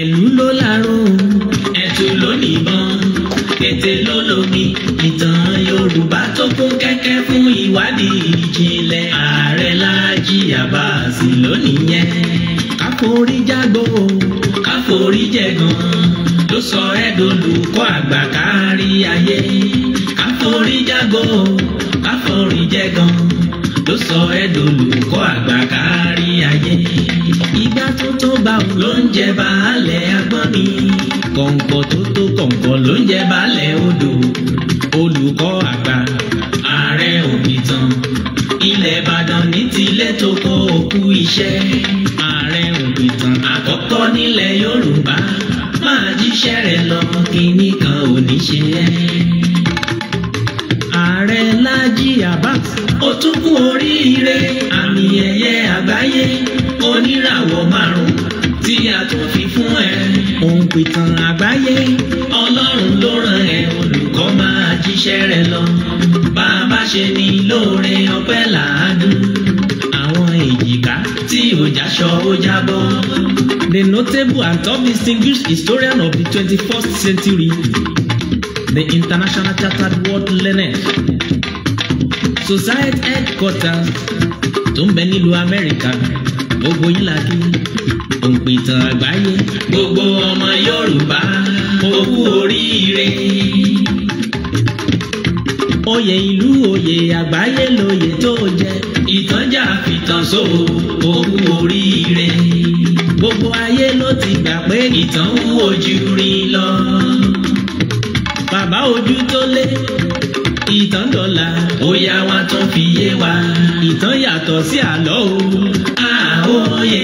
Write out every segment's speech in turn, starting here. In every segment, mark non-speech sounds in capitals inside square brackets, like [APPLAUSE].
ẹ̀lú ló láró ẹ̀tù ló nìbọn ètè ló lomi ìtàn Yorùbá tó kún kẹ́kẹ́ fún ìwádìí ìjìnlẹ̀ Ààrẹ Láàjì Abbas ló nìyẹn káforí jágbó káforí jẹ̀gàn ló sọ ẹ́dọ̀lùkọ́ àgbà kárí ayé káforí jágbó káforí jẹ̀gàn sọ ẹ́ dolùkọ́ àgbà kárí ayé. ìgbà tó tó báwo ló ń jẹ baálẹ̀ agbọ́n mi. kọ̀ǹkọ̀ tó tó kọ̀ǹkọ̀ ló ń jẹ baálẹ̀ odò. olùkọ́ àgbà ààrẹ òpìtàn. ilẹ̀ ìbàdàn ní tilẹ̀ tó kọ òkú iṣẹ́. ààrẹ òpìtàn àkọ́kọ́ nílẹ̀ yorùbá máa jíṣẹ́ rẹ̀ lọ kíní kan ò ní ṣe ẹ́. oníràwọ̀ márùn-ún tí a tó fi fún ẹ. òun pìtàn àgbáyé. ọlọ́run ló ràn ẹ́ olùkọ́ máa jíṣẹ́ rẹ lọ. bàbá ṣe ni lóore ọpẹ́ làádùn. àwọn èjìká tí òjà sọ ó jábọ́. The notable and top distinguished historian of the twenty-first century, the International Chartered World Learned Society headquarters tó ń bẹ nílùú amẹ́ríkà gbogbo yín la kí òǹpìtàn àgbáyé gbogbo ọmọ yorùbá ó kú oríire. oyè ìlú oyè àgbáyé lóyè tó jẹ ìtànjà fìtànṣó ó kú oríire. gbogbo ayé ló ti gbà pé ìtàn wú ojú rí lọ. bàbá ojú tó lé ìtàn dọ̀la bóyá wá tún fi yé wa ìtàn yàtọ̀ sí àlọ́ o àhóyè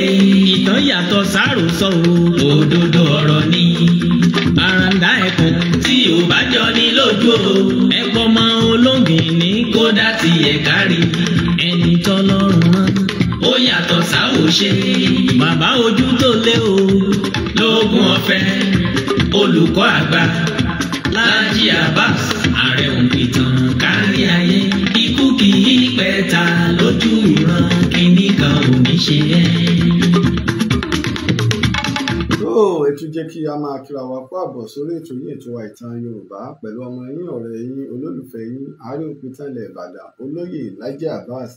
ìtàn yàtọ̀ sáròsọ o òdodo ọ̀rọ̀ ni àràǹdà ẹ̀kún tí ò bá jọ ní lójú o ẹ̀kọ́ ọmọ olóngìn ní kódà ti yẹ kárí ẹni tọ́lọ́run rán ó yàtọ̀ sáwòṣe bàbá ojú tó lé o lóògùn ọ̀fẹ́ olùkọ́ àgbà Láàjì Abbas. ṣe ẹ́. tó ètò jẹ́ kí a máa kíra wa kó àbọ̀ sórí ètò yìí ètò wa ìtàn Yorùbá pẹ̀lú ọmọ yín ọ̀rẹ́ yín olólùfẹ́ yín àárẹ̀ òpìtànlẹ̀ Ìbàdàn olóyè Laji Abbas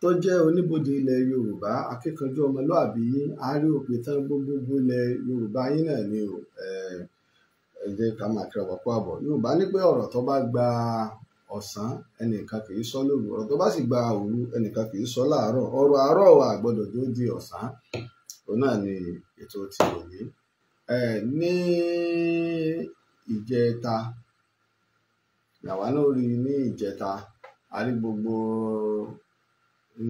tó jẹ́ oníbodè ilẹ̀ Yorùbá akíkanjú ọmọlúàbí yín àárẹ̀ òpìtàn gbogbogbò ilẹ̀ Yorùbá yín náà ni o ẹ jẹ́ ká máa kíra wa kó àbọ̀ Yorùbá ní pé ọ̀rọ̀ tó bá gba ọ̀sán ẹnìkan kì í sọ lóru ọ̀rọ̀ tó bá gba òru ẹnìkan kì í sọ láàárọ̀ ọ̀rọ̀ àárọ̀ wa tó di ọ̀sán òun náà ni ètò ti òní ní ìjẹta náà rí ní ìjẹta a rí gbogbo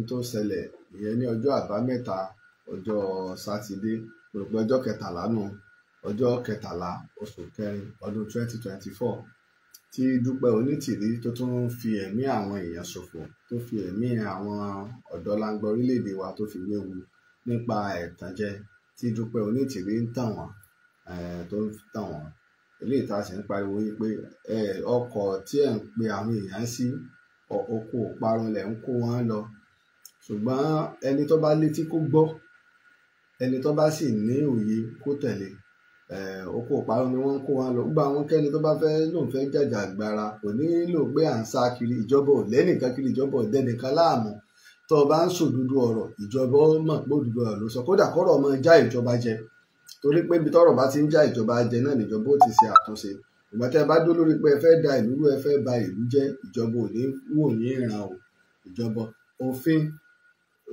tó ṣẹlẹ̀ ìyẹn ní ọjọ́ àbámẹ́ta ọjọ́ sátidé gbogbo ọjọ́ kẹtàlá nù ọjọ́ kẹtàlá oṣù kẹrin ọdún twenty tí Dúpẹ́ Onítìrí tó tún fi ẹ̀mí àwọn èèyàn ṣòfò tó fi ẹ̀mí àwọn ọ̀dọ́langba orílẹ̀-èdè wa tó fi wéwu nípa ẹ̀tànjẹ tí Dúpẹ́ Onítìrí ń tàn wọ́n eh, tó ń tàn wọ́n eléyìí tá a sì ń pariwo yìí pé eh, ọkọ̀ tí ẹ̀ ń pe àwọn èèyàn sí oko òparun lẹ̀ ń kó wọn lọ ṣùgbọ́n ẹni tó bá létí kó gbọ́ ẹni tó bá sì ní òye kó tẹ̀lé Eh, oko ìparun ni wọ́n ń kó wa lọ gbogbo àwọn kẹ́ni tó bá fẹ́ lòun fẹ́ jàjà gbára kò nílò pé à ń sá kiri ìjọba ò kiri ìjọba ò láàmú tó o bá ń sòdodo ọ̀rọ̀ ìjọba ó pé òdodo ọ̀rọ̀ ló sọ kódà kọ́rọ̀ ọmọ já ìjọba jẹ torí pé ibi tọ́rọ̀ bá ti ń já ìjọba jẹ náà níjọba ó ti ṣe àtúnṣe ìgbà tẹ́ ẹ bá dó lórí pé ẹ fẹ́ da ìlú ẹ fẹ́ ba ìlú jẹ́ ìjọba ò wò ní ìran o ìjọba òfin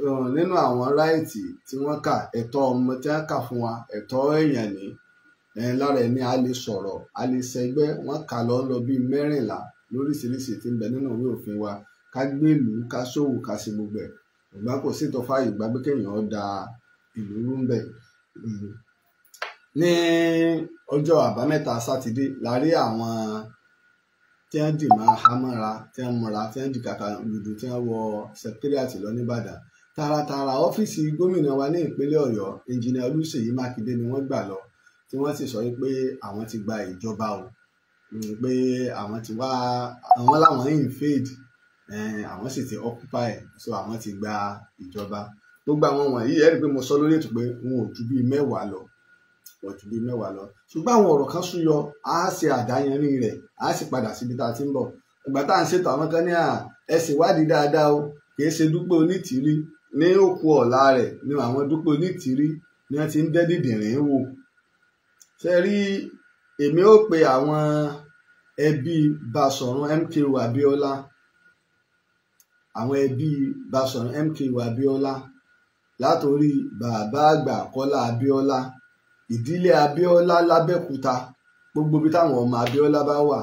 eh, nínú àwọn ráìtì tí wọ́n kà ẹ̀tọ́ ọmọ tí wọ́n kà fún wa ẹ̀tọ́ èèyàn ní lára ẹ̀ ní a lè sọ̀rọ̀ a lè ṣẹgbẹ́ wọ́n kà lọ́ lọ bíi mẹ́rìnlá lóríṣiríṣi tí ń bẹ nínú ìwé òfin wa ká gbé ìlú ká ṣòwò ká ṣe gbogbo ẹ̀ ṣùgbọ́n kò sí ìtọ́fà ìgbà pé kéèyàn da ìlú rú ń bẹ̀. Hmm. ní ọjọ́ àbámẹ́ta sátidé la rí àwọn tí wọ́n dì máa hámọ́ra tí wọ́n múra tí wọ́n dì kàkà lùdù tí wọ́n wọ sẹkítírìàtì lọ nìbàdàn tààràtààrà ọ́fíìsì gómìnà wa ní ìpínlẹ̀ ọ̀yọ́ ìjìnlẹ̀ olùṣèyí mákindé ni wọ́n gbà lọ tí wọ́n sì sọ pé àwọn ti gba ìjọba o pé àwọn ti wá àwọn làwọn invade eh, àwọn sì ti occupy so àwọn ti gba ìjọba gbogbo àwọn wọ̀nyí ẹ i pé mo sọ lórí ètò pé wọn ò ju bíi mẹ́wàá lọ wọn ò ju bíi mẹ́wàá lọ ṣùgbọ́n àwọn ọ̀rọ̀ kan súyọ á ṣe àdáyanrí rẹ̀ á sì padà síbi tá a ti ń bọ̀ ìgbà tá à ń ṣètò àwọn kan ní à ẹ ṣèwádìí dáadáa o kì í ṣe dúpẹ́ onítìrí ní òkú ọ̀la rẹ̀ ni àwọn dúpẹ́ onítìrí ni wọ́n ti ń dẹ́dìdìrín wò ṣe rí èmi ó pe àwọn ẹbí Basọ̀run MKO Abíọ́lá àwọn ẹbí Basọ̀run MKO Abíọ́lá látòrí bàbá àgbà Kọ́lá Abíọ́lá ìdílé Abíọ́lá lábẹ́kúta gbogbo bí táwọn ọmọ Abíọ́lá bá wà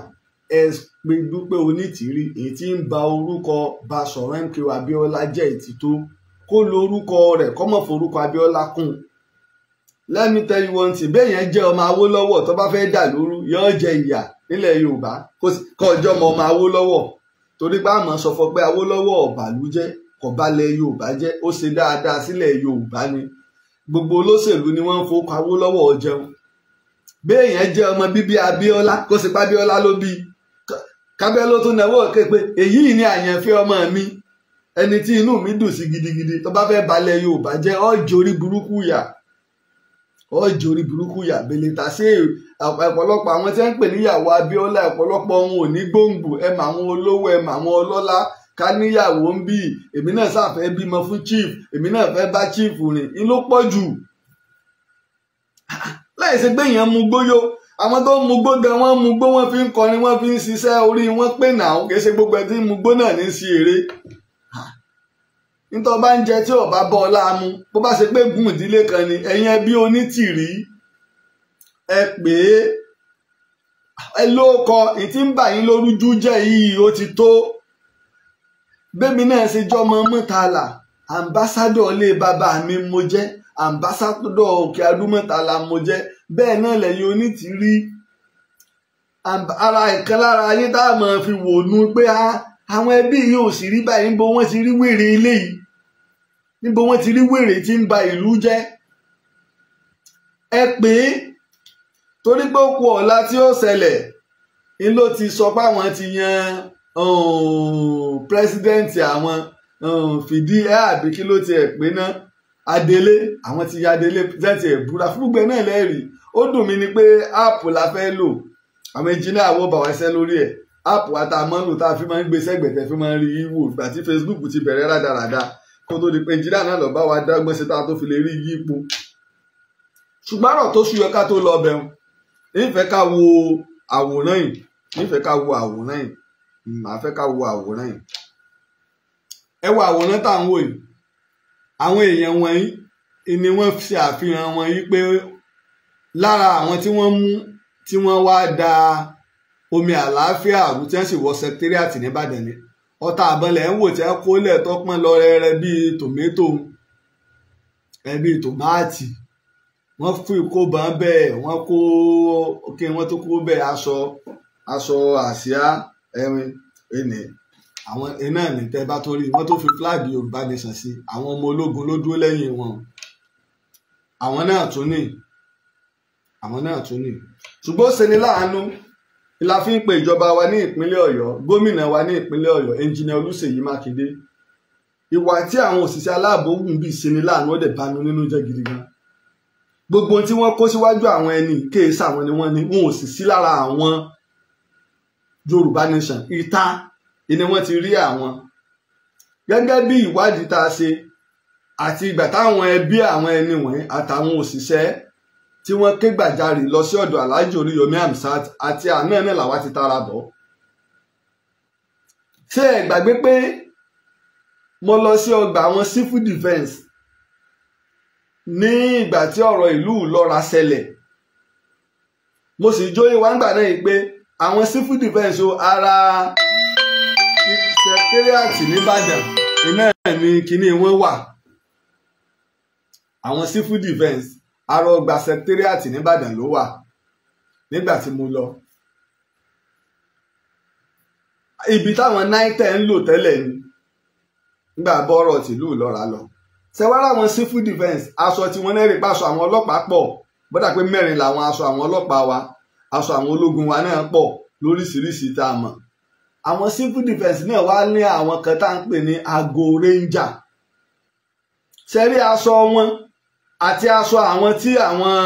ẹ pé dúpẹ́ onítìrí èyí tí ń ba orúkọ Basọ̀run MKO Abíọ́lá jẹ́ ìtìtó kó lo orúkọ rẹ̀ kọ́mọ̀ forúkọ Abíọ́lá kún un let me tell you one thing bẹ́ẹ̀ yẹn jẹ́ ọmọ Awólọ́wọ̀ tó bá fẹ́ dà lóru yóò jẹ ìyà nílẹ̀ Yorùbá kọ́ ọjọ́ ọmọ ọmọ Awólọ́wọ̀ torí pé àmọ́ sọ fọ pé Awólọ́wọ̀ ọ̀bàlújẹ́ kò balẹ̀ Yorùbá jẹ́ ó ṣe dáadáa sílẹ̀ Yorùbá ni gbogbo olóṣèlú ni wọ́n ń fowópa Awólọ́wọ̀ jẹun bẹ́ẹ̀ yẹn jẹ́ ọmọ bíbí Abíọ́lá kó sì pa Abíọ́lá ló bí kábẹ́ ló tún náwó ọ̀kẹ́ pé èyí ni àyànfẹ́ ọmọ mi ẹni tí inú mi dùn sí gidigidi tó bá fẹ́ balẹ̀ Yorùbá jẹ́ ó jẹ orí burúkú yà ọjọ́ orí burúkú yàbẹlẹ ta ṣé ọ̀pọ̀lọpọ̀ àwọn tí wọ́n ń pè níyàwó Abíọ́lá ọ̀pọ̀lọpọ̀ wọn ò ní gbòǹgbò ẹ mà àwọn olówó ẹ mà àwọn ọlọ́lá ká níyàwó ń bì èmi náà ṣàfẹ́ bímọ fún chief èmi náà fẹ́ bá chief rìn in ló pọ̀ jù láì ṣe gbé yẹn mugbó yó àwọn tó ń mugbó gan wọ́n mugbó wọ́n fi ń kọrin wọ́n fi ń ṣiṣẹ́ orí wọn pè náà kì í ṣe gbogbo ẹ tí ń mugbó náà ní í ṣe eré nítorí bá ń jẹ tí ọba bọ́ ọ láàmú bó bá ṣe pé gùn ìdílé kan ni ẹ̀yin ẹbí onítìrí ẹ pè é ẹ ló kọ ìtí ń bà yín lórújú jẹ́ yìí ó ti tó bébí náà ṣe jọmọ mọ́tàlá àǹbásádọ̀ ilé bàbá mi mo jẹ́ àǹbásádọ̀ òkè adúmọ̀tàlá mo jẹ́ bẹ́ẹ̀ náà lẹ́yìn onítìrí ara ìkan lára ayé tá a máa fi wò nu pé ah, àwọn ẹbí yìí ò sì rí báyìí bó wọ́n ti rí wèrè eléyìí níbo wọ́n ti rí wèrè tí ń ba ìlú jẹ́ ẹ pè é torí pé ó kù ọ̀la tí ó ṣẹlẹ̀ ń ló ti sọ pé àwọn ti yan um, pírẹsidẹ́ǹtì àwọn um, fìdí ẹ àbí kí ló tiẹ̀ pé ná Adélé àwọn ti ya Adélé pírẹsidẹ́ǹtì ẹ̀ búra fúrúgbẹ náà lẹ́rìí ó dùn mí ni pé áàpù la fẹ́ lò àwọn ẹnjìnìá wọ́n bá wá ṣẹ́ lórí ẹ̀ áàpù àtàmọ́lù tá a fi máa ń gbé sẹ́gbẹ̀tẹ̀ fi máa ń rí wò ìgbà Facebook ti bẹ̀rẹ̀ rádaràda kó tó di pé nàìjíríà náà lọ bá wa dágbọ́n síta tó fi lè rí yí ipò ṣùgbọ́n àrọ̀ tó ṣúyọ ká tó lọ bẹ̀rù nífẹ̀ẹ́ ká wo àwòrán yìí nífẹ̀ẹ́ ká wo àwòrán yìí màá fẹ́ ká wo àwòrán yìí ẹ wo àwòrán tá à ń wò yìí àwọn èèyàn wọ̀nyí ni wọ́n ṣe àfihàn wọn yìí pé lára àwọn tí wọ́n mú tí wọ́n wá da omi àlàáfíà àrùn tí wọ́n sì wọ sẹkítẹ́rìàtì ní ni ọta àbọ̀lẹ̀ ń wò tí a kólẹ̀ tọ́pọ́n lọ rẹrẹ bíi tòmẹ́tò ẹbí tòmáàtì wọ́n fún ìkóbá bẹ́ẹ̀ wọ́n kó kí wọ́n tó kó bẹ́ẹ̀ aṣọ aṣọ àsíá ẹrin ẹnì àwọn iná ní tẹ́ bá tó rí wọ́n tó fi fúláàgì Yorùbá nation sí àwọn ọmọ ológun ló dúró lẹ́yìn wọn àwọn náà tún ní àwọn náà tún ní ṣùgbọ́n ṣe ni láàánú la fi ń pe ìjọba wa ní ìpínlẹ̀ ọ̀yọ́ gómìnà wa ní ìpínlẹ̀ ọ̀yọ́ ẹnjìnìà olúṣèyí mákindé ìwà tí àwọn òṣìṣẹ́ aláàbò ń bì ṣe ni láàánú ó dẹ̀ bánu nínú jẹ́ gidi gan gbogbo tí wọ́n kó síwájú àwọn ẹni kéésà wọn ni wọ́n ní wọn ò sì sí lára àwọn yorùbá nation ìta ni wọ́n ti rí àwọn gẹ́gẹ́ bí ìwádìí tá a ṣe àti ìgbà táwọn ẹbí àwọn ẹni wọ̀nyí àtàwọn òṣìṣẹ́ tí wọ́n ké gbàjarè lọ sí ọ̀dọ̀ aláàjì oríyomi amsat àti àná náà làwa ti tara bọ̀. ṣé ẹ gbàgbé pé mo lọ sí ọgbà àwọn civil defence ní ìgbà tí ọ̀rọ̀ ìlú lọ́ra ṣẹlẹ̀ mo sì jóyè wá ńgbà náà yìí pé àwọn civil defence o ara sẹkẹrìàtì nìbàdàn iná ní kinní wọn wà àwọn civil defence arọgbà sẹkítírìàtì nìbàdàn ló wà nígbà tí mo lọ ibi táwọn náítẹ ń lò tẹ́lẹ̀ ni nígbà bọ́rọ̀ tìlú ìlọ́ra lọ ṣẹwárà àwọn civil defence aṣọ tí wọ́n lẹ́rìí pàṣọ àwọn ọlọ́pàá pọ̀ bọ́dà pé mẹ́rin làwọn aṣọ àwọn ọlọ́pàá wa aṣọ àwọn ológun wa náà pọ̀ lóríṣiríṣi tá a mọ̀ àwọn civil defence náà wá ní àwọn kan tá à ń pè ní ago ranger ṣẹ́rí aṣọ wọn àti aṣọ àwọn tí àwọn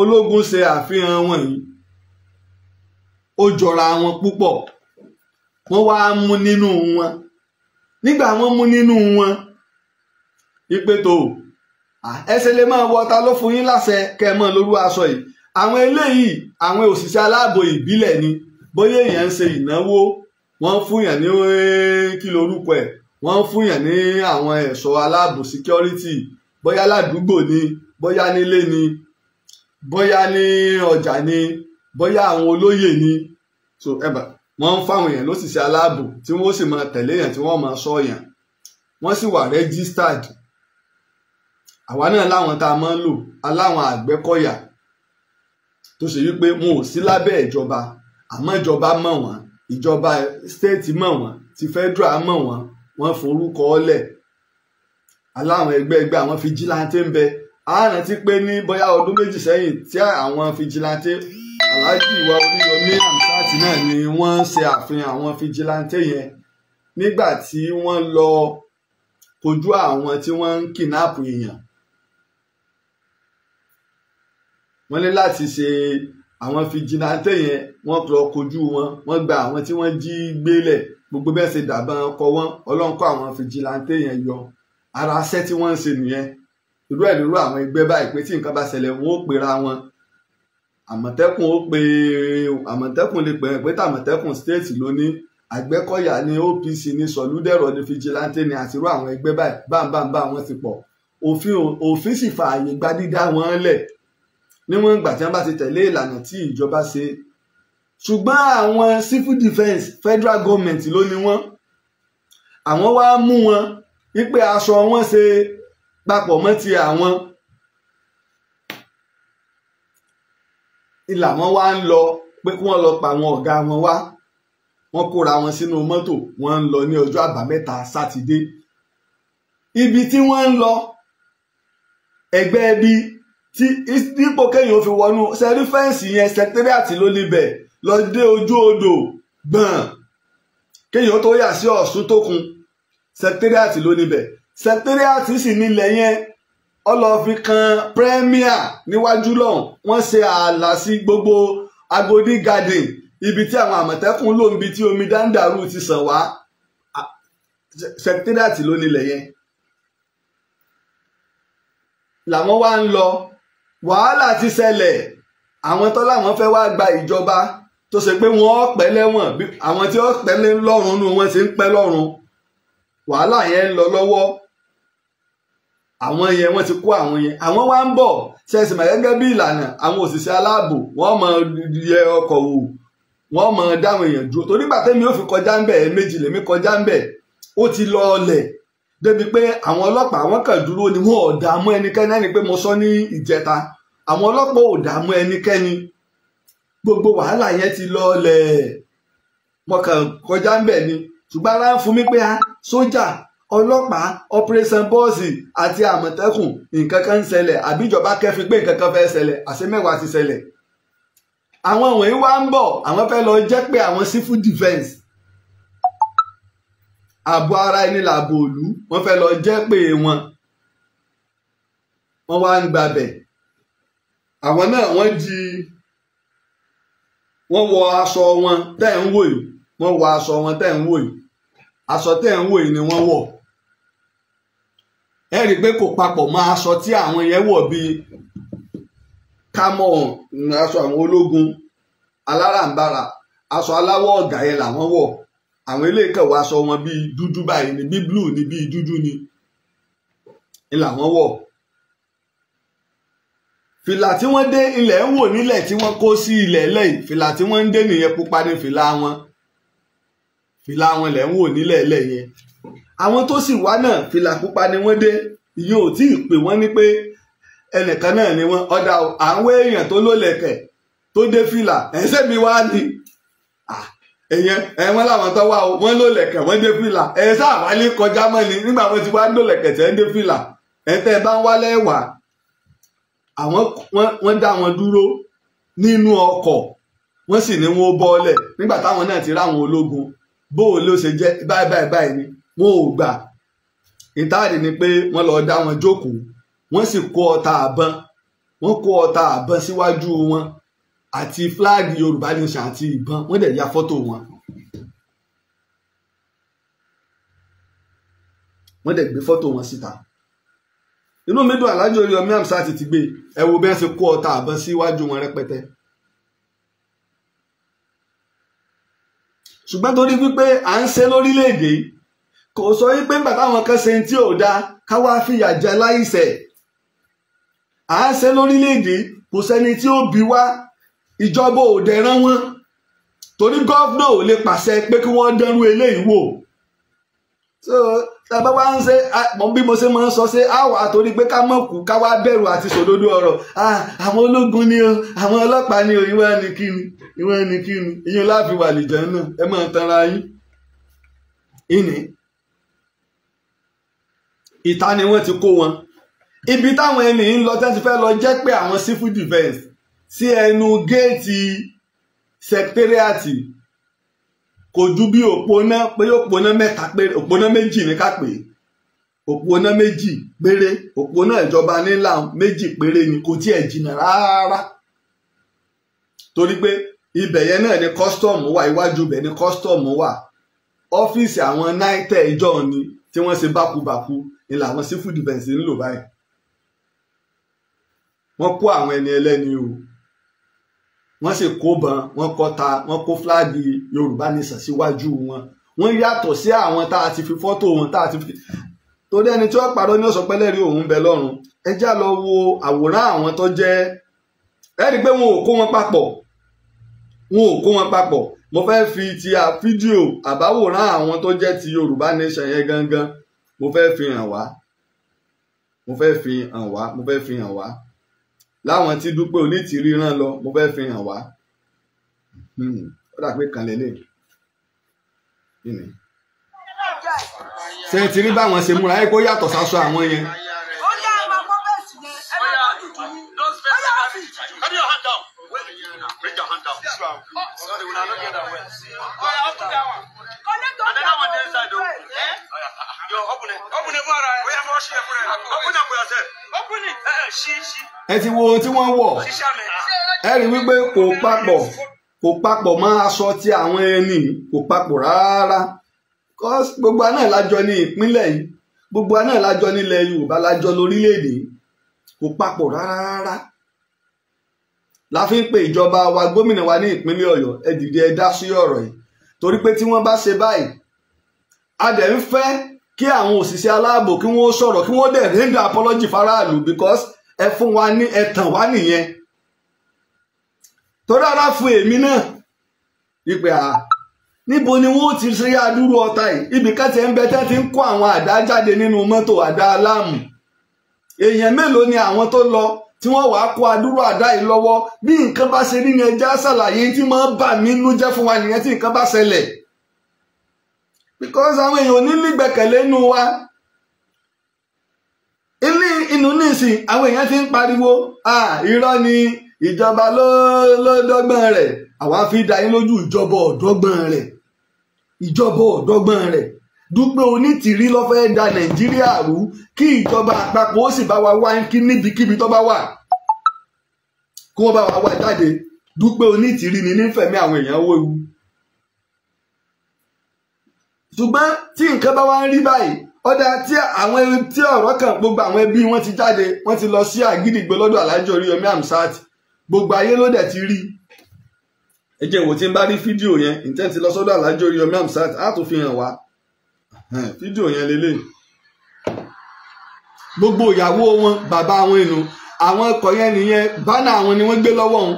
ológun ṣe àfihàn wọn yìí ó jọra wọn púpọ̀ wọ́n wá mú nínú wọn nígbà wọ́n mú nínú wọn ipe tó ẹsẹ̀ lè máa wọta ló fún yín láṣẹ kẹ́ mọ́ lórú aṣọ yìí àwọn eléyìí àwọn òṣìṣẹ́ aláàbò ìbílẹ̀ ni bóyá èèyàn ń ṣe ìnáwó wọ́n fúnyàn ní kí lorúkọ ẹ̀ wọ́n fúnyàn ní àwọn ẹ̀ṣọ́ aláàbò security bóyá ládùúgbò ni bóyá nílé ni bóyá ní ọjà ni bóyá àwọn olóyè ni so ẹbà wọn ń fáwọn èèyàn lóṣìṣẹ́ aláàbò tí wọn ó sì máa tẹ̀lé èèyàn tí wọn máa sọ èèyàn wọn sì wà registered àwa náà láwọn tá a máa ń lò aláwọn àgbẹ̀kọ̀yà tó ṣe wípé wọn ò sí lábẹ́ ìjọba àmọ́ ìjọba mọ̀ wọ́n ìjọba stéètì mọ̀ wọ́n ti federal mọ̀ wọ́n wọ́n forúkọ ọ́lẹ̀ aláwọn ẹgbẹ́ ẹgbẹ́ àwọn fijilanté ń bẹ a rántí pé ní bóyá ọdún méjì sẹ́yìn tí àwọn fijilanté aláàjì ìwà oníyomi àmsáàtì náà ni wọ́n ń ṣe àfihàn àwọn fijilanté yẹn nígbà tí wọ́n lọ kojú àwọn tí wọ́n ń kìnnáàpù èèyàn wọ́n ní láti ṣe àwọn fijilanté yẹn wọ́n lọ kojú wọn wọ́n gba àwọn tí wọ́n jí gbélẹ̀ gbogbo bẹ́ẹ̀ ṣe dàbọn ọkọ̀ wọn ọlọ́nkọ́ àwọn fijilanté yẹn yọ ara aṣẹ́ tí wọ́n ń ṣe nìyẹn irú ẹ̀ nírú àwọn ẹgbẹ́ báyìí pé tí nǹkan bá ṣẹlẹ̀ wọn ó pera wọn àmọ̀tẹ́kùn ó pe àmọ̀tẹ́kùn lè pè é pé tàmọ̀tẹ́kùn state lónìí àgbẹ́kọ̀yà ní OPC ní sọ̀lúdẹ̀rọ̀ ní fijilanté ní àtirú àwọn ẹgbẹ́ báyìí báńbáńbá wọn ti pọ̀ òfin òfin sì fààyè gba dídá wọn lẹ̀ níwọ̀n ìgbà tí wọ́n bá ti tẹ̀lé ìlànà tí ìjọba ṣe ṣùgbọ́n àwọn civil defence federal government ló ní wọ́n àwọn wá mú wọn wípé aṣọ wọn ṣe papọ̀ mọ́ ti àwọn ìlà wọn wá ń lọ pé kí wọ́n lọ pa àwọn ọ̀gá wọn wá wọ́n kóra wọn sínú mọ́tò wọ́n ń lọ ní ọjọ́ àbámẹ́ta sátidé ibi tí wọ́n ń lọ ẹgbẹ́ ibi tí dípò kéèyàn ó fi wọnú sẹ́rí fẹ́ǹsì yẹn sẹkítẹ́rìàtì ló níbẹ̀ lọ dé ojú odò gbọ̀n kéèyàn tó yà sí Ọ̀ṣun tó kun sẹkítẹ́rìàtì ló níbẹ̀ sẹkítẹ́rìàtì sì nílẹ̀ yẹn ọlọ́ọ̀fin kan pírẹ́míà níwájú lọ́hùn wọ́n ṣe ààlà sí gbogbo Agodi garden ibi tí àwọn àmọ̀tẹ́kùn ló ń bi tí omi dáńdàrú ti sàn wá sẹkítẹ́rìàtì ló nílẹ̀ yẹn làwọn wá ń lọ wàhálà ti ṣẹlẹ̀ àwọn tọ́lá wọn fẹ́ wá gba ìjọba tó ṣe pé wọ́n pẹ́ lẹ́wọ̀n àwọn tí wọ́n pẹ́ lọ́rùn nù wọ́n ti ń pẹ́ lọ́rùn wàhálà yẹn ń lọ lọ́wọ́ àwọn yẹn wọ́n ti kó àwọn yẹn àwọn wá ń bọ̀ ṣẹ̀ṣì mà gẹ́gẹ́ bí ìlànà àwọn òṣìṣẹ́ aláàbò wọ́n máa yẹ ọkọ̀ wò wọ́n máa dáwọn èèyàn dúró torí gbàtẹ́ mi ò fi kọjá ń bẹ̀ ẹ̀ méjì lèmi kọjá ń bẹ̀ ó ti lọ ọlẹ̀ débi pé àwọn ọlọ́pàá wọ́n kàn dúró ni wọ́n ò dààmú ẹnikẹ́ni ẹni pé mo sọ ní ìjẹta àwọn ọlọ́pàá ò dààmú ẹnikẹ́ni gbogbo wàhálà yẹn ti lọ ọlẹ̀ wọ́n kàn kọjá ń bẹ̀ ni ṣùgbọ́n ara ń fún mi pé sójà ọlọ́pàá operation bọ́ọ̀sì àti àmọ̀tẹ́kùn nǹkan kan ń ṣẹlẹ̀ àbíjọba kẹfin pé nǹkan kan fẹ́ ṣẹlẹ̀ àṣẹ mẹ́wàá ti ṣẹlẹ̀ àwọn wọ̀nyí wá ń bọ̀ àwọn fẹ́ lọ jẹ́ pé àwọn civil defence ààbò ara ẹni làbò òlú wọ́n fẹ́ lọ jẹ́ pé wọn wọ́n wá ń gbabẹ̀ àwọn náà wọ́n di wọ́n wọ aṣọ wọn tẹ́ ń wò yìí wọ́n wọ aṣọ wọn tẹ́ ń wò yìí aṣọ tẹ́ ń wò yìí ni wọ́n wọ̀ ẹ rí i pé kò papọ̀ mọ́ aṣọ tí àwọn yẹn wọ̀ bíi kámọ̀ aṣọ àwọn ológun alárànbarà aṣọ aláwọ̀ ọ̀gá yẹn làwọn wọ̀ àwọn eléyìí aṣọ wọn bíi dúdú báyìí ni bíi blue ni bíi dúdú ni làwọn wọ̀ fìlà tí wọ́n dé ilẹ̀ ń wò nílẹ̀ tí wọ́n kó sí ilẹ̀ lẹ́yìn fìlà tí wọ́n ń dé nìyẹn pupa ni fìlà wọn fìlà wọn lẹ̀ ń wò nílẹ̀ ẹ̀lẹ̀ yẹn àwọn tó sì wá náà fìlà pupa ni wọ́n dé ìyẹn ò tí ì pè wọ́n ní pé ẹnìkan náà ni wọ́n ọ̀dà àwọn èèyàn tó lólẹ̀kẹ̀ tó dé fìlà ẹ̀sẹ̀ mi wá ni èyàn ẹ̀wọ́n làwọn tó wá o wọ́n lólẹ̀kẹ̀ wọ́n dé fìlà ẹ̀sẹ̀ àwálé kọjá mọ́ ni nígbà wọn ti wá lólẹ̀kẹ̀ tẹ́ ń dé fìlà ẹ̀tẹ́ bá ń wálẹ̀ wà àwọn wọ́n dá wọn dúró nínú ọkọ̀ wọ́n sì ní wọn ó bọ́ọ̀lẹ̀ nígbà táwọn náà ti ráwọn ológun bó o ló ṣe jẹ́ báyìí báyìí báyìí ni wọn ò gbà ìtaàdì ni pé wọ́n lọ dá wọn jókòó wọ́n sì kó ọta àbọn wọ́n kó ọta àbọn síwájú wọn àti fúláàgì Yorùbá nation àti ìbọn wọ́n dẹ̀ ya fọ́tò wọn. wọ́n dẹ̀ gbé fọ́tò wọn síta inú mi dùn Alhaji Oriyomi Hamzat ti gbé ẹ wo bí wọ́n ṣe kó ọta àbọn síwájú wọn rẹpẹtẹ. ṣùgbọ́n torí wípé à ń ṣe lórílẹ̀‐èdè yìí kò sọ wípé nígbà táwọn kan ṣe tí ò dáa káwá fìyà jẹ láìṣẹ̀ à ń ṣe lórílẹ̀ kò sẹ́ni tí ó bí wá ìjọba ò dẹ̀ran wọn torí gọ́fúnà ò lè pàṣẹ pé kí wọ́n dẹrú eléyìí wò tàbá wá ń ṣe bí mo ṣe máa ń sọ ṣe àwọ̀ àtòrí pé ká mọ̀ kú ká wá bẹ̀rù àti sòdodo ọ̀rọ̀ àwọn ológun ni o àwọn ọlọ́pàá ni o ìwọ ni kí ni ìwọ ni kí ni ìyẹn láàfin wà lìjẹ́ náà ẹ máa tanra yín. ìní ìta ni wọ́n ti kó wọn ibi táwọn ẹni ń lọ tẹ́sí fẹ́ lọ jẹ́ pé àwọn civil defence sí ẹnu géètì secretariat kò ju bí òponá pé òponá mẹ́ta péré òponá méjì ní ká pè é òponá méjì péré òponá ìjọba nílà méjì péré ni kò tiẹ̀ jìnnà rárá torí pé ibẹ̀ yẹn náà ni custom wà iwájú ibẹ̀ ni custom wà ọ́fíìsì àwọn náítẹ̀ ìjọ ni tí wọ́n ṣe bákubàku ni làwọn sífù dìbẹ̀nsì ń lò báyìí wọ́n kó àwọn ẹni ẹlẹ́ni o wọ́n sì kó bọn wọ́n kọta wọ́n kó fúláàgì Yorùbá nìsàn síwájú wọn wọ́n yàtọ̀ sí àwọn tá a ti fi fọ́tò wọn tá a ti fi torí ẹni tí wọ́n parọ́ ní ọ̀sán pẹ́lẹ́rì òun bẹ lọ́rùn ẹ já lọ wo àwòrán àwọn tó jẹ́ ẹ rí i pé wọn ò kó wọn papọ̀ wọn ò kó wọn papọ̀ mo fẹ́ fi ti a fídíò àbáwòrán àwọn tó jẹ́ ti Yorùbá nation yẹn gangan mo fẹ́ fi hàn wá mo fẹ́ fi hàn wá mo fẹ́ fi hàn wá láwọn tí dúpẹ́ onítìrí rán lọ mo fẹ́ fi hàn wá hmm, ó dà pé kan lélẹ̀ ṣe ti báwọn ṣe múra ẹ kó yàtọ̀ sáṣọ àwọn yẹn. Oh, yeah, I'll put that one. Another one dey inside o. Eh? Oh, Yo, open it. Open it fún ara ẹ. Bóyá fọwọ́ sí ẹ fún ẹ. Open it for yourself. Open it. Eh, ṣí ṣí. Ẹ ti wo ohun tí wọ́n wọ̀. Ṣíṣá mi. Ah. Ẹ rí wípé kò papọ̀ kò papọ̀ mọ́ aṣọ tí àwọn ẹni kò papọ̀ rárá. Gbogbo aná lájọ ní ìpínlẹ̀ yìí. Gbogbo aná lájọ nílẹ̀ Yorùbá lájọ lórílẹ̀-èdè yìí. Kò papọ̀ rárá la fi ń pe ìjọba wa gómìnà wa ní ìpínlẹ̀ Ọ̀yọ́ ẹ dìde ẹ dá sí ọ̀rọ̀ yìí torí pé tí wọ́n bá ṣe báyìí a dẹ̀ ń fẹ́ kí àwọn òṣìṣẹ́ aláàbò kí wọ́n sọ̀rọ̀ kí wọ́n dẹ̀ render apology faraàlú because ẹ fún wa ní ẹ tàn wá nìyẹn torí ara fún èmi náà ìpè à níbo ni wọn ó ti ṣe adúrú ọta yìí ibì kan ti ń bẹ tẹ́ ti ń kó àwọn àdá jáde nínú mọ́tò àdá aláàmù èèyàn mélòó ni àwọn tó lọ tí wọ́n wàá kó adúrú àdá yìí lọ́wọ́ bí nǹkan bá ṣe rí ni ẹja ṣàlàyé tí máa bà mí nú jẹ́ fún wa nìyẹn tí nǹkan bá ṣẹlẹ̀ because àwọn èèyàn ní nígbẹ̀kẹ̀lé nú wa ilé inú nísìn àwọn èèyàn ti ń pariwo ah irọ́ ni ìjọba ló ló dọ́gbọ́n rẹ̀ àwa fi dá yín lójú ìjọba ọ̀dọ́gbọ́n rẹ̀ ìjọba ọ̀dọ́gbọ́n rẹ̀ dúpẹ́ onítìrí ló fẹ́ da nàìjíríà rú kí ìjọba àpapọ̀ ó sì bá wa wá kí níbikíbi tó bá wà kí wọ́n bá wa wá jáde dúpẹ́ onítìrí ni nífẹ̀mí àwọn èèyàn wéwu. ṣùgbọ́n tí nǹkan bá wá ń rí báyìí ọ̀dà tí àwọn tí ọ̀rọ̀ kan gbogbo àwọn ẹbí wọn ti jáde wọ́n ti lọ sí àgídìgbò lọ́dọ̀ alájọ Oríyọmí Hamzat gbogbo ayé ló dẹ̀ ti rí ẹ jẹ́ wò tí ń bá rí fídíò yẹn ìtẹ́ǹtì lọ sọ́dọ̀ alájọ Oríyọmí Hamzat á tún fi hàn wá fídíò yẹn lélẹ̀ gbogbo ìyàwó wọn bàbá wọn inú àwọn ọkọ yẹn nìyẹn bánà àwọn ni wọ́n gbé lọ́wọ́ wọn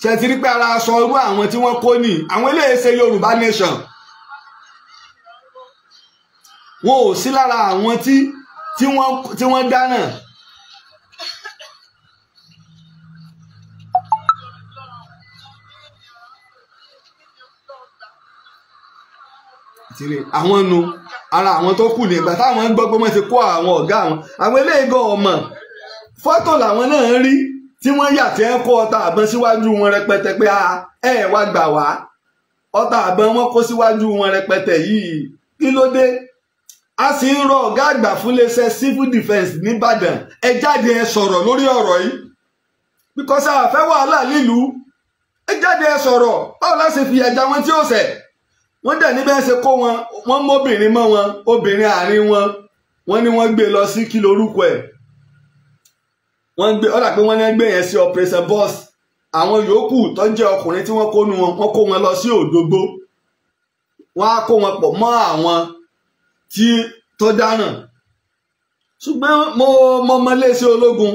ṣe ti rí pé ara aṣọ irú àwọn tí wọ́n kó nì àwọn eléyìí ṣe Yorùbá nation wọn ò sí lára àwọn tí wọ́n dáná tìrẹ àwọn nu ara àwọn tó kù nígbà táwọn gbọ́ pé wọ́n ti kó àwọn ọ̀gá àwọn àwọn eléyìí gan ọmọ fọ́tò làwọn náà rí tí wọ́n yà tí ẹ kó ọta àbọn síwájú wọn rẹpẹtẹ pé ẹ wá gbà wá ọta àbọn wọn kó síwájú wọn rẹpẹtẹ yìí kí ló dé a sì ń rọ ọ̀gá àgbà fún iléeṣẹ́ civil defence nìbàdàn ẹ jáde ẹ sọ̀rọ̀ lórí ọ̀rọ̀ yìí bíkọ́sí àfẹ́ wàhálà nílùú ẹ jáde ẹ sọ̀rọ̀ báwo la ṣe fìyà já wọn tí ó ṣẹ̀ wọ́n dẹ̀ níbẹ̀ ṣe kó wọn wọ́n mọ́bìnrin mọ́ wọn obìnrin àárín wọn wọ́n ní wọ́n gbé lọ sí kìlọ̀ orúkọ ẹ̀ wọ́n gbé ọ̀dà pé wọ́n ní gbé yẹn sí operation boss àwọn yòókù tó jẹ́ ọkùnrin tí wọ́n kó nu wọn wọ́n kó wọn lọ sí òdògbó wọ́n á kó wọn pọ̀ mọ́ àwọn tí tó dáràn ṣùgbọ́n mo mọ ọmọ iléeṣẹ́ ológun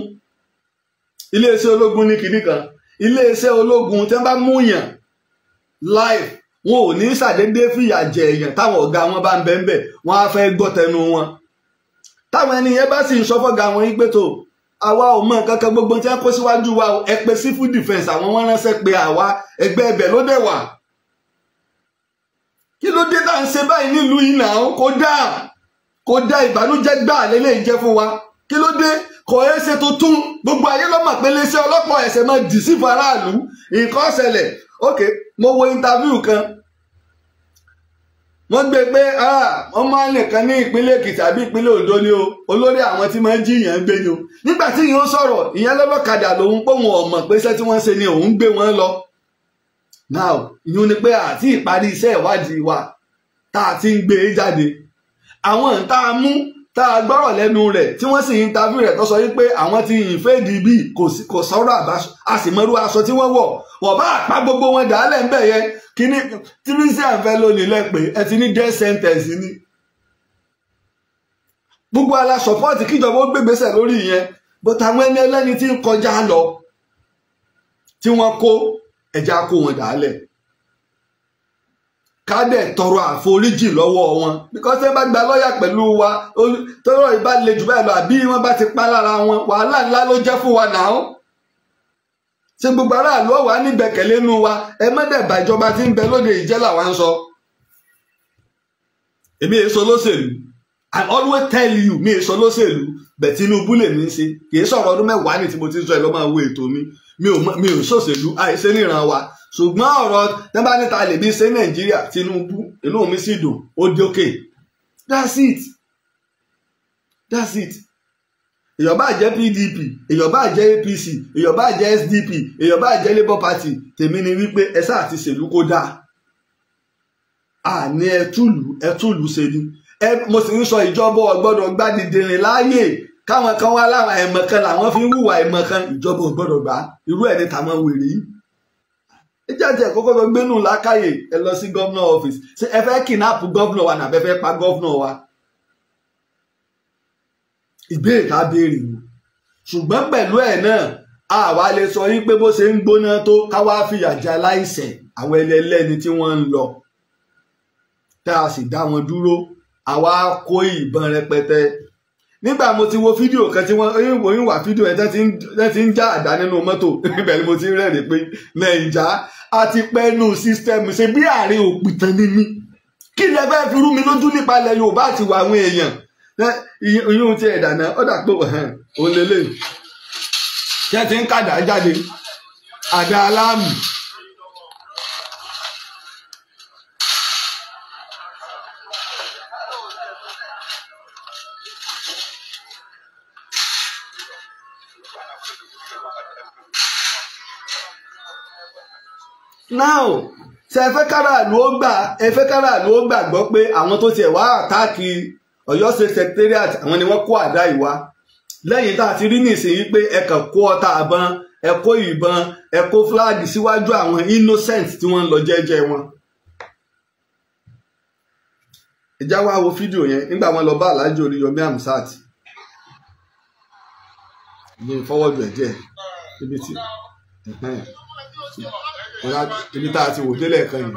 iléeṣẹ́ ológun ní kìnnìkan iléeṣẹ́ ológun tí wọ́n bá múyàn life wọn ò ní ṣàdédé fìyà jẹ èèyàn táwọn ọ̀gá wọn bá ń bẹ ń bẹ wọn á fẹ́ gbọ́ tẹnu wọn táwọn ẹni yẹn bá sì ń sọfọ́gà wọn yí pé tó àwa ò mọ nǹkan kan gbogbo tí wọn kó síwájú wa ẹ pé civil defence àwọn wọn ránṣẹ́ pé àwa ẹgbẹ́ ẹbẹ̀ ló dẹ̀ wà kí ló dé tá à ń ṣe báyìí nílùú yìí náà kó dáa kó dáa ìbànújẹ́ gbáà lélẹyìí jẹ fún wa kí ló dé kò ẹ́ ṣe tuntun gbogbo ayé ló mọ̀ pé iléeṣẹ́ ọlọ́pàá ẹ̀sẹ̀ máa dì sí faraàlú nǹkan ṣẹlẹ̀ ok mo wo interview kan wọ́n gbé pé wọ́n máa ń nìkan ní ìpínlẹ̀ èkìtì àbí ìpínlẹ̀ ondo ni o olórí àwọn tí máa ń jiyàn ń gbé ni o nígbà tí ìyẹn sọ̀rọ̀ ìyẹn lọ́lọ́kadà lòun pé wọn ò mọ̀ pé iṣẹ́ tí wọ́n ṣe ni òun gbé wọn lọ now ìyẹn ni pé àti ìparí iṣẹ́ ìwádìí wa tá a ti ń gbé e jáde àwọn ń tá a mú tá a gbọ́rọ̀ lẹ́nu rẹ̀ tí wọ́n sì ń interview rẹ̀ tó sọ wípé àwọn ti ìfẹ́ẹ̀dì bí kò sọ̀rọ̀ àbáṣọ àsìmọ́rú aṣọ tí wọ́n wọ̀ wọ́n bá àpá gbogbo wọn dàálẹ̀ ńbẹ̀ yẹn kíní tírísíà ń fẹ́ lónìí lẹ́pẹ́ ẹ ti ní death sentence ni. gbogbo ala support kíjọba ó gbégbèsè lórí ìyẹn but àwọn ẹni ẹlẹ́ni tí ń kọjá lọ tí wọ́n kó ẹja kó wọn dàálẹ̀ ká tọrọ àforíjì lọ́wọ́ wọn because ẹ bá gba lọ́ọ̀yà pẹ̀lú wa tọ́rọ̀ ìbá le jù báyìí lọ àbí wọ́n bá ti pa lára wọn wàhálà ńlá ló jẹ́ fún wa náà ṣe gbogbo aráàlú ọ̀wá nígbẹ̀kẹ̀lé nu wa ẹ mẹ́dẹ̀ẹ̀bà ìjọba tí ń bẹ lóde ìjẹ́ làwa ń sọ èmi èso lóṣèlú I always tell you mi èso lóṣèlú bẹ̀ Tinubu lè mí ṣe kì í sọ̀rọ̀ ọdún mẹ́wàá ní tí mo ti sọ ẹ̀ lọ́ máa ètò mi mi ò sòṣèlú àìṣe ṣùgbọ́n ọ̀rọ̀ tẹ́ bá níta lè bí ṣe nàìjíríà Tinubu inú mi sì dùn ó dé òkè that's it that's it èyàn bá jẹ́ PDP èyàn bá jẹ́ APC èyàn bá jẹ́ SDP èyàn bá jẹ́ Labour Party tèmi ni wípé ẹ sáà ti ṣèlú kó dáa àní ẹtúlù ẹtúlù ṣe ni mo sì ń sọ ìjọba ọgbọ́dọ̀ gbádìdìrín láàyè káwọn kan wá láwọn àìmọ̀kan làwọn fi ń hùwà àìmọ̀kan ìjọba ọgbọ́dọ̀ gbá irú ẹ̀ ní tàwọn wèrè yìí níjà tí ẹ kọ́kọ́ lọ gbénú lákàyè ẹ lọ sí gọ́vnà ọ́fíìsì ṣé ẹ fẹ́ kìnnáàpù gọ́vnà wa nàbẹ́ fẹ́ pa gọ́vnà wa ìbéèrè ká béèrè mu ṣùgbọ́n pẹ̀lú ẹ̀ náà àwa lè sọ yín pé bó ṣe ń gbóná tó káwá fìyà jẹ aláìṣẹ̀ àwọn ẹlẹ́lẹ́ni tí wọ́n ń lọ tá a sì dá wọn dúró àwa kó ìbọn rẹpẹtẹ nígbà mo ti wo fídíò kan tí wọ́n yóò wá fídíò ẹ̀ tẹ́ ti ń já àdá nínú mọ́tò níbẹ̀ [LAUGHS] mo ti ń rẹ́rìn pé nàìjà àti pẹnu sísítẹ́ẹ̀mù ṣe bí ààrẹ òpìtàn ni mí kí lẹ fẹ́ fi rú mi lójú nípa ilẹ̀ Yorùbá àti ìwà àwọn èèyàn ìyún ti ẹ̀dà náà ọ̀dà pé òun lélẹ̀ tí ẹ ti ń kàdá jáde àdá aláàmì. now ṣe ẹ fẹ́ kára ló gbà ẹ kára ló pé àwọn tó tiẹ̀ wá àtàkì Ọ̀yọ́ secretariat àwọn ni wọ́n kó àdá ìwá lẹ́yìn tá a ti rí nísìnyí pé ẹ kó ọta àbọn ẹ ìbọn ẹ síwájú àwọn innocent tí wọ́n lọ jẹjẹ wọn. ìjà wo fídíò yẹn nígbà wọn lọ bá Alhaji Oríyọmí ní ẹ̀ ibi ibi tá a ti wò délẹ̀ kan yìí.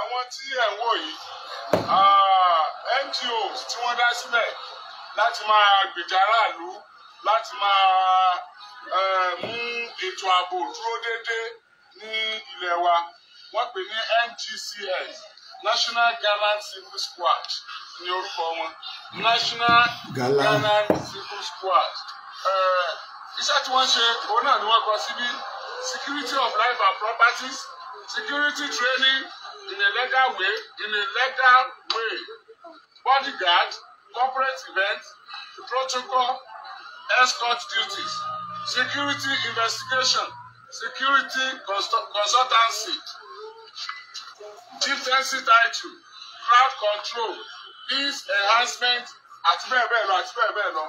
àwọn tí ẹ̀ ń wò yìí NGOs tí wọ́n dá sílẹ̀ láti máa gbèjà aráàlú láti máa mú ètò ààbò dúró déédéé ní ilẹ̀ wa wọ́n pè ní NGCS National Gallant Civil Squad ní orúkọ wọn National Gallant Civil Squad. Eh, iṣẹ́ tí wọ́n ṣe òun náà ni wọ́n kọ síbí security of life and properties security training in a legal way in a legal way bodyguard corporate events protocol escort duties security investigation security consultancy chieftaincy title crowd control peace enhancement àti bẹ́ẹ̀ bẹ́ẹ̀ lọ àti bẹ́ẹ̀ bẹ́ẹ̀ lọ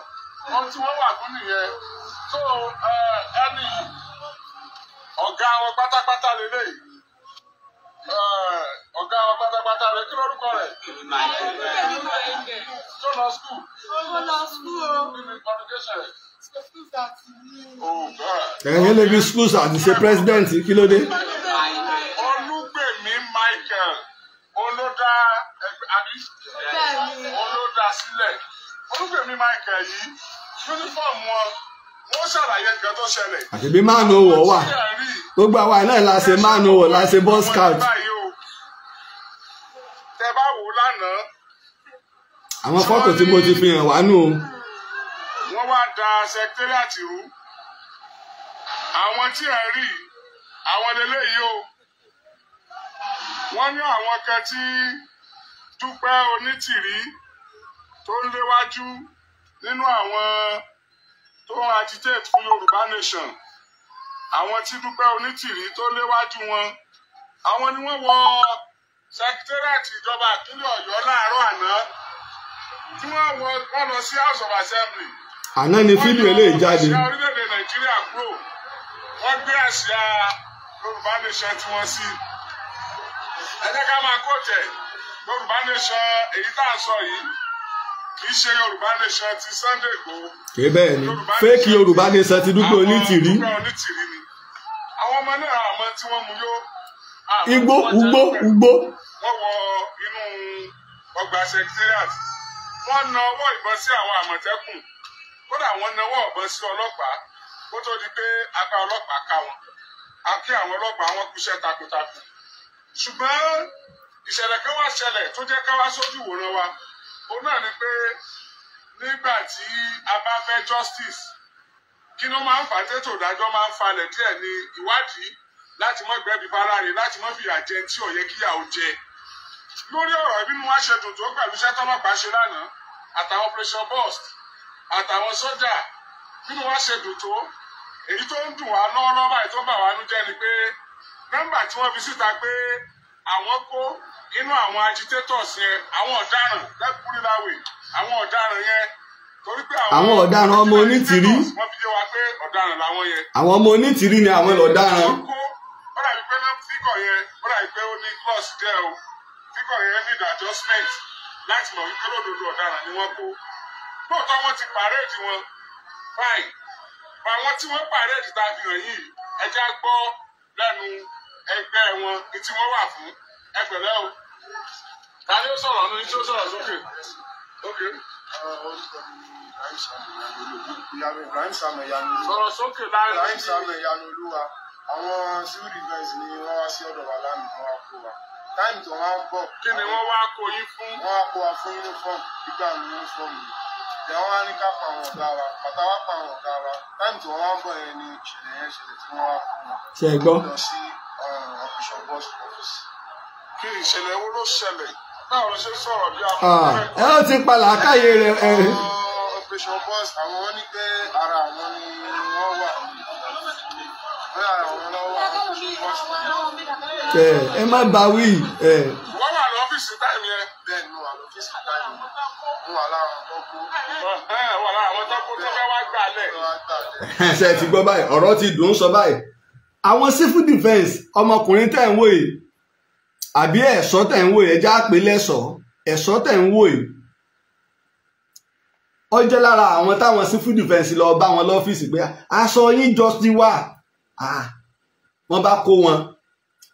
ohun tí wọ́n wà fún nìyẹn so ẹni ọ̀gá wọn pátápátá lélẹ́yìí ọ̀gá wọn pátápátá rẹ̀ kí lórúkọ rẹ̀. tó lọ skul. ó lọ skul o. nínú congregation rẹ̀. Ẹ̀yin lè fi schools àti ṣe president kí ló dé? Olúgbèmí Michael olódà àbí olódà sílẹ̀ olúfèmí michael yìí yúnífọ̀mù wọn wọ́n ṣàlàyé nǹkan tó ṣẹlẹ̀. àṣebí máàlù owó wà gbogbo àwa náà la ṣe máàlù owó la ṣe bus card. tẹ bá wò lánàá. àwọn fọ́tò tí mo ti fi hàn wá nù. wọ́n wá da sẹkítẹ́rìàtì rú àwọn tí ẹ̀ rí àwọn eléyìí o wọ́n ní àwọn kan tí dúpẹ́ onítìrí tó ń léwájú nínú àwọn tó ń agitate fún Yorùbá nation àwọn tí Dúpẹ́ Onítìrí tó léwájú wọn àwọn ni wọ́n wọ sẹkítẹ́rẹ́tì ìjọba ìpínlẹ̀ Ọ̀yọ́ láàárọ̀ àná tí wọ́n wọ wọ́n lọ sí House of Assembly. àná ni fídíò eléyìí jáde. wọ́n yọ àṣà orílẹ̀-èdè Nàìjíríà kúrò wọ́n gbé àṣà Yorùbá nation tí wọ́n sí. ẹ jẹ́ ká máa kó jẹ Yorùbá nation èyí tá a sọ yìí kì í ṣe yorùbá nation ti Sunday Igboho. ṣé bẹ́ẹ̀ ni fake yorùbá nation ti Dúpẹ́ Onítìrí. àwọn ọmọ náà àmọ́ tí wọ́n mú yó. igbó ugbó ugbó. wọ́n wọ inú ọgbà secretariat wọ́n na ọwọ́ ìbọn sí àwọn àmọ̀tẹ́kùn kódà wọ́n nawọ́ ọ̀bọ̀n sí ọlọ́pàá kó tó di pé apá ọlọ́pàá ká wọn a kí àwọn ọlọ́pàá wọn kúṣẹ́ takuntakun ṣùgbọ́n ìṣẹ̀lẹ̀ kan wá ṣẹlẹ̀ tó jẹ́ ká sójú wòran wa òun náà ni pé nígbà tí a bá fẹ́ justice kí ló máa ń fà tètò ìdájọ́ máa ń falẹ̀ díẹ̀ ní ìwádìí láti mọ gbẹ̀bí fáráre láti mọ fìyà jẹ tí ò yẹ kíyàwó jẹ lórí ọ̀rọ̀ ìbínú wa ṣe dùn tó pẹ̀lú iṣẹ́ tọ́lọ́pàá ṣe lánàá àtàwọn operation burst àtàwọn sójà bínú wa ṣe dùn tó èyí tó ń dùn wá lọ́wọ́lọ́wọ́ báyìí tó bà wá nú jẹ́ ni pé nọ́mbà tí wọ́n fi síta pé àwọn kó nínú àwọn agitators yẹn àwọn ọ̀daràn lẹ́kùnrin láwè àwọn ọ̀daràn yẹn torí pé àwọn ọ̀daràn ọmọ onítìrí wọ́n fi yé wa pé ọ̀daràn làwọn yẹn. àwọn ọmọ onítìrí ni àwọn ọ̀daràn. ó dàbí pé náà fígọ̀ yẹn ó dàbí pé ó ní clause dẹ́ o fígọ̀ yẹn need adjustment láti mọ̀ wípé lódodo ọ̀daràn ni wọ́n kó lóòótọ́ wọ́n ti pàrẹ́ẹ̀dì wọn fine àwọn tí wọ́n pàrẹ́ẹ̀dì ta fi hàn yìí ẹja gbọ́ lẹ́nu ẹgbẹ́ wọn tí wọ́n wà fún ẹgbẹ̀lẹ́ o ta ni ó sọ̀rọ̀ ní tí ó sọ̀rọ̀ sókè ok. sọ̀rọ̀ sókè láàrin Ibrahim Samuel Ìyanu Olúwa àwọn civil defence ni wọ́n wá sí ọ̀dọ̀ wa lánàá wọ́n wá kó wa táìmù tó wọ́n bọ̀. kí ni wọ́n wá kó yín fún. wọ́n wá kó wa fún uniform gbígbà uniform yìí ìyàwó wa ní ká pa àwọn ọ̀gá wa bàtà wa pa àwọn ọ̀gá wa táìmù tó wọ́n wá bọ̀ yẹn ni ìṣẹ̀lẹ̀ yẹn ṣẹlẹ̀ tí wọ́n wá fún wa. ṣe é gbọ́. lọ sí Uh, Bishop Boss office. Kí ìṣẹ̀lẹ̀ wo ló ṣẹlẹ̀? Báwo ló ṣe sọ̀rọ̀ bí akọ̀wé? Ah, ẹ ó ti pa làákàyè rẹ̀. Àwọn uh, Bishop Boss àwọn wọ́n ní pé ara àwọn ni wọ́n wà. Bẹ́ẹ̀ ara àwọn lọ́wọ́ àwọn Bishop Boss. Ẹ má bá wí. Wọ́n wà ní ọ́fíìsì táìmì yẹn. Bẹ́ẹ̀ ni mo wà ní ọ́fíìsì táìmì. Mo wà lára àwọn tó kú. Ẹ wà lára àwọn tó kú tó fẹ́ wá gbà lẹ̀. Ṣé ẹ ti gbọ́ báyìí? Ọ̀rọ̀ ti dùn ún sọ báyìí àwọn civil defence ọmọkùnrin tẹ̀ ń wò yìí àbí ẹ̀ṣọ́ tẹ̀ ń wò yìí ẹja pé lẹ́ṣọ́ ẹ̀ṣọ́ tẹ̀ ń wò yìí ó jẹ́ lára àwọn táwọn civil defence lọ bá wọn lọ́fíìsì pé aṣọ yín jọ sí wà wọ́n bá kó wọn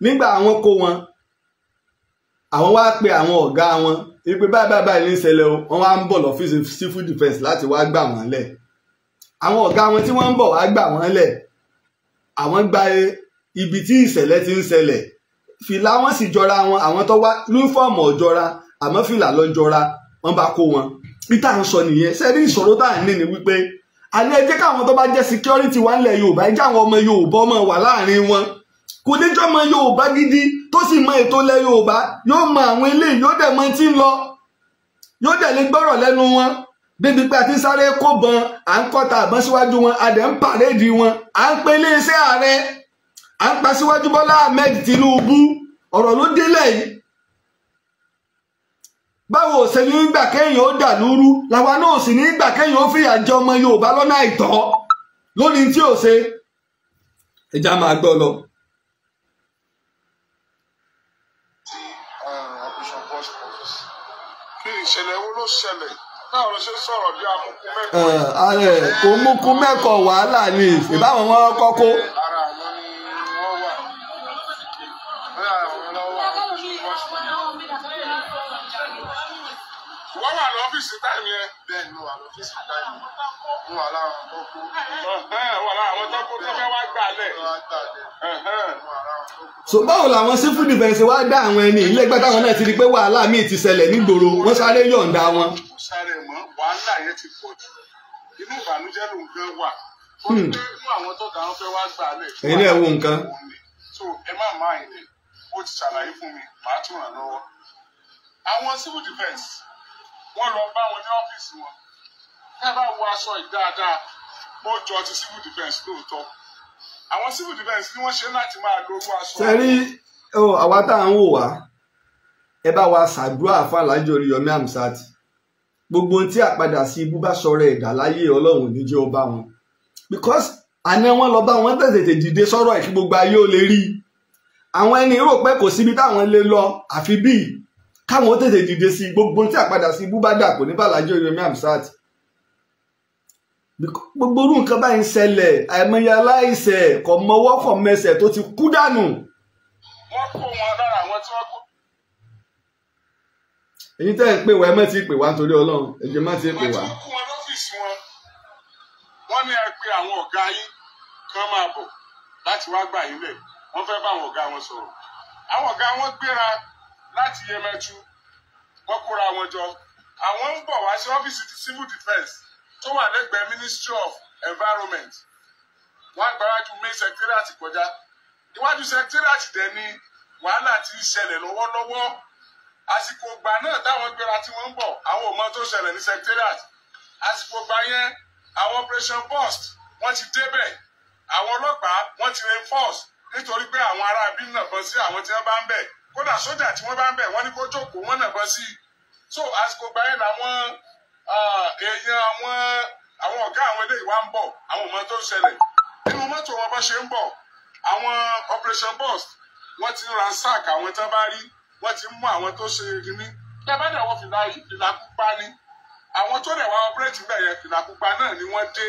nígbà àwọn kó wọn àwọn wá pe àwọn ọ̀gá wọn wípé báyìí báyìí báyìí ní ìṣẹ̀lẹ̀ o wọ́n wá ń bọ̀ lọ́fíìsì civil defence láti wá gbà wọ́n lẹ̀ àwọn ọ̀gá wọn tí wọ́n ń bọ̀ wá gbà wọ́n lẹ̀ àwọn gba e, ibi tí ìṣẹ̀lẹ̀ ti ń ṣẹlẹ̀ fìlà wọn sì jọra wọn àwọn tó wá yúnífọ̀mù ọ̀jọra àmọ́ fìlà ló jọra wọn bá kó wọn peter ń sọ nìyẹn sẹ́ni ìṣòro tá à ń ní ni wípé alẹ́ ẹ káwọn tó bá jẹ́ security wa ńlẹ̀ yorùbá ẹ jẹ́ àwọn ọmọ yorùbá ọmọ wà láàrin wọn kò ní jọmọ yorùbá gidi tó sì mọ ètò ilẹ̀ yorùbá yóò mọ àwọn eléyìí yóò dẹ̀ mọ tí ń lọ yóò dẹ̀ lè gbọ́rọ̀ lẹ́nu wọn débi pé a ti sáré kó bọn à ń kọ́ta àbọ̀n síwájú wọn a dẹ̀ ń pàrédì wọn à ń pe iléeṣẹ́ ààrẹ à ń pa síwájú Bọ́lá Ahmed Tinubu ọ̀rọ̀ ló délẹ̀ yìí báwo ò ṣe ní gbà kéèyàn ó dà lúrú làwa náà ò sì ní gbà kéèyàn ó fìyà jẹ ọmọ Yorùbá lọ́nà àìtọ́ lórí tí ò ṣe ìjà máa gbọ́ lọ. Ah, ìṣẹ̀lẹ̀ wo ló ṣẹlẹ̀ báwo ṣe sọ̀rọ̀ bí eh, eh, kò mú kú mẹ́kọ̀ọ́ wàhálà ni ìbáwọn wọn kọ́kọ́. so báwo làwọn civil defence wá dá àwọn ẹni ìlẹ́gbẹ́ táwọn náà ti rí pé wàhálà míì ti ṣẹlẹ̀ nígboro wọ́n sáré yọ̀ǹda wọn. sáré mọ́ wàhálà yẹn ti pọ̀ jù inú ìbànújẹ́ ló ń gbẹ́ wà ó ní pé inú àwọn tó dáhùn fẹ́ wá gbà lẹ̀. èyí náà wo nǹkan. so ẹ má máa yẹn ó ti ṣàlàyé fún mi màá tún ràn lọ́wọ́ àwọn civil defence wọ́n lọ bá wọn ní ọ́fíìsì wọn tá a bá wo aṣọ yìí dáadáa mo jọ ti civil defence lóòótọ́ àwọn civil defence ni wọ́n ṣe láti máa lo owó aṣọ. sẹ́rí àwa tá à ń wò wá ẹ bá wa ṣàdúrà fàlàjì Oríyọmí Hamzat gbogbo ohun tí àpadà sí ibú bá sọ̀rọ̀ ẹ̀dá láyé Ọlọ́run ní ọba wọn because àná wọn lọ bá wọn tètè dìde sọ̀rọ̀ ẹ kí gbogbo ayé ó lè rí àwọn ẹni rò pé kò síbi táwọn lè lọ àfi bíi káwọn tètè dìde sí gbogbo tí àpadà sí ibú bá dà kò ní bàlájọ Yomi Amsat gbogbo orú nǹkan báyìí ń ṣẹlẹ̀ àìmọye aláìṣẹ̀ kò mọwọ́ kò mẹsẹ̀ tó ti kú dànù. wọ́n kó wọn lára àwọn tí wọ́n kó. èyí tẹ́ ẹ̀ ń pè wá ẹ má ti pè wá nítorí ọlọ́run ẹ̀jẹ̀ má ti pè wá. wọ́n ti kú wọn lọ́fíìsì wọn wọ́n ní ẹ pé àwọn ọ̀gá yín kan máa bọ̀ láti wá gbà yín lẹ̀ wọ́n fẹ́ bá àwọn ọ̀gá wọn sọ̀rọ̀ àwọn ọ̀gá wọn gbéra láti Yemẹtu wọ́n kóra wọn jọ àwọn ń bọ̀ wá sí ọ́fíìsì civil defence tó wà lẹ́gbẹ̀ẹ́ ministry of environment wọ́n agbáwájú main secretariat kọjá iwájú secretariat dẹ̀ ni wàhálà ti ń ṣẹlẹ̀ lọ́wọ́lọ́wọ́ àsìkò ìgbà náà táwọn gbéra tí wọ́n ń bọ̀ àwọn ò mọ tó ṣẹlẹ̀ ní secretariat àsìkò ìgbà yẹn àwọn operation burst wọ́n ti débẹ̀ àwọn ọlọ́pàá wọ́n ti reinforce nítorí pé àwọn ará abínú sí àwọn tí wọ́n bá ń bẹ̀ kódà sójà tí wọ́n bá ń bẹ̀ wọ́n ní kó jókòó wọ́n nàbọ̀ sí i so àsìkò gba yẹn làwọn èèyàn àwọn àwọn ọ̀gá àwọn eléyìí wá ń bọ̀ àwọn ọmọ tó ń ṣẹlẹ̀ nínú mọ́tò wọn bá ṣe ń bọ̀ àwọn operation boss wọ́n ti ń ransack àwọn tán bá rí wọ́n ti ń mú àwọn tó ṣe kíní dábàdà wọ́n fìlà fìlà pupa ni àwọn tó dẹ̀ wá operate ń bẹ̀ yẹn fìlà pupa náà ni wọ́n dé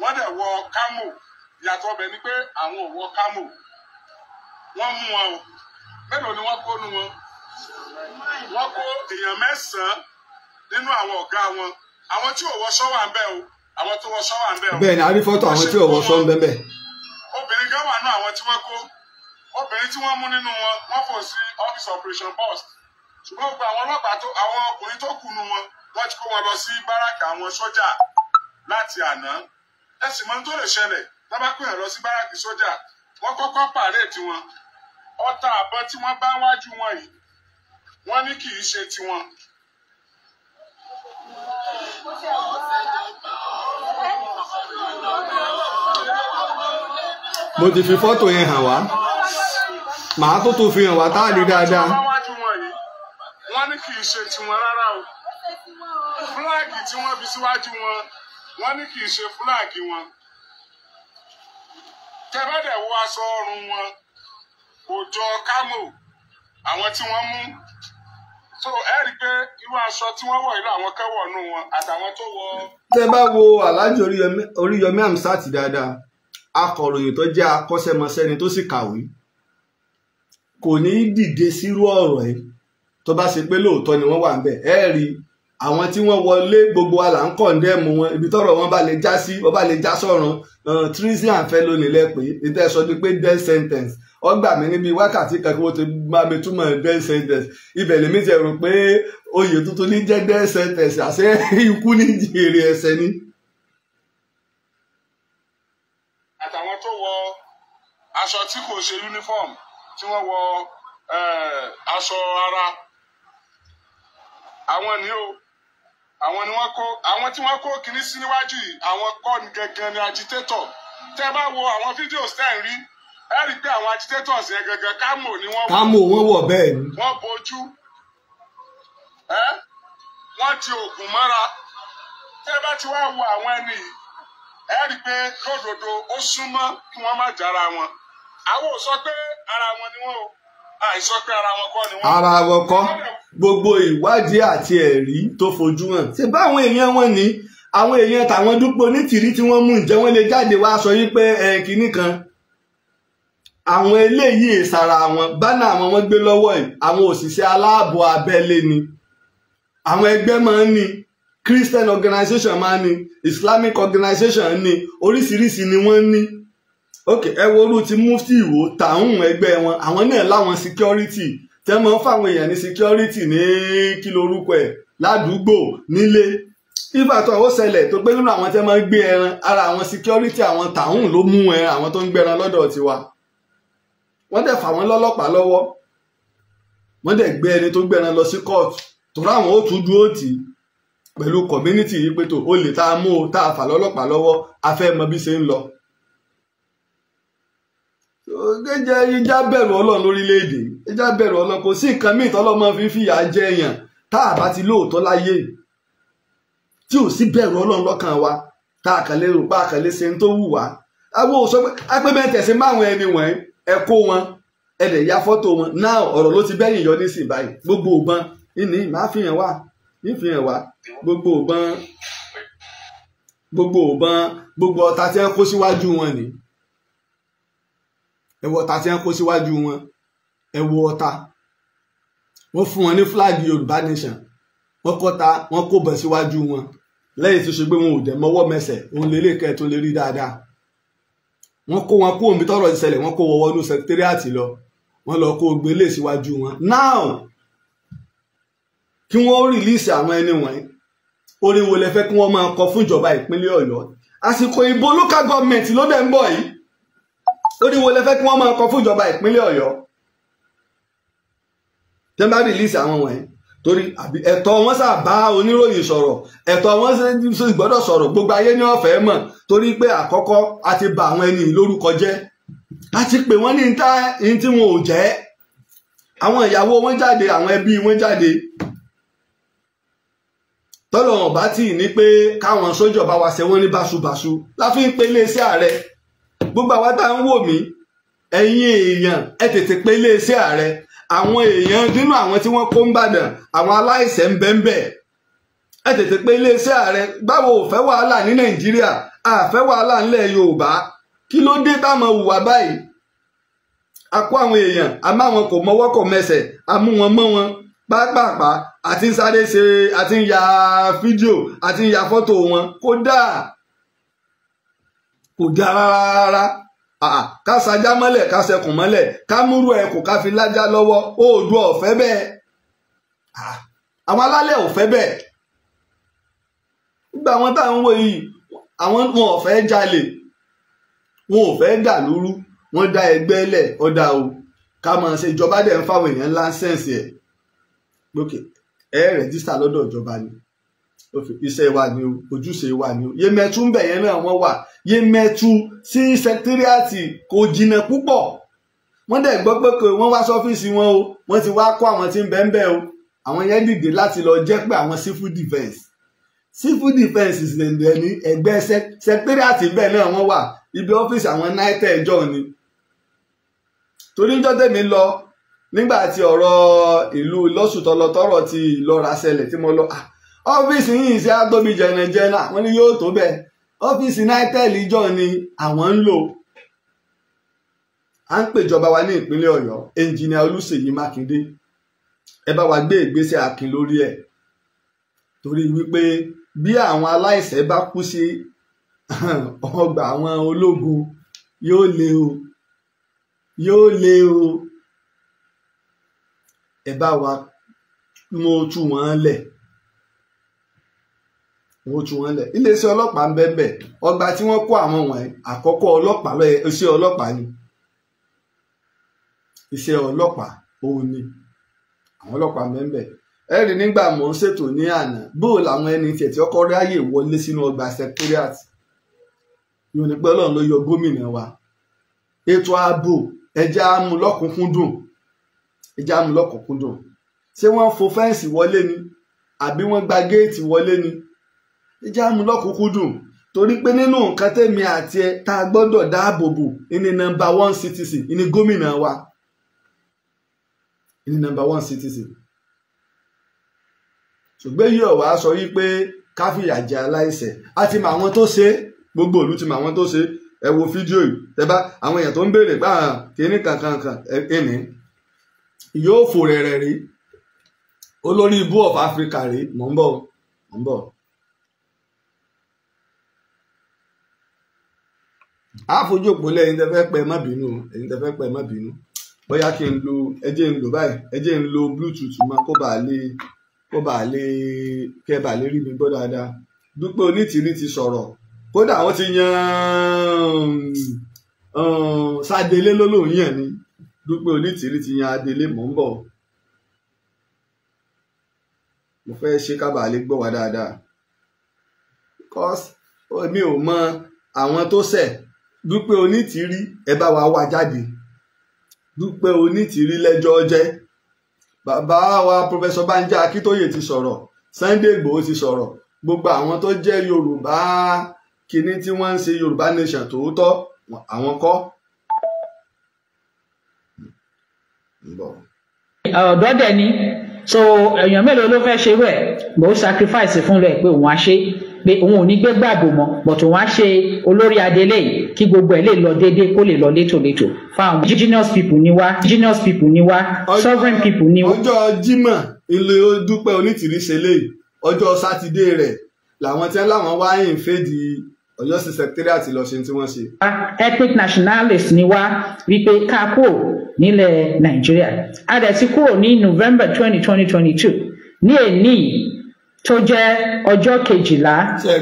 wọ́n dẹ̀ wọ kámò ìyàtọ̀ ọbẹ̀ ni pé àwọn ò wọ kámò wọ́n mú wọn o mélòó ni wọ́n kó nu wọn wọ́n kó èèyàn mẹ́sàn-án nínú àwọn ọ̀gá wọn àwọn tí ò wọṣọ wà ń bẹ o àwọn tó wọṣọ wà ń bẹ o. bẹ́ẹ̀ni a rí fọ́tò àwọn tí ò wọṣọ ń bẹ bẹ. obìnrin gan wà nú àwọn tí wọ́n kó obìnrin tí wọ́n mú nínú wọn wọ́n fò sí office operation boss ṣùgbọ́n gba àwọn ọlọ́pàá tó àwọn ọkùnrin tó kù nù wọn wọ́n ti kó wọn lọ sí báràkì àwọn sójà láti àná ẹ̀sìn mọ́ tó lè ṣẹlẹ̀ tábàkùn yẹn lọ sí báràkì sójà wọ́n kọ́kọ́ pàréèdì wọn ọta àbọ̀ tí wọ́n bá wájú wọn yìí wọ́n ní kì í ṣe tiwọn. mo ti fi fọ́tò yẹn hàn wá màá tó tó fi hàn wá tá a lè dáadáa. wọ́n ní kì í ṣe tiwọn rárá o fúláàgì tí wọ́n fi síwájú wọn wọ́n ní kì í ṣe fúláàgì wọn tẹ́bẹ̀dẹ̀ wọ aṣọ ọrùn wọn kò jọ kámò àwọn tí wọ́n mú so ẹ rí i pé irú aṣọ tí wọ́n wọ̀ yìí làwọn kẹ́wọ̀ nù wọn àtàwọn tó wọ. tẹ bá wo aláàjì oríyọmí amsat dáadáa akọ̀ròyìn tó jẹ́ akọ́ṣẹ́mọṣẹ́ ni tó sì kàwé kò ní í dìde sírú ọ̀rọ̀ ẹ̀ tó bá ṣe pé lóòótọ́ ni wọ́n wà ń bẹ̀ ẹ rí àwọn tí wọ́n wọlé gbogbo wa là ń kọ̀ndẹ́mù wọn ibi tọ́rọ̀ wọn bá lè já sí wọ́n bá lè já sọ̀rọ̀ treason and felony lẹ́pẹ́ ìtẹ́sọ́ ni pé death sentence wọ́n gbà mí níbi wákàtí kan kí wọ́n ti máa mi túmọ̀ death sentence ibẹ̀ lèmi ti rò pé oyè tuntun ní jẹ́ death sentence àṣẹ ikú ní jèrè ẹsẹ̀ ni. àtàwọn tó wọ aṣọ tí kò ṣe uniform tí wọ́n wọ aṣọ ara àwọn ni ó àwọn ni wọ́n kó àwọn tí wọ́n kó kiri níwájú yìí àwọn kọ́ ni gangan ni agitator tẹ́ bá wo àwọn fídíò stẹ́ẹ̀ rí ẹ rí i pé àwọn agitators yẹn gangan kámò ni wọ́n wọ̀ kámò wọ́n wọ̀ bẹ́ẹ̀ ni. wọ́n bojú ẹ wọ́n ti oògùn mọ́ra tẹ́ ẹ bá ti wá wo àwọn ẹni yìí ẹ rí i pé lódodo ó súnmọ́ kí wọ́n má jára wọn àwọn ò sọ pé ara wọn ni wọ́n o àìsọ pé ara wọn kọ́ ni wọ́n. ara wọn kọ́ gbogbo ìwádìí àti ẹ̀rí tó fojú hàn ṣe bá àwọn èèyàn wọn ni àwọn èèyàn tàwọn dúpọ̀ nítìrí tí wọ́n mú ǹjẹ́ wọ́n lè jáde wá sọ yí pé ẹ̀ kínní kan àwọn eléyìí ìsara wọn bánà àwọn wọn gbé lọ́wọ́ yìí àwọn òṣìṣẹ́ aláàbò abẹ́lé ni àwọn ẹgbẹ́ máa ń ní Christian organization máa ń ní Islamic organization ní oríṣiríṣi ni wọ́n ní ok ẹ wo orú ti mufti ìwò tàún ẹgbẹ́ wọn àwọn náà láwọn security tẹ́ máa ń fáwọn èèyàn ní security ní kí lorúkọ ẹ̀ ládùúgbò nílé ìgbà tó àwọn ṣẹlẹ̀ tó gbé nínú àwọn tẹ́ máa ń gbé ẹran ara àwọn security àwọn tàún ló mú ẹran àwọn tó ń gbẹran lọ́dọ̀ tiwa wọ́n dẹ̀ fà wọ́n lọ́lọ́pàá lọ́wọ́ wọ́n dẹ̀ gbé ẹni tó gbẹran lọ sí kóòtù tó ráwọn ó tún dúró tì pẹ̀lú community yìí pé tó o lè tá a mú o tá a fà lọ́lọ́pàá lọ́wọ́ a fẹ́ mọ bí ṣe ń lọ. gẹ́gẹ́ ìjà bẹ̀rù ọlọ́run lórílẹ̀‐èdè ìjà bẹ̀rù ọlọ́run kò sí nǹkan míì tọ́lọ́mọ fífi ìyà jẹ èèyàn tá a bá ti lóòótọ́ láyé tí ò sí bẹ̀rù ọlọ́run lọ́kàn wa tá a kàn lè rò pa àkànlé ṣe ń tó wù wá. àwọn òṣèpẹ́ apẹ́bẹ́ tẹ̀sí máwọn ẹni wọ̀nyí ẹ kó wọn ẹ dẹ̀ ya fọ́tò wọn náà ọ̀rọ̀ ló ti bẹ́yìn yọ nísìnyí báyìí gbogbo ògbọ́n ìní máa fi hàn wá ìfi hàn wá gbogbo ògbọ́n gbogbo ògbọ́n gbogbo ọ̀tá tí wọ́n kó síwájú wọn ni ẹ wo ọ̀tá tí wọ́n kó síwájú wọn ẹ wo ọ̀tá wọ́n fún wọn ní flag Yorùbá nation wọ́n kọ́ta wọ́n kó bọ̀ síwájú wọn lẹ́yìn tó ṣe pé wọn ò dẹ̀ mọ́wọ́ mẹsẹ̀ òun lélẹ́kẹ̀ẹ́ tó lè rí dáadáa wọ́n kó wọn kú omi tọ́rọ̀ ìṣẹ̀lẹ̀ wọ́n kó wọ wọnú sẹkítẹ́rìàtì lọ wọ́n lọ kó gbé lè síwájú wọn now kí wọ́n rìlíìsì àwọn ẹni wọ̀nyí orin wo lẹ fẹ́ kí wọ́n máa kọ fún ìjọba ìpínlẹ̀ Ọ̀yọ́ àsìkò ìbò local government ló dẹ̀ ń bọ̀ yìí orin wo kí wọ́n máa kọ fún ìjọba ìpínlẹ̀ Ọ̀yọ́ tẹ́ rìlíìsì àwọn wọ̀nyí torí ẹ̀tọ́ wọn sà bá oníròyìn sọ̀rọ̀ ẹ̀tọ́ wọn sì gbọ́dọ̀ sọ̀rọ̀ gbogbo ayé ní ọ̀fẹ́ mọ̀ torí pé àkọ́kọ́ a ti bà àwọn ẹni lórúkọ jẹ́ a ti pè wọ́n ní ta ní tí wọn ò jẹ́ àwọn ìyàwó wọn jáde àwọn ẹbí wọn jáde tọ́lọ̀wọ̀n bá tì ní pé káwọn sójà bá wa ṣe wọ́n ní báṣubàṣu láfi ń pe iléeṣẹ́ ààrẹ gbogbo àwa tá à ń wò mí ẹ̀yin èèyàn ẹ tètè pe iléeṣẹ́ ààrẹ àwọn èèyàn nínú àwọn tí wọ́n kó ń bàdàn àwọn aláìsẹ̀ ń bẹ ń bẹ ẹ tètè pé iléeṣẹ́ ààrẹ báwo ò fẹ́ wàhálà ní nàìjíríà àfẹ́ wàhálà ńlẹ̀ yorùbá kí ló dé táwọn hùwà báyìí a kó àwọn èèyàn àmọ́ àwọn kò mọwọ́ kò mẹsẹ̀ àmú wọn mọ́ wọn pápápá àti ń sáré ṣe àti ń ya fídíò àti ń ya fọ́tò wọn kódà kò dáa rárá rárá. Ah, ah, ká sajá mọ́lẹ̀ ká sẹkùn mọ́lẹ̀ ká múrú ẹkùn ká fi lájá lọ́wọ́ oòdùà ò fẹ́ bẹ́ẹ̀ ah, àwọn alálẹ̀ ò fẹ́ bẹ́ẹ̀ gbogbo àwọn táwọn wò yìí àwọn wọn ò jalè wọn ò fẹ́ dà lúrú wọn dá ẹgbẹ́ lẹ̀ ọ̀dà o ká máa ṣe ìjọba dẹ̀ ń fáwọn èèyàn láńsẹ̀nsì ẹ̀ lókè ẹ̀ rẹ̀jísítà lọ́dọ̀ ìjọba ni iṣẹ́ wa ni o ojúṣe wa ni o yemẹtu ń bẹ yẹn náà wọ́n wà yemẹtu sí sẹkítírìàtì kò jìnnà púpọ̀ wọ́n dẹ̀ gbọ́ pé kò wọ́n wá sọ́fíìsì wọn o wọ́n ti wá kó àwọn tí ń bẹ ń bẹ o àwọn yẹn dìde láti lọ jẹ́ pé àwọn civil defence civil defence ìṣẹ̀lẹ̀ ní ẹgbẹ́ sẹkítírìàtì bẹ́ẹ̀ náà wọ́n wà ibi ọ́fíìsì àwọn náítẹ̀ ẹjọ́ ni torí ń jọ́dẹ̀ mi lọ nígbà tí ọ̀rọ̀ ìlú lọ́sùtọ́lọ́tọ́rọ̀ ti lọ́ra ṣẹlẹ̀ tí mo lọ ah ọ́fíìsì yìí ṣe átóbi jẹ̀nàjẹ̀nà àwọn ni yóò tó bẹ́ẹ̀ ọ́fíìsì nitel ìjọ ni àwọn ń lò à ń pèjọba wa ní ìpínlẹ̀ ọ̀yọ́ ẹnjìnìà olúṣèyí mákindé ẹ bá wa gbé ìgbésẹ̀ akin lórí ẹ̀ torí wípé bí àwọn aláìṣẹ̀ bá kú sí [LAUGHS] ọgbà àwọn ológun yóò le o yóò le o ẹ bá wa mú ojú wọn lẹ̀ wọ́n ju wọn lẹ̀ iléeṣẹ́ ọlọ́pàá ń bẹ́ẹ̀ bẹ́ẹ̀ ọgbà tí wọ́n kó àwọn wọ̀nyí àkọ́kọ́ ọlọ́pàá lọ́yẹ iṣẹ́ ọlọ́pàá ni iṣẹ́ ọlọ́pàá òun ni àwọn ọlọ́pàá ń bẹ́ẹ̀ bẹ́ẹ̀ ẹ rí nígbà mò ń ṣètò ní àná bóò làwọn ẹni tiẹ̀ tí ọkọ ráyè wọlé sínú ọgbà secretariat yóò ní pẹ́ ọlọ́run ló yọ gómìnà wa ètò ààbò ẹja amúlọ́kùnkúndùn ẹja amúlọ́kùnkúndùn ṣé wọ́n fo fẹ́ǹsì wọlé ni àbí wọ́n gba géètì wọlé ni ìjà mú lọ́kùnkún dùn torí pé nínú nǹkan tẹ̀mí àti ẹ tá a gbọ́dọ̀ dáàbò bò ní nọmba one citizen ní gómìnà wa ní nọmba one citizen ṣùgbọ́n yìí ọ̀wá sọ wípé káfíyà jẹ aláìṣẹ̀ a ti mọ àwọn tó ṣe gbogbo ìlú ti mọ àwọn tó ṣe ẹ wo fídíò yìí ẹ bá àwọn èèyàn tó ń béèrè gbà hàn kíní kankankan ẹni yóò fò rẹ̀rẹ̀ rí olórí ibú of Africa rí mọ̀ ń bọ̀ mọ̀ ń bọ̀. àfojú òpó lẹ́yìn tẹ́ fẹ́ pẹ́ má bínú ẹ̀yin tẹ́ fẹ́ pẹ́ má bínú bóyá kí n lo ẹjẹ́ ń lo báyìí ẹjẹ́ ń lo bluetooth máa kó bàa lè kó bàa lè kẹ́ bàa lè rí mi gbọ́ dáadáa Dúpẹ́ Onítìrí ti sọ̀rọ̀ kódà wọ́n ti yan um, um, Sádélé lólóhùn yàn ni Dúpẹ́ Onítìrí ti yan Adélé mò ń bọ̀ mo fẹ́ ṣe ká bàa lè gbọ́ wa dáadáa because èmi ò mọ àwọn tó ṣẹ̀ dúpẹ́ onítìrí ẹ bá wa wá jáde dúpẹ́ onítìrí lẹ́jọ́ jẹ́ bàbá wa Professor Banja Akíntóyè ti sọ̀rọ̀ Sunday Igboho ti sọ̀rọ̀ gbogbo àwọn tó jẹ́ Yorùbá kínní tí wọ́n ń ṣe Yorùbá nation tòótọ́ àwọn kọ́. ọ̀dọ́ dẹ̀ ni so èèyàn mélòó ló fẹ́ ṣe rẹ̀ bó sacrifice fún rẹ̀ pé òun á ṣe é pé òun ò ní gbé gbàgbó mọ́ but òun á ṣe olórí adelé yìí kí gbogbo ẹ̀ lè lọ déédéé kó lè lọ létòlétò fáwọn indigenous people ni wá indigenous people ni wá sovereign people ni wá. ọjọ́ Jímọ̀ ilé dúpẹ́ onítìrí ṣe léyìí ọjọ́ sátidé rẹ̀ làwọn tí láwọn wáyé ń fèdí Ọ̀yọ́ sí secretariat lọ ṣe tí wọ́n ṣe. ethnic nationalist ni wá wípé ká kúrò nílẹ̀ Nàìjíríà a dẹ̀ ti kúrò ní November twenty twenty twenty two ní èní yìí tó jẹ́ ọjọ́ kejìlá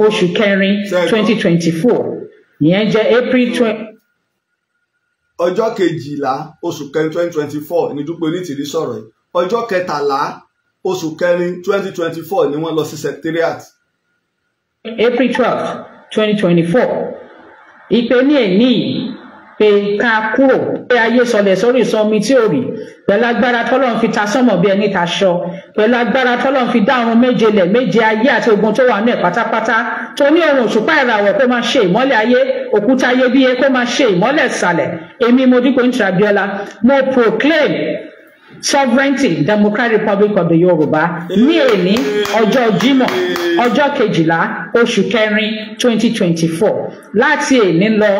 oṣù kẹrin twenty twenty four ìyẹn jẹ́ April twenty. ọjọ́ kejìlá oṣù kẹrin twenty twenty four ni Dúpẹ́ Onítìrí sọ̀rọ̀ yìí ọjọ́ kẹtàlá oṣù kẹrin twenty twenty four ni wọ́n lọ sí secretariat. April twelve twenty twenty four ìpè ní èní pé ká kúrò pé ayé sọlẹ̀ sórí sọmi tí ò rí pẹ̀lú agbára tọ́lọ́run fi ta sọ́mọ̀ bí ẹni ta ṣọ pẹ̀lú agbára tọ́lọ́run fi dá ọ̀run méje lẹ̀ méje ayé àti ogun tó wà náà pátápátá tó ní ohun òṣùpá ìràwọ̀ kó máa ṣe ìmọ́lẹ̀ ayé òkúta ayébíyé kó máa ṣe ìmọ́lẹ̀ ìsàlẹ̀ èmi Modipo Ntrabiola mo proclaim sovereignty democratic republic of the yorùbá ní èní ọjọ́ jímọ̀ ọjọ́ kejìlá oṣù kẹrin twenty twenty four láti èní lọ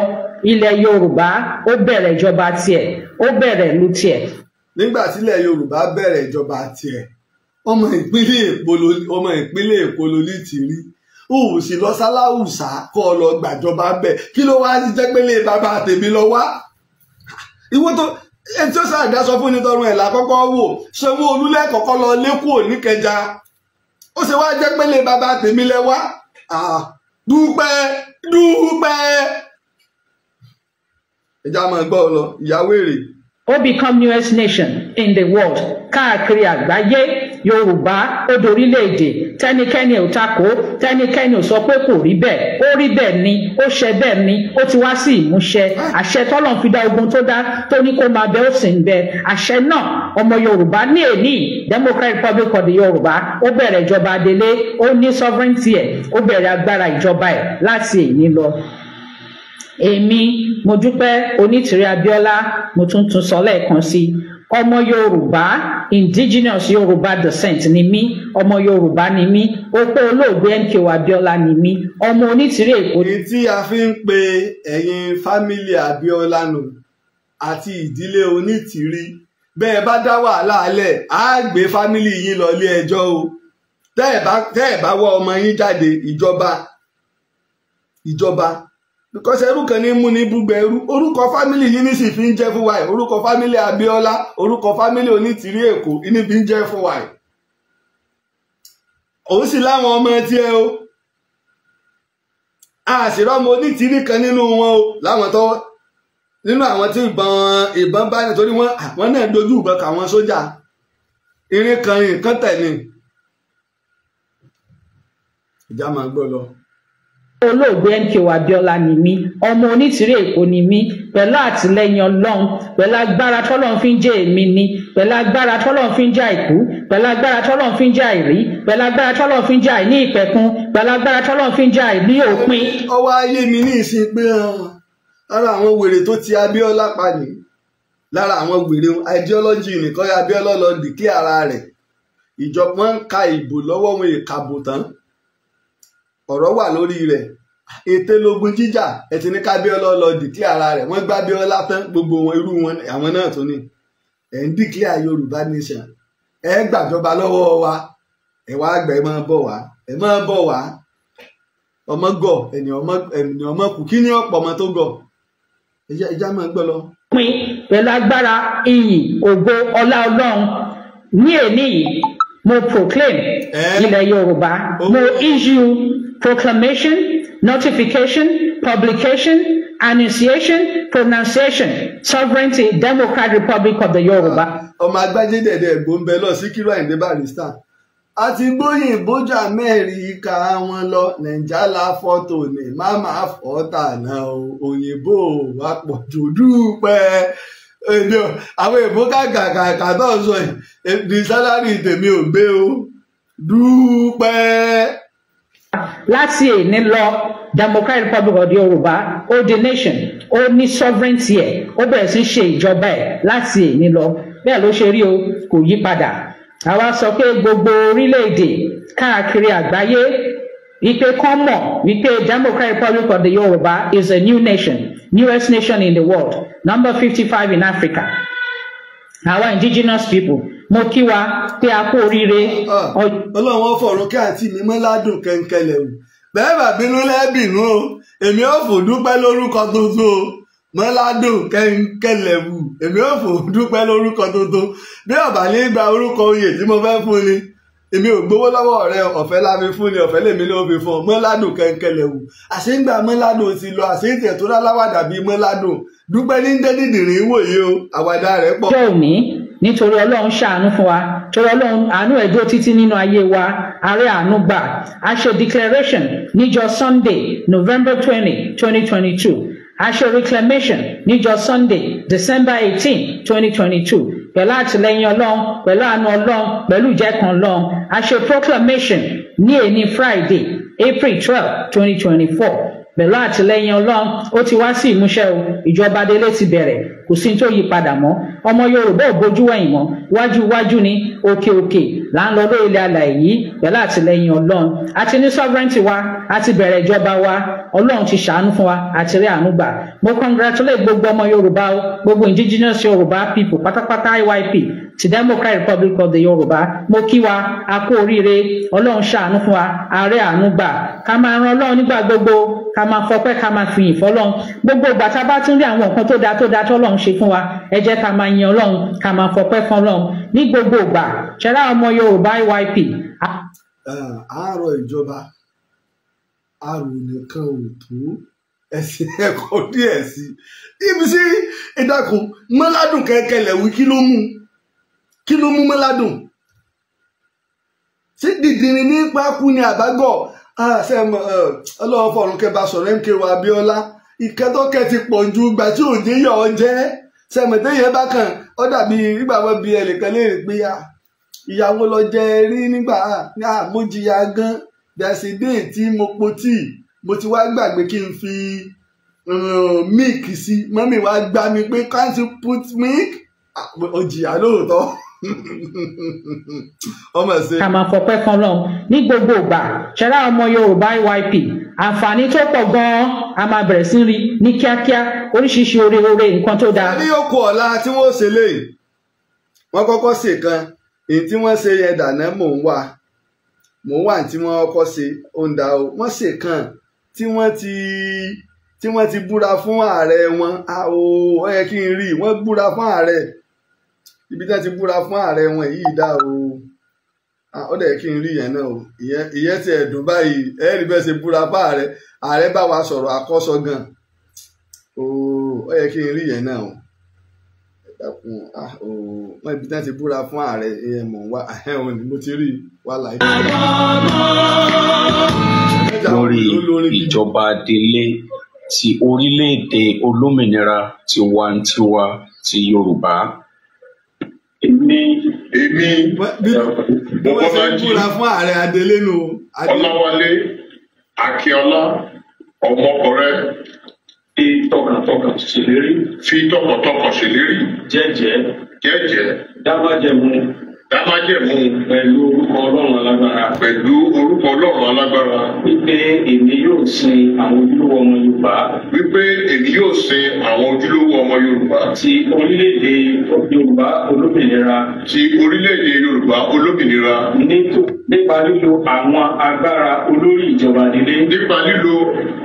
ilẹ̀ yorùbá ó bẹ̀rẹ̀ ìjọba tiẹ̀ ó bẹ̀rẹ̀ ìlú tiẹ̀ nígbà tílẹ̀ yorùbá bẹ̀rẹ̀ ìjọba tiẹ̀ ọmọ ìpínlẹ̀ èkó ọmọ ìpínlẹ̀ èkó lolí ti rí òòsì lọ sáláùsà kọ́ ọ lọ gbàjọba bẹ̀ kí ló wá sí jẹ́ pélé bàbá tèmi lọ wá ìwọ tó ẹni tí ó ṣàdá sọ fún nítorún ẹ̀ lákọ́kọ́ wò ṣẹ́wó olúlẹ̀ kọ́kọ́ lọ lẹ́kọ̀ọ́ níkẹjà ó ṣe wá jẹ́ bàbá tèmi lẹ wá dúpẹ́ dúpẹ́ ìjà máa gbọ́ ọ lọ ìyàwó èrè ó become newest nation in the world káàkiri àgbáyé yorùbá ó dorílẹ̀-èdè tẹ́nikẹ́ni ò takò tẹ́nikẹ́ni ò sọ pé kò rí bẹ́ẹ̀ ó rí bẹ́ẹ̀ ni ó ṣe bẹ́ẹ̀ ni ó ti wá sí ìmúṣẹ àṣẹ tọ́lọ́n fi dá ogun tó dá tó ní kó máa bẹ ó sì ń bẹ àṣẹ náà ọmọ yorùbá ní èní democratic republic of the yorùbá ó bẹ̀rẹ̀ ìjọba adelé ó ní sovereignty ẹ̀ ó bẹ̀rẹ̀ agbára ìjọba ẹ̀ láti èyí lọ èmi mojúpẹ́ onítìrí abíọ́lá mo tún tún sọ lẹ́ẹ̀kan sí i ọmọ yorùbá indigenous yorùbá descent ni mí ọmọ yorùbá ni mí opó olóògbé MKO abíọ́lá ni mí ọmọ onítìrí èkó. èyí tí a fi ń pe ẹ̀yin fámílì abíọ́lá nù àti ìdílé onítìrí bẹ́ẹ̀ bá dá wàhálà alẹ̀ á gbé fámílì yín lọ ilé ẹjọ́ o tẹ́ bá wọ́ ọmọ yín jáde ìjọba ìjọba because ẹrú kan ní mú ní búgbẹ ẹrú orúkọ fámìlì yìí nísì fi ń jẹ́ fún wa yìí orúkọ fámìlì Abíọ́lá orúkọ fámìlì onítìrí Èkó ní fi ń jẹ́ fún wa yìí òun sì láwọn ọmọ ẹtí ẹ o àṣìrọmọ onítìrí kan nínú wọn o láwọn tọwọ nínú àwọn tí ìbọn ìbọn bá nítorí wọn àwọn náà dojú ìbọn kà wọn sójà irin kan nǹkan tẹ̀ ni ìjà máa gbọ́ lọ olóògbé MKO Abíọ́lá ni mí ọmọ onítìrí èkó ni mí pẹ̀lú àtìlẹ́yìn Ọlọ́run pẹ̀lú agbára tọ́lọ́run fi ń jẹ́ èmi ni pẹ̀lú agbára tọ́lọ́run fi ń jẹ́ àìkú pẹ̀lú agbára tọ́lọ́run fi ń jẹ́ àìrí pẹ̀lú agbára tọ́lọ́run fi ń jẹ́ àìní ìpẹ̀kun pẹ̀lú agbára tọ́lọ́run fi ń jẹ́ àìní òpin. ọwọ́ ayé mi ní ìsìn pé ara àwọn wèrè tó ti Abíọ́lá pa nì lára àwọn wèrè ideology nìkan Abíọ́lá lọ dìkí ara rẹ̀ ìjọpọ̀ ń ka ìbò lọ́wọ́ wọn ìkàbò ọ̀rọ̀ wà lórí rẹ̀ ète lógun jíjà ẹ ti ní kábíọ́lá lọ dìkí ara rẹ̀ wọ́n gbá bíọ́lá tán gbogbo irú wọn àwọn náà tó ní ẹ̀ ń dìkílẹ̀ yorùbá nation ẹ gbàjọba lọ́wọ́ wa ẹ wá àgbà ẹ máa bọ̀ wá ẹ máa bọ̀ wá ọmọ gọ̀ ẹni ọmọ kù kí ni ọ̀pọ̀ ọmọ tó gọ̀ ẹjá máa gbọ́ lọ. pin pẹ̀lú agbára iyì ògo ọlá ọlọ́run ní èmi yìí mo proclaim eh? ilẹ̀ yorùbá oh. mo issue proclamation notification publication annunciation pronunciation sovereignty democrat republic of the yorùbá. Ah, ọmọ agbájé dẹ̀dẹ̀ ẹ̀gbọ́n bẹ lọ sí kíló àyìndé barrister a ti gbóyìn bójà mẹ́rin ìka wọn lọ nàìjà la fọ́tò ní má máa fọ́ tàná òyìnbó wàá pọ̀ jù dúpẹ́ èmi ò àwọn èèmú kàkàkà tó sọ yìí ní sálárì tèmi ò gbé o dúpẹ́. láti èní lọ democratic republic of the yorùbá ó di nation ó ní sovereignty ẹ̀ ó bẹ̀rẹ̀ sí ṣe ìjọba ẹ̀ láti èní lọ bẹ́ẹ̀ ló ṣe rí o kò yí padà àwa sọ pé gbogbo orílẹ̀-èdè káàkiri àgbáyé wípé kán mọ̀ wípé democratic republic of the yorùbá is a new nation newest nation in the world number 55 in Africa our indigenous people mo kí wa pé a kú oríire. Ah, ah, ọlọ́run wọn fọ̀rọ̀ kí àǹtí mi mọ́ ládùn kẹ́ńkẹ́lẹ̀ o bẹ́ẹ̀ bá bínú lẹ́bìnú o èmi ò fò dúpẹ́ lórúkọ tuntun o mọ́ ládùn kẹ́ńkẹ́lẹ̀ o èmi ò fò dúpẹ́ lórúkọ tuntun bí ọ̀bà ní gba orúkọ oyè tí mo fẹ́ fún ni èmi ò gbowó lọ́wọ́ rẹ ọ̀fẹ́ lámi fún ni ọ̀fẹ́ lèmi ló fi fún ọ mọ́ládùn kẹ́ńkẹ́lẹ̀ wù àṣéǹgbà mọ́ládùn ti lọ àṣéǹtẹ̀ tó láláwàdà bíi mọ́ládùn dúpẹ́ ní dẹ́dìdìrín wòye o àwàdà rẹ̀ pọ̀. ọjọ́ òní nítorí ọlọ́run ṣàánú fún wa torí ọlọ́run àánú ẹ̀ dúró títí nínú ayé wa ààrẹ àánú gbà a ṣe declaration níjọ́ Sunday November twenty twenty twenty two a ṣe reclamation níjọ́ Sunday December eighteen twenty twenty two pẹ̀lú àtìlẹ́yìn Ọlọ́run pẹ̀lú àánú Ọlọ́run pẹ̀lú ìjẹ́kan Ọlọ́run a ṣe proclamation ní èní Friday April twelve twenty twenty four pẹ̀lú àtìlẹ́yìn Ọlọ́run ó ti wá sí ìmúṣẹ o ìjọba délé ti bẹ̀rẹ̀ kò sí tó yí padà mọ́ ọmọ yorùbá ò bójú wẹ̀yìn mọ́ wájúwájú ni òkè òkè là ń lọ lórí ilẹ̀ alàyè yìí pẹ̀lú àtìlẹ́yìn ọlọ́run a ní sovereignty wa a ti bẹ̀rẹ̀ ìjọba wa ọlọ́run ti ṣàánú fún wa àti rí àánú gbà mo congratulate gbogbo ọmọ yorùbá o gbogbo indigenous yorùbá people pátápátá iyp ti democratic republic of the yorùbá mo kí wa a kú oríire ọlọ́run ṣàánú fún wa àárẹ̀ àánú gbà ká máa ran ọlọ́run nígbà gbogbo ká máa fọpẹ́ ká máa fìyìn fọlọ́run gbogbo ìgbà tá a bá tún rí àwọn nǹkan tó dáa tó dáa tọ́lọ́run tọ́lọ́run ṣe fún wa ẹ jẹ́ ká máa yan ọlọ́run ká máa fọpẹ́ fún ọlọ́run ní gbogbo ìgbà ṣẹlá ọmọ yorùbá YP. àárọ̀ ìjọba àrùn nìkan ò tó ẹ̀sìn ẹ̀kọ́ díẹ̀ sí i ibi sí ìdákun mọ́ládùn kẹ̀kẹ́ lẹ̀wí kí ló mú kí ló mú mọ́ládùn ṣé dìdìrín ní pákú ni àbágọ̀ ah, ọlọ́run kẹba sọ̀rọ̀ MKO Abíọ́lá ìkẹ́tọ́kẹ́ ti pọ̀ ju ìgbà tí òjé yọ̀ ọ́ jẹ́ sẹ̀mẹ̀tẹ́ yẹn bá kàn ó dàbí nígbà wọn bí ẹnìkan lè rí pé ìyàwó lọ jẹ rí nígbà náà mo jìyà gan dàsí déè tí mo po tíì mo ti wá gbàgbé kí n fi um, milk sí mọ́mí wa gbá mi pé can't put milk ó jìyà lóòótọ́ [LAUGHS] ọmọ ẹ̀sìn. àmọ́ àfọ̀pẹ́ kan náà ní gbogbo ìgbà ṣẹlá ọmọ Yorùbá YYP àǹfààní tó pọ̀ gan-an a máa bẹ̀rẹ̀ sí rí ní kíákíá oríṣiríṣi oore oore nǹkan tó dáa. ní òkú ọ̀la tí wọ́n ṣe léyìí wọ́n kọ́kọ́ ṣe kan èyí tí wọ́n ṣe yẹn dàná mò ń wà mò ń wà tí wọ́n kọ́kọ́ ṣe ó ń da o wọ́n ṣe kan tí wọ́n ti tí wọ́n ti búra fún ààrẹ wọn àwò ó yẹ kí n rí wọ́n búra fún ààrẹ ibi tí wọ́n ti búra fún ààrẹ wọn èyí dá o. Ah, ó dẹ̀ kí n rí yẹn náà o ìyẹn ti ẹ̀dùn báyìí ẹ rí bẹ́ẹ̀ ṣe búra bá ààrẹ ààrẹ bá wa sọ̀rọ̀ àkọ́sọ gan ó yẹ kí n rí yẹn náà o ẹ̀dàkùn wọn ah, ibi tí wọ́n ti búra fún ààrẹ ẹ̀ mọ̀ wá ẹ̀hún ni mo ti rí wà láì. lórí ìjọba délé ti orílẹ̀-èdè olómìnira tiwantiwa ti Yorùbá èmi ọgbọ́n máa ń jí ọláwálé akíọlá ọmọkọrẹ fi tọkàntọkàn ṣèlérí fi tọkàntọkàn ṣèlérí jẹ́jẹ́ jẹ́jẹ́ dábàjẹmú kámájẹ̀mú pẹ̀lú orúkọ ọlọ́run alágbára. pẹ̀lú orúkọ ọlọ́run alágbára. wípé èmi yóò sin àwọn ojúlówó ọmọ yorùbá. wípé èmi yóò sin àwọn ojúlówó ọmọ yorùbá. ti orílẹ̀-èdè yorùbá olómìnira. ti orílẹ̀-èdè yorùbá olómìnira. nítò nípa lílo àwọn agbára olórí ìjọba délé. nípa lílo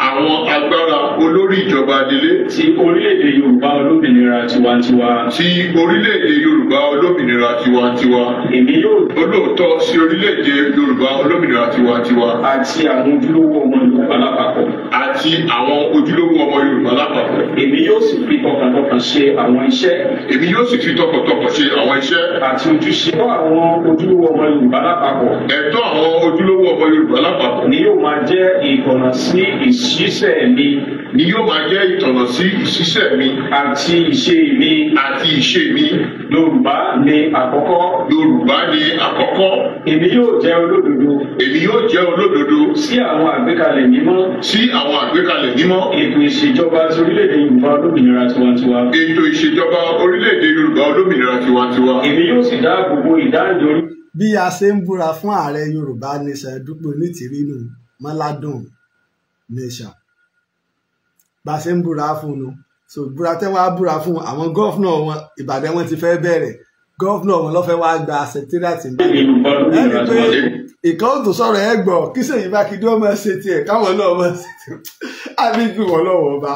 àwọn agbára olórí ìjọba délé. ti orílẹ̀-èdè yorùbá olómìnira tiwantiwa. ti orílẹ̀-èdè yorùbá olómìnira tiwantiwa èmi yóò olóòótọ́ sí orílẹ̀-èdè yorùbá olómìnira tiwantiwa. àti àwọn ojúlówó ọmọ yorùbá lápapọ̀. àti àwọn ojúlówó ọmọ yorùbá lápapọ̀. èmi yóò sì fi tọkàntọkàn ṣe àwọn iṣẹ́. èmi yóò sì fi tọkàntọkàn ṣe àwọn iṣẹ́. àti ojúṣe fún àwọn ojúlówó ọmọ yorùbá lápapọ̀. ẹ̀tọ́ àwọn ojúlówó ọmọ yorùbá lápapọ̀. ni yóò máa jẹ́ ìkọ̀nà sí ìṣiṣẹ́ mi. ni yóò máa jẹ́ ìtọ̀nà sí ìṣiṣẹ́ mi. àti ìṣe mi. àti ìṣe mi. yorùbá ni àkọ́kọ́. yorùbá yorùbá ni àkọ́kọ́. èmi yóò jẹ́ olódodo. èmi yóò jẹ́ olódodo. sí àwọn àgbékalẹ̀ mímọ́. sí àwọn àgbékalẹ̀ mímọ́. ètò ìṣèjọba orílẹ̀-èdè yorùbá olómìnira tiwantiwa. ètò ìṣèjọba orílẹ̀-èdè yorùbá olómìnira tiwantiwa. èmi yóò sì dáàbò bo ìdáǹdorí. bí a ṣe ń búra fún ààrẹ yorùbá nation Dúpẹ́ Onítìrínù mọ́ládùn nation bá a ṣe ń búra fún un so búra tẹ́wọ́n á búra fún àwọn gọ́fúnà wọn Ìbàdàn wọn ti fẹ́ bẹ̀rẹ̀ gọ́vnà wọn lọ́fẹ́ wá gba sẹ̀tírìàtì ìbàdàn ẹni pé ìkọ́ǹtò sọ̀rọ̀ ẹ gbọ́ kí sèyí bákidé ọmọ ṣe tiẹ̀ káwọn náà ọmọ ṣe tiẹ̀ á bí gbìmọ̀ lọ́wọ́ ọba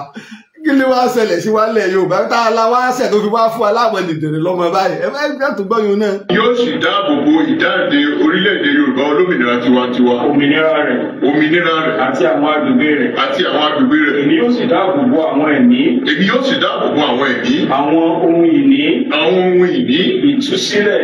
kí ni wàá ṣẹlẹ̀ sí wa lẹ̀ Yorùbá tá a la wàá ṣẹ̀ tó fi wá fún aláwọ̀ dìdìrì lọ́mọ báyìí ẹ fẹ́ gbà tó gbọ́yún náà. yóò sì dáàbò bo ìdáǹde orílẹ̀-èdè Yorùbá olómìnira tiwantiwa. òmìnira rẹ̀. òmìnira rẹ̀. àti àwọn agbègbè rẹ̀. àti àwọn agbègbè rẹ̀. èmi yóò sì dáàbò bo àwọn ẹ̀mí. èmi yóò sì dáàbò bo àwọn ẹ̀mí. àwọn ohun ìní. àwọn ohun ìní. ìtúsílẹ̀.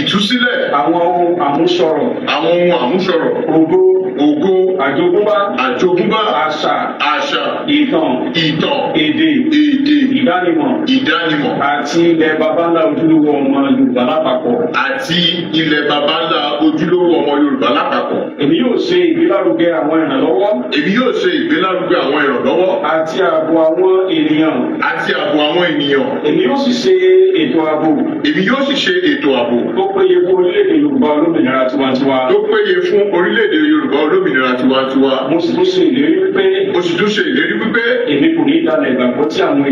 ìtúsílẹ̀. àwọn ohun àmúṣọrọ̀. àwọn ohun àmúṣọrọ̀. ògo. ògo àjogúnbá àjogúnbá àṣà àṣà ìtàn ìtàn èdè èdè ìdánimọ̀ ìdánimọ̀ àti ilẹ̀ babaláwo ojúlówó ọmọ Yorùbá lápapọ̀. àti àti ilẹ̀ baba ńlá ojúlówó ọmọ Yorùbá lápapọ̀. èmi yóò ṣe ìgbélárugẹ àwọn ìrànlọ́wọ́. èmi yóò ṣe ìgbélárugẹ àwọn ìrànlọ́wọ́. àti ààbò àwọn ènìyàn. àti ààbò àwọn ènìyàn. èmi yóò sì ṣe ètò ààbò. èmi yóò sì ṣe ètò ààbò. tó péye fún orílẹ̀-èdè Yorùbá olómìnira tiwantiwa. tó péye fún orílẹ̀-èdè Yorùbá olómìnira tiwantiwa. mo sì tún ṣe ìlérí pé. mo sì tún ṣe ìlérí pé. èmi kò ní dalẹ̀ ìgbàgbọ́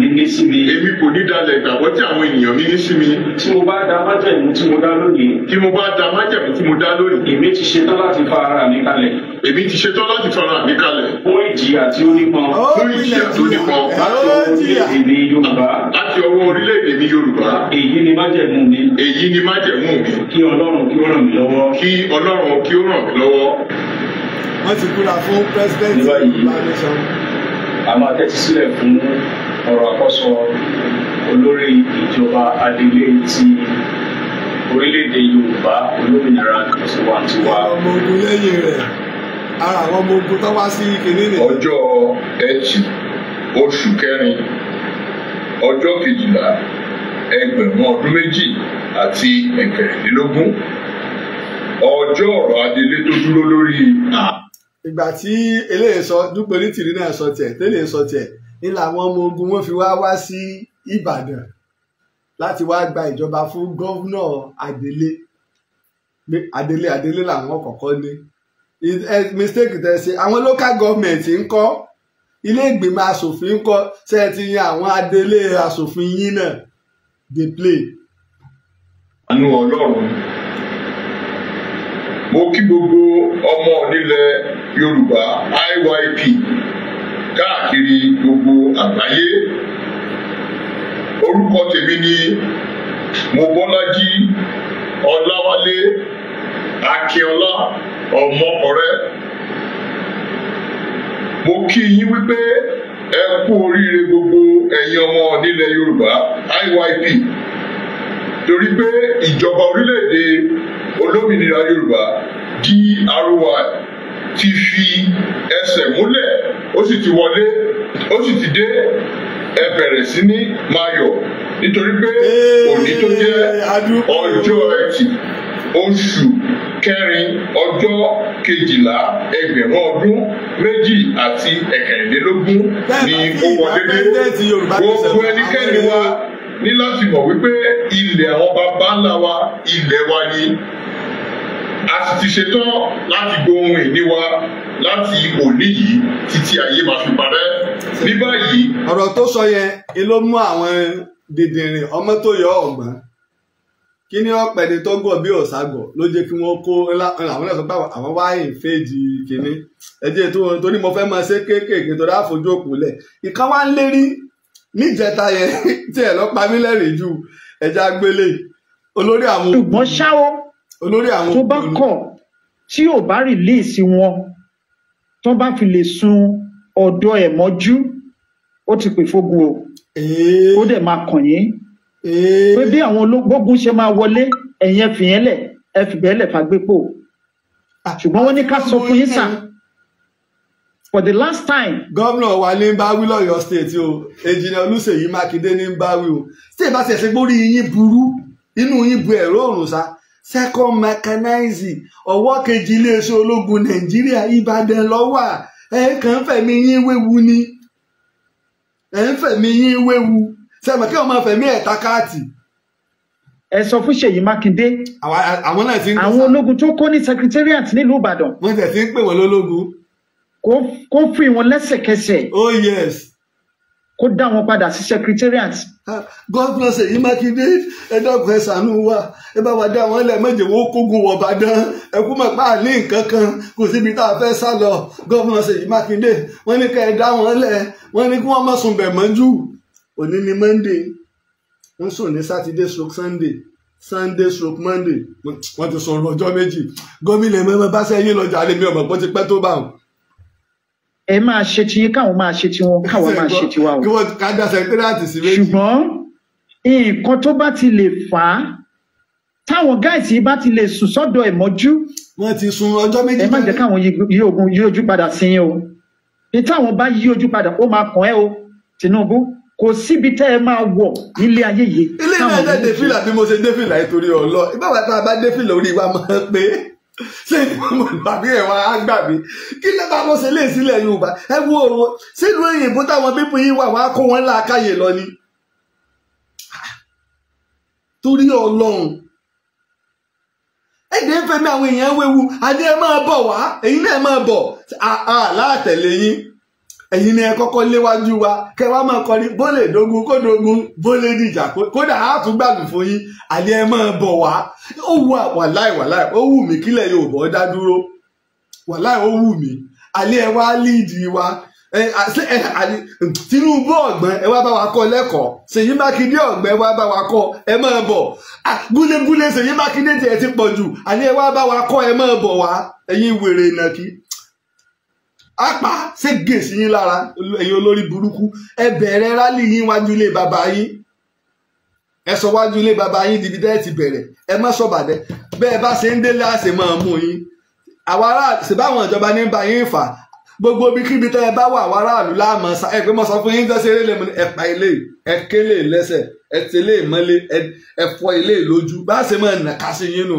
mi ní sí mi. èmi kò ní dalẹ̀ ìgbàgbọ́ mi ní sí mi dá lónìí. tí mo bá da májẹ̀mú tí mo dá lónìí. èmi ti ṣetán láti fa ara mi kalẹ̀. èmi ti ṣetán láti fa ara mi kalẹ̀. fún ìjìyà tí ó nípọn. fún ìjìyà tó nípọn. láti ọwọ́ orílẹ̀-èdè mi Yorùbá. láti ọwọ́ orílẹ̀-èdè mi Yorùbá. èyí ni májẹ̀mú mi. èyí ni májẹ̀mú mi. kí Ọlọ́run kí ó ràn mí lọ́wọ́. kí Ọlọ́run kí ó ràn mí lọ́wọ́. wọ́n ti kúra fún pẹ́sidẹ́ntì Yorùbá nation. a máa tẹ́tí sílẹ̀ fún ọ̀rọ̀ àkọ́sọ olórí ìjọba adelé ti orílẹ̀-èdè Yorùbá olómìnira tiwantiwa. ọmọ ogun lẹ́yìn rẹ̀ ara àwọn ọmọ ogun tó wá sí kinní ni. ọjọ́ ẹtì oṣù kẹrin ọjọ́ kejìlá ẹgbẹ̀rún ọdún méjì àti ẹgbẹ̀rúndínlógún ọjọ́ ọ̀rọ̀ adelé tó dúró lórí. ìgbà tí eléyìí sọ dúpẹ́ onítìrí náà sọ tiẹ̀ tẹ́lẹ̀ sọ tiẹ̀ ni làwọn ọmọ ogun wọn fi wá wá sí Ìbàdàn láti wá gba ìjọba fún gọ́vnọ̀ Adélé Adélé Adélé làwọn kọ̀ọ̀kan ní eh, mistake tẹ̀ ṣe àwọn local government ń kọ́ ilé ìgbìmọ̀ asòfin ń kọ́ ṣe é ti yan àwọn Adélé asòfin yín náà dey play. àánú Ọlọ́run mo kí gbogbo ọmọ nílẹ̀ Yorùbá IYP káàkiri gbogbo àgbáyé orúkọ tèmi ni mobọ́lájí ọláwálé akínọlá ọmọkọrẹ mo kí yín wípé ẹ kú oríire gbogbo ẹ̀yin ọmọ nílẹ̀ yorùbá IYP torí pé ìjọba orílẹ̀-èdè olómìnira yorùbá DRY ti fi ẹsẹ̀ múlẹ̀ ó sì ti wọlé ó sì ti dé ẹ bẹ̀rẹ̀ sí ní máa yọ̀ nítorí pé òní tó jẹ́ ọjọ́ ẹtì oṣù kẹrin ọjọ́ kejìlá ẹgbẹ̀rún ọdún méjì àti ẹ̀kẹrìnlélógún ni ó wọlé dé gbogbo ẹnikẹ́ni wa ní láti mọ̀ wípé ilẹ̀ àwọn baba ńlá wa ilẹ̀ wa ni a sì ti ṣetán láti gbohun ìní wa láti òní yìí títí ayé máa fi parẹ́ ní báyìí. ọ̀rọ̀ tó sọ yẹn ló mú àwọn dìndìnrín ọmọ tó yọ ọ̀gbọ́n kí ni wọn pẹ̀lú tó gọ̀ bí ọ̀ságọ̀ ló jẹ́ kí wọ́n kó àwọn náà sọ pé àwọn wáyé ń fèjì kínní ẹ̀jẹ̀ tó wọn torí mo fẹ́ máa ṣe kéékèèké tó dáa fojú òkú lẹ̀ ìkan wá ń lérí níjẹta yẹn [LAUGHS] tí ẹ̀ lọ́ pa mí lẹ́rìí ju ẹja gbélé olórí àwọn. ṣùgbọ́n ṣáwó tó bá kọ̀ tí ò bá rìlíìsì wọn tó bá fi lè sun ọ̀dọ̀ ẹ̀ mọ́jú ó ti pè fógun o ó dẹ̀ máa kàn yín pé bí àwọn ológun ṣe máa wọlé ẹ̀yin ẹ fìyẹn lẹ̀ ẹ fìbẹ́ ah, ní ká sọ fún yín sà for the last time. gómìnà wa ní báwí lọ́yọ̀ọ́ state o èjìnà olùsèyí mákindé ní báwí o state bá ti gbórí yín burú inú yín bu ẹ̀rọ òrùn sa second mechanizing ọwọ́ kejì iléeṣẹ́ ológun nàìjíríà ìbàdàn lọ́wọ́ ẹ̀ kàn ń fẹ̀mí yín wéwu ni ẹ̀ ń fẹ̀mí yín wéwu sẹ́mi kí wọ́n máa fẹ̀mí ẹ̀ takáàtì. ẹ sọ fún Ṣèyí Mákindé àwọn náà ti ń àwọn ológun tó kó ní secretariat nílùú Ìbàdàn. wọ́n tẹ̀ sí ń pè wọ́n lólógun. kó fi wọn lẹ́sẹ̀kẹsẹ̀. oh yes kó dá wọn padà sí secretariat. Ah, god bless èyí mákindé ẹ dákun ẹ ṣàánú wa ẹ bá wa dá wọn lẹ mẹjẹ wo kógun wọ Ìbàdàn ẹ kú mọ pa àní nǹkan kan kò síbi tá a fẹ́ sá lọ god bless èyí mákindé wọ́n ní ká ẹ dá wọn lẹ wọ́n ní kí wọ́n má sùn bẹ̀ mọ́jú òní ni monday ń sùn ní saturday stroke sunday sunday stroke monday wọ́n ti sọ̀rọ̀ ọjọ́ méjì gómìnà mẹ́mẹ́ bá sẹ́yìn lọ́jà àlẹ́ mi ọ̀mọ̀ tó bá wọn ẹ máa ṣe ti yín káwọn máa ṣe ti wọn káwọn máa ṣe tiwa o. kí wọ́n ká dá sẹ́kítírìàtì sí méjì. ṣùgbọ́n nǹkan tó bá ti lè fà á táwọn gáàsì yìí bá ti lè sùn sọ́dọ̀ ẹ̀ mọ́jú. wọ́n ti sun ọjọ́ méjì. ẹ má jẹ́ káwọn yí ogun yí ojú padà sí yín o ní táwọn bá yí ojú padà ó máa kàn ẹ́ o Tinubu kò síbi tẹ́ ẹ máa wọ̀ nílé ayé yìí. ilé ìlànà dé fìlà bí mo ṣe dé fìlà nítorí ọlọ ìgbà tá a bá dé fìlà orí wa máa pé ṣé ni mo gbàgbé ẹ̀wọ̀n á gbàgbé kí ló bá wọn ṣe lè sílẹ̀ Yorùbá ẹ wo òru sílùú òyìnbó táwọn pípọ̀ yìí wà wá kó wọn láàkáyè lọ ni torí Ọlọ́run èdè ń fẹmi àwọn èèyàn wéwu adé ẹ máa bọ̀ wá èyí náà máa bọ̀ àá látẹ̀lé yín. ẹ̀yin ni ẹ léwájú wa kẹ wá máa kọrin bó dogun kó dogun bó lè kódà á tún gbàgbé fún yín àlẹ́ ẹ máa bọ̀ wá ó wù wàláì wàláì ó wù mí kílẹ̀ Yorùbá dá dúró wàláì ó wù mí àlẹ́ ẹ wá líìdì wa Tinubu ọgbọ́n ẹ wá bá wa kọ́ lẹ́kọ̀ọ́ Ṣèyí Mákindé ọgbọ́n ẹ wá bá wa kọ́ ẹ máa bọ̀ gúlégúlé Ṣèyí Mákindé tiẹ̀ ti pọ̀ jù àlẹ́ ẹ wá bá wa kọ́ ẹ máa bọ̀ wá ẹ̀yin wèrè ìnàkí apá ségè sí yín lára ẹ̀yin olórí burúkú ẹ bẹ̀rẹ̀ rálì yín wájú ilé bàbá yín ẹ sọ wájú ilé bàbá yín dìbí dẹ́ẹ̀ ti bẹ̀rẹ̀ ẹ má sọ bàdẹ́ bẹ́ẹ̀ bá ṣe ń délé àṣẹ máa mú yín àwa ará ṣèbáwọn ìjọba ní bá yín fà gbogbo bí kíbi tẹ́ ẹ bá wà àwa aráàlú láàmú sa ẹ pé mo sọ fún yín tó ṣeré lẹ́mu ẹ pa ilé ẹ kélé lẹ́sẹ̀ ẹ tẹ̀lé ìmọ́lé ẹ fọ ilé lójú bá ṣe máa nàka sí yín nù.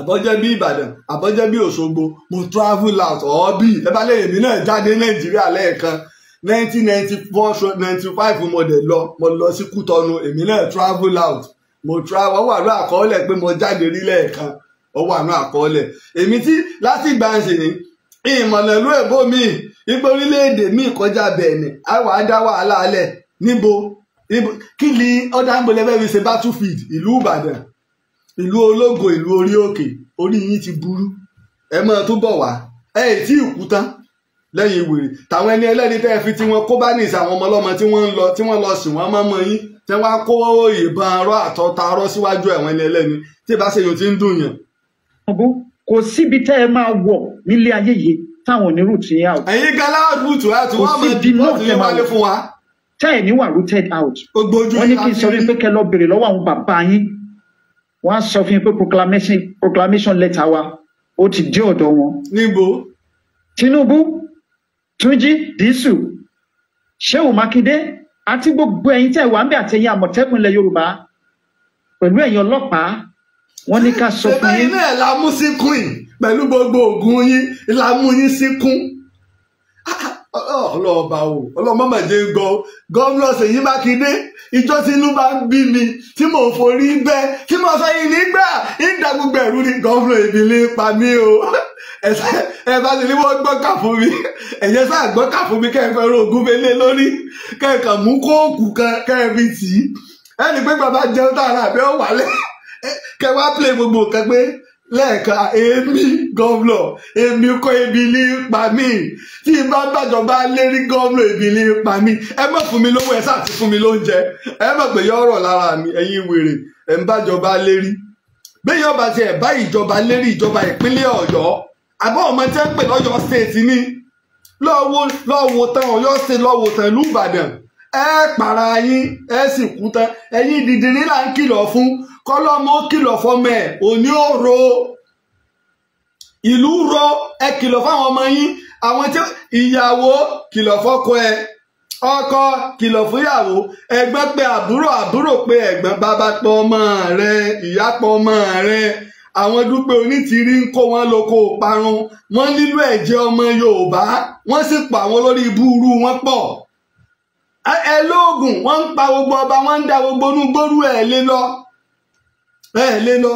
àbọ́jẹ́ bí ìbàdàn àbọ́jẹ́ bí òṣogbo mo travel out ọ̀ọ́bì ẹ bá lẹ́yìn mi náà jáde nàìjíríà lẹ́ẹ̀kan nineteen ninety four ninety five mo dẹ̀ lọ mo lọ sí kútọ́nu èmi náà travel out mo travel ọwọ́ àánú àkọọ́lẹ̀ pé mo jáde rí lẹ́ẹ̀kan ọwọ́ àánú àkọọ́lẹ̀ èmi tí láti ìgbà ń sìn ìmọ̀nà ìlú èbó mi ipò orílẹ̀-èdè mi kọjá bẹ̀ẹ̀nì àwọn adá wàhálà alẹ̀ níbo kí ni ọ̀dà ń bolẹ̀ fẹ́ fi ṣe battlefield ìlú ìbàdàn ìlú ológo ìlú orí òkè orí yín ti burú ẹ máa tó bọ̀ wá ẹ ì tí ì kú tán lẹ́yìn wèrè tàwọn ẹni ẹlẹ́ni tẹ́ ẹ fi tí wọ́n kó bá nìsí àwọn ọmọ ọlọ́mọ tí wọ́n ń lọ tí wọ́n lọ sìn wọ́n mọ́mọ́ yín tí wọ́n á kó ìbọn arọ àtọ́ ta arọ síwájú ẹ̀wọ̀n ẹni ẹlẹ́ni tí ìbá ṣe yòó ti ń dùn yàn. kò síbi tẹ́ ẹ máa wọ̀ nílé ayé yìí táwọn onírú ti yá out. ẹ̀yin gala out out wọ́n mọ̀ ẹ́ bí wọ́n ti wálé fún wa. tẹ́ ẹ̀ ní wà rooted out. gbogbo ojú wọn á sọ fún yín pé proclamation proclamation letter wa ó ti dé ọ̀dọ̀ wọn. níbo. Tinubu Túnjí Dísù Ṣéwù Mákindé àti gbogbo ẹ̀yin tẹ́ wà ń bẹ àtẹ̀yìn Àmọ̀tẹ́kùn ilẹ̀ Yorùbá pẹ̀lú ẹ̀yin ọlọ́pàá wọ́n ní ká sọ fún yín. ṣé báyìí náà la mú sí kùn pẹ̀lú gbogbo ògùn yín la mú yín sí kùn ọlọ́ọ̀ba o ọlọ́mọ́mọ̀dé ń gan gómìnà Ṣèyí Mákindé ìjọ tínú bá ń bí mi tí mò ń forí bẹ́ tí mo sọ yìí nígbà ìdá gbogbo ẹ̀rú ni gómìnà ìbílẹ̀ pa mí o ẹ bá ti ní wọ́n gbọ́kà fún mi ẹ̀yẹ sáà gbọ́kà fún mi kẹ́ẹ̀fẹ́ rògùn mélé lórí kẹ́ẹ̀kan mú kóòkù kan kẹ́ẹ̀fì tì í ẹnì pé bàbá jẹun tààrà àbẹ́ ọ̀wálẹ̀ kẹ́ẹ̀ wá pè gbogbo nǹkan pé lẹ́ẹ̀ka ah, èmi gọ́ọ̀nà èmi kọ́ ebili pa mí tí n bá gbàjọba lérí gọ́ọ̀nà ebili pa mí ẹ má fún mi lówó ẹ sáà ti fún mi lóúnjẹ ẹ lára mi ẹ̀yin wèrè ẹ̀ ń bájọba lérí ìjọba lérí ìjọba ìpínlẹ̀ ọ̀yọ́ àbọ̀ ọmọ pè ìlú ìbàdàn yín ẹ sì kú tán kọ́lọ́mọ kìlọ̀ fọmọ ẹ̀ òní ò ro ìlú ro ẹ kìlọ̀ fáwọn ọmọ yín àwọn tí ìyàwó kìlọ̀ fọ́kọ ẹ ọkọ kìlọ̀ fúyàwó ẹ̀gbọ́n pé àbúrò àbúrò pé ẹ̀gbọ́n bàbá pọ̀ ọmọ rẹ ìyá pọ̀ ọmọ rẹ àwọn dúpẹ́ onítìrí ń kó wọn lóko parun wọ́n nílò ẹ̀jẹ̀ ọmọ yorùbá wọ́n sì pa àwọn olórí ibúurú wọn pọ̀ ẹ lóògùn wọ́n ń pa gbogbo ọba wọ́n ń da gbogbo onúgbòrú ẹ̀ lé lọ bẹ́ẹ̀ lé lọ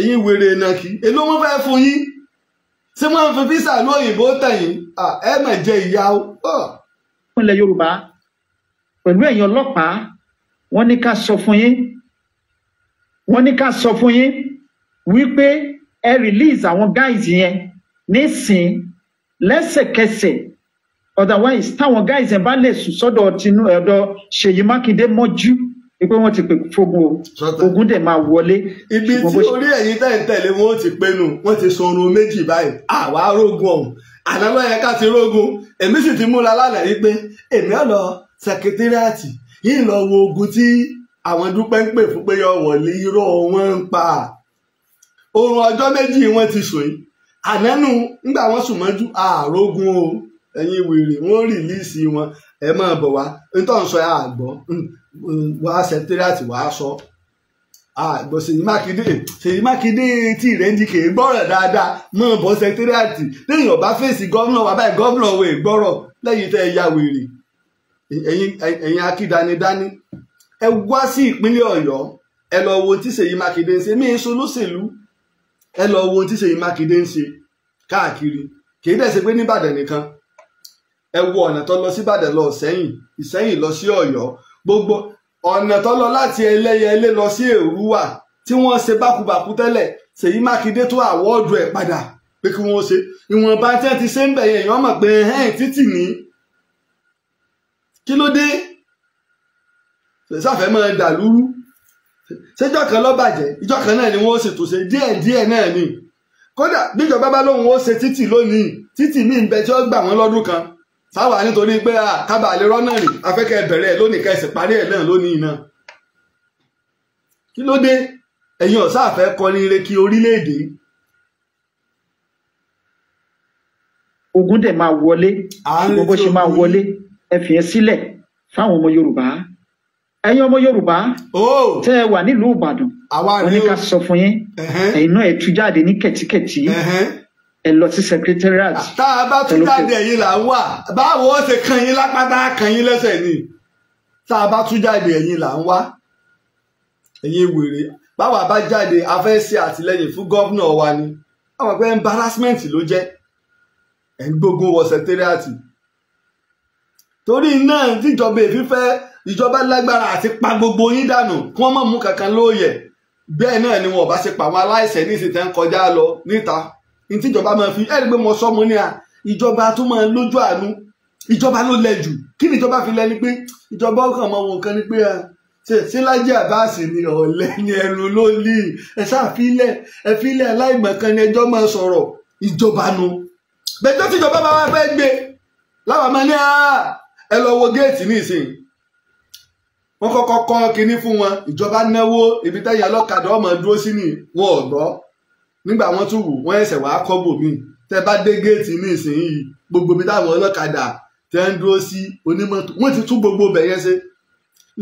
ẹ̀yin wèrè ìnàkí èló wọn fẹ́ẹ́ fún yín tí wọ́n fi físà ló òyìnbó tẹ̀yìn ẹ mà jẹ ìyá o. ilẹ̀ yorùbá pẹ̀lú ẹ̀yin ọlọ́pàá wọ́n ní ká sọ fún yín wọ́n ní ká sọ fún yín wípé ẹ release àwọn guys yẹn nísìn lẹ́sẹ̀kẹsẹ̀ otherwise táwọn guys yẹn bá lè sùn sọ́dọ̀ Tinubu ọ̀dọ̀ Ṣèyí Mákindé mọ́jú pé wọ́n ti pè fogun o ogun dẹ̀ máa wọlé. ibi tí orí ẹ̀yin tẹ̀ ń tẹ̀lé wọn ti pinnu wọ́n ti sọ orun méjì báyìí àwa rógun ọ̀hún àná ló yẹ ká ti rógun èmi sì ti múra lánàá yìí pé èmi ọ̀nà sẹkẹtírìàtì yìí lọ wo ogun tí àwọn dúpẹ́ ń pè fún pé yọ wọ̀lé irọ́ wọn ń pa oorun ọjọ́ méjì wọn ti sùn yìí ànánú ńgbà wọn sùn mọ́jú àrógun o ẹ̀yin wèrè wọn rìlíìsì wọn ẹ máa bọ̀ wá ntọ́ ń sọ àgbọ̀ wá sẹkítírìàtì wá sọ àgbọ̀ Ṣèyí Mákindé Ṣèyí Mákindé tí ìrẹ́ndì kì í gbọ́rọ̀ dáadáa mọ́ bọ́ sẹkítírìàtì téèyàn bá fèsì gómìnà wà báyìí gómìnà wò gbọ́rọ̀ lẹ́yìn tẹ́ ẹ ya wèrè ẹ̀yin akídanidání ẹ wá sí ìpínlẹ̀ Ọ̀yọ́ ẹ lọ wo tí Ṣèyí Mákindé ń ṣe mí èso lóṣèlú ẹ lọ wo tí Ṣèyí Mákindé ń ṣe káàkiri kì dẹ̀ ṣe pé nìbàdàn nìkan ẹ wo ọ̀nà tó lọ sí Ìbàdàn lọ sẹ́yìn Ìsẹ́yìn lọ sí Ọ̀yọ́ gbogbo ọ̀nà tó lọ láti ẹlẹ́yẹlé lọ sí èrúwà tí wọ́n ṣe bákubàku tẹ́lẹ̀ Ṣèyí Mákindé tó àwọ́ọ̀dù ẹ̀ padà pé kí wọ́n ṣe ìwọ̀nba tí wọ́n ti ṣe ń bẹ̀ yẹn èèyàn mọ̀ pé ẹ̀hìn títì ní kí ló dé sáfẹ́ máa dà lúrú ṣéjọ́ kan ló bàjẹ́ ìjọ́ kan náà ni wọ́n ṣe tòṣe díẹ̀díẹ̀ náà ni kódà bíjọba bá lóun ó ṣe títì lónìí títì ní ìbẹ̀ gbà wọ́n lọ́dún kan sáwà nítorí pé kábà lè rọ́nà rìn afẹ́kẹ́ bẹ̀rẹ̀ ẹ̀ lónìí kẹsì parí ẹ̀ náà lónìí náà kí ló dé ẹ̀yin ọ̀sá àfẹ́ kọrin ire kí orílẹ̀-èdè. ogun dẹ̀ máa wọlé ṣùgbọ́n bó ṣe máa wọlé ẹ fi yẹn sílẹ̀ fáwọn ọmọ yorùbá ẹ̀yin ọmọ yorùbá tẹ́ ẹ wà nílùú ìbàdàn wọn ní ká sọ fún yín ẹ̀yin náà ẹ tú jáde ní kẹ̀tíkẹ̀tí ẹ lọ sí secretariat. Ah, tá a bá tún jáde ẹ̀yin là ń wà báwo ó ṣe kan yín lápáta kan yín lẹ́sẹ̀ ni tá a bá tún jáde ẹ̀yin là ń wá ẹ̀yin wèrè báwa bá jáde a fẹ́ ṣe àtìlẹ́yìn fún gọ́vnà wa ni àwọn pé embarrassment ló jẹ́ ẹ̀ ń gbógun wọ secretariat torí náà tíjọba èfífẹ́ ìjọba lágbára àti pa gbogbo yín dànù kí wọ́n má mú kankan lóòyẹ̀ bẹ́ẹ̀ náà ni wọn ò bá ṣe pa àwọn aláìṣẹ̀ ní ìsìn tẹ́ ń kọjá lọ níta ìtìjọba máa fi ẹ̀rí pé mo sọ mo ní à ìjọba tó máa lójú àánú ìjọba ló lẹ jù kí ni ìjọba fi lẹni pé ìjọba ọkàn mọ wọn kan ni pé ṣe Lájí Àbáàsì ni ọ̀lẹ ni ẹnu ló lì ẹ ṣàfilẹ̀ ẹ filẹ̀ aláìmọ̀kan ni ẹjọ́ máa sọ̀rọ̀ ìjọba nu bẹ́ẹ̀jọ́ tíjọba bá wá fẹ́ gbé láwọn máa ní ẹ lọ wo géètì nísìnyí wọ́n kọ́kọ́ kọ́ kinní fún wọn ìjọba náwó ibi tẹ́yìn alọ́kadà ọmọ dúró sí ni wọn ò gbọ́ nígbà wọn tún wò wọn ẹsẹ̀ wàá kọ́ bòmí tẹ bá dé géètì ní ìsinyìí gbogbo mi táwọn ọlọ́kadà tẹ ń dúró sí onímọ́tò wọn ti tún gbogbo bẹ̀ yẹn ṣe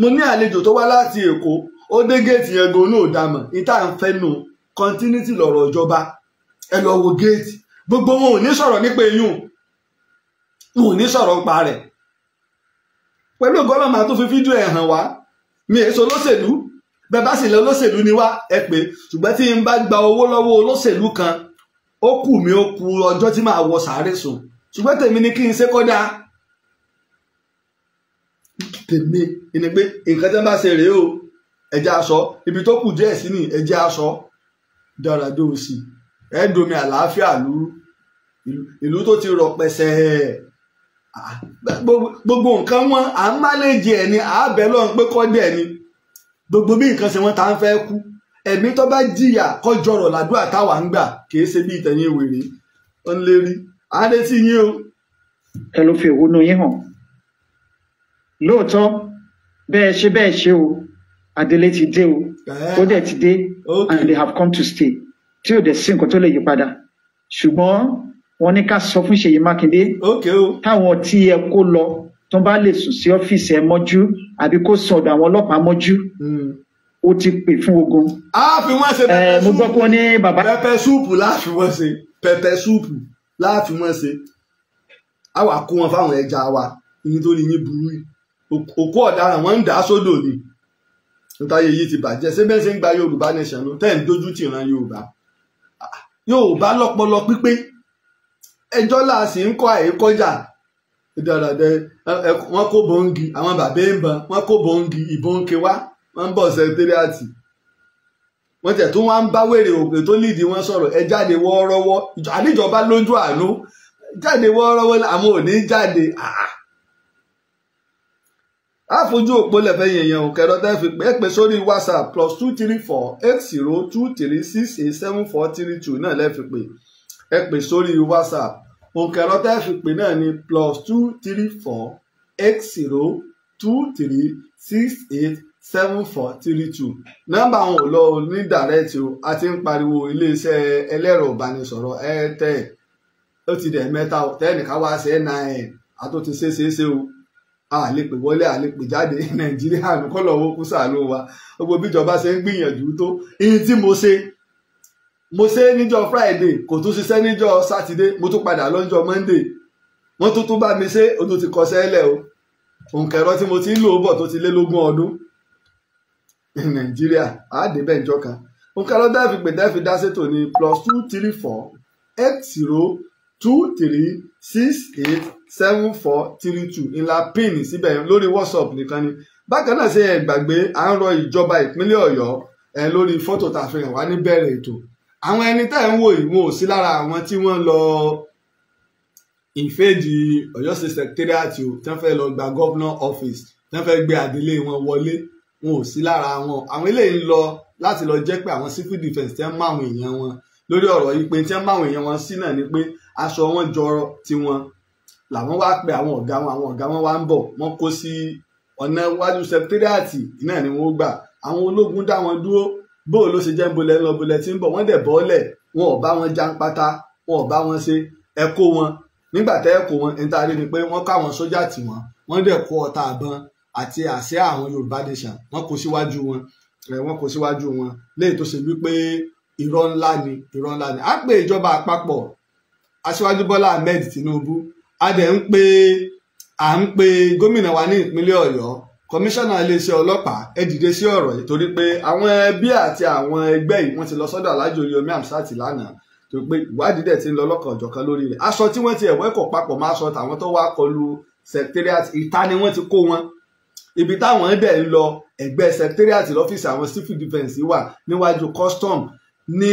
mo ní àlejò tó wá láti èkó ó dé géètì yẹn gan náà dàmọ̀ ìta ń fẹ́ nu kọ́ńtínítì lọ̀rọ̀ ìjọba ẹ lọ wo géètì gbogbo wọn ò ní sọ̀rọ̀ nípa eyín wọn ò ní sọ̀rọ̀ pa rẹ̀ pẹ̀lú ògbọ́lọ́mà tó fi hàn wá mi èso lóṣèlú bẹ́ẹ̀ bá sì lọ olóṣèlú ni wá ẹ pé ṣùgbọ́n tí n bá gba owó lọ́wọ́ olóṣèlú kan ó kù mí ó ku ọjọ́ tí màá wọ sàárè sùn ṣùgbọ́n tèmi ni kí n ṣe kọ́ dáa tèmi ni pé nǹkan tí wọ́n bá ṣe rèé o ẹ̀jẹ̀ aṣọ ibi tó kù díẹ̀ sí ni ẹ̀jẹ̀ aṣọ dára dó o sì ẹ̀ẹ́dùnmi àlàáfíà lúrú ìlú tó ti rọ̀ pẹ̀sẹ̀ gbogbo nǹkan wọn à ń máléjì ẹ̀ ni àábẹ̀ lọ́n pé kọ́ dẹ̀ ni gbogbo bí nǹkan ṣe wọn tá à ń fẹ́ kú ẹ̀mí tó bá jìyà kọjọrọ̀ làdúrà táwa ń gbà kìí ṣe bí ìtẹ̀yìn wèrè ó ń lérí à ń retí yín o. ẹ ló fi ìwúnú yín hàn lóòótọ́ bẹ́ẹ̀ ṣe bẹ́ẹ̀ ṣe o adélé ti dé o ó dẹ̀ ti dé and they have come to stay tí ò dẹ̀ sí nǹkan tó lè yí padà ṣùgbọ́n wọ́n ní ká sọ fún Ṣèyí Mákindé táwọn tí ẹ kó lọ tó bá lè sùn sí ọ́fíìsì ẹ mọ́jú àbí kó sùn ọ̀dọ̀ àwọn ọlọ́pàá mọ́jú hmm. ó ti pè fún ogun. a fi wọn ṣe pẹpẹ eh, súùpù mo gbọ́ pé ó ní bàbá. pẹpẹ súùpù láàfin wọn ṣe pẹpẹ súùpù láàfin wọn ṣe a wà kó wọn fáwọn ẹja wa nítorí yín burú òkú ọ̀daràn wọn ń dà á sódò ni nítorí yìí ti bàjẹ́ ṣé bẹ́ẹ̀ ṣe ń gba yorùbá nation tẹ́ ń dojú tì ran yorùbá ah, yorùbá lọ́pọlọ pípé ẹjọ́ là ń kọ́ àìkọjà de, dáradẹ wọ́n kó bọ́ǹgì àwọn bàbá ń ban wọ́n kó bọ́ǹgì ìbọn ké wá wọ́n ń bọ̀ sẹ́kítẹ́rìàtì wọ́n tẹ̀ tó wá ń bá wèrè òkè tó nídìí wọ́n sọ̀rọ̀ ẹ jáde wọ́ọ́rọ́wọ́ àníjọba lójú àánú jáde wọ́ọ́rọ́wọ́ àwọn ò ní jáde àfojú òpó lẹ́fẹ̀ yẹn yẹn òkè lọ́tẹ́ fi pé pé sórí whatsapp plus two three four eight zero two three six eight seven four three two náà lẹ́fi pé ẹ pè sórí whatsapp òǹkẹ̀rọ tẹ́ fi pè náà ni plus two three four eight zero two three six eight seven four three two nọ́mbà àwọn ò lọ ní direct o a ti ń pariwo iléeṣẹ́ ẹlẹ́rọ ìbánisọ̀rọ̀ airtel ó ti dẹ̀ mẹ́ta tẹ́ẹ̀nìkan wá sí nine àtúntí ṣeéṣeéṣe o àlepè wọlé àlepè jáde nàìjíríà nìkọlọ owó kúsà ló wa gbogbo bíjọba ṣe ń gbìyànjú tó iye tí mo ṣe mo ṣe é friday kò tún ṣiṣẹ́ níjọ́ saturday mo tún padà lọ́jọ́ monday wọ́n tún tún bá mi ṣe odò ti kọ sẹ́lẹ̀ o òǹkẹ̀rọ tí mo ti ń lò bọ̀ tó ti lé lógún ọdún ní nàìjíríà àádébẹ̀ ìjọka òǹkẹ̀rọ dẹ́fi pè dẹ́fi dá sétò ní plus two three four eight zero two three six eight seven four three two ńlá pin síbẹ̀ lórí whatsapp nìkan ni bákan náà ṣe ẹ gbàgbé à ń rọ ìjọba ìpínlẹ̀ ọ̀yọ́ ẹ lórí fọ́tò tá a fi hàn wá níbẹ̀rẹ̀ ètò àwọn ẹni tẹ́ ń wò yìí wọn ò sí lára àwọn tí wọ́n lọ ìfẹ́jì Ọ̀yọ́ State Secretariat o tí wọ́n fẹ́ lọ gba governor office tí wọ́n fẹ́ gbé àdélé wọn wọlé wọn ò sí lára wọn àwọn eléyìí ń lọ láti lọ jẹ́ pé àwọn civil defence tí wọ́n mọ àwọn èèyàn wọn lórí ọ̀rọ̀ yìí pé tí wọ́n mọ àwọn èèyàn wọn sí náà ni pé aṣọ wọn jọrọ tiwọn làwọn wá pe àwọn ọ̀gá wọn àwọn ọ̀gá wọn wá ń bọ̀ wọ́n kó sí ọ̀nà iwájú secretariat náà ni wọ́n gbà àwọn ológun dá wọn dúró bó ló ṣe jẹ́ ń bolẹ̀ ń lọ bolẹ̀ tí ń bọ̀ wọ́n dẹ̀ bọ́ọ̀lẹ̀ wọn ò bá wọn jáǹpátá wọn ò bá wọn ṣe ẹ kó wọn nígbà tẹ́ ẹ kó wọn níta rí ni pé wọ́n káwọn sójà tì wọ́n wọ́n dẹ̀ kó ọta àbọn àti àsíá àwọn Yorùbá nation wọ́n kó síwájú wọn wọ́n kó síwájú wọn léyìí tó ṣe wípé irọ́ ńlá ni irọ́ ńlá ni a pè ìjọba àpapọ̀ aṣíwájú Bọ́lá Ahmed Tinubu a dẹ̀ ń pe à ń pe gómìnà wa ní ìpínlẹ̀ Ọ̀yọ́ kọmíṣánná iléeṣẹ́ ọlọ́pàá ẹ dìde sí ọ̀rọ̀ yìí torí pé àwọn ẹbí àti àwọn ẹgbẹ́ yìí wọ́n ti lọ sọ́dọ̀ alájò Yomi Amsat lánàá torí pé ìwádìí dẹ̀ ti ń lọ lọ́kàn ọ̀jọ̀kan lórí rẹ̀ aṣọ tí wọ́n ti ẹ̀wọ́ ẹ̀kọ́ papọ̀ máa sọ tàwọn tó wá kọlu secretariat ìta ni wọ́n ti kó wọn ibi táwọn dẹ̀ ń lọ ẹ̀gbẹ́ secretariat lọ́fíìsì àwọn civil defence wà níwájú custom ní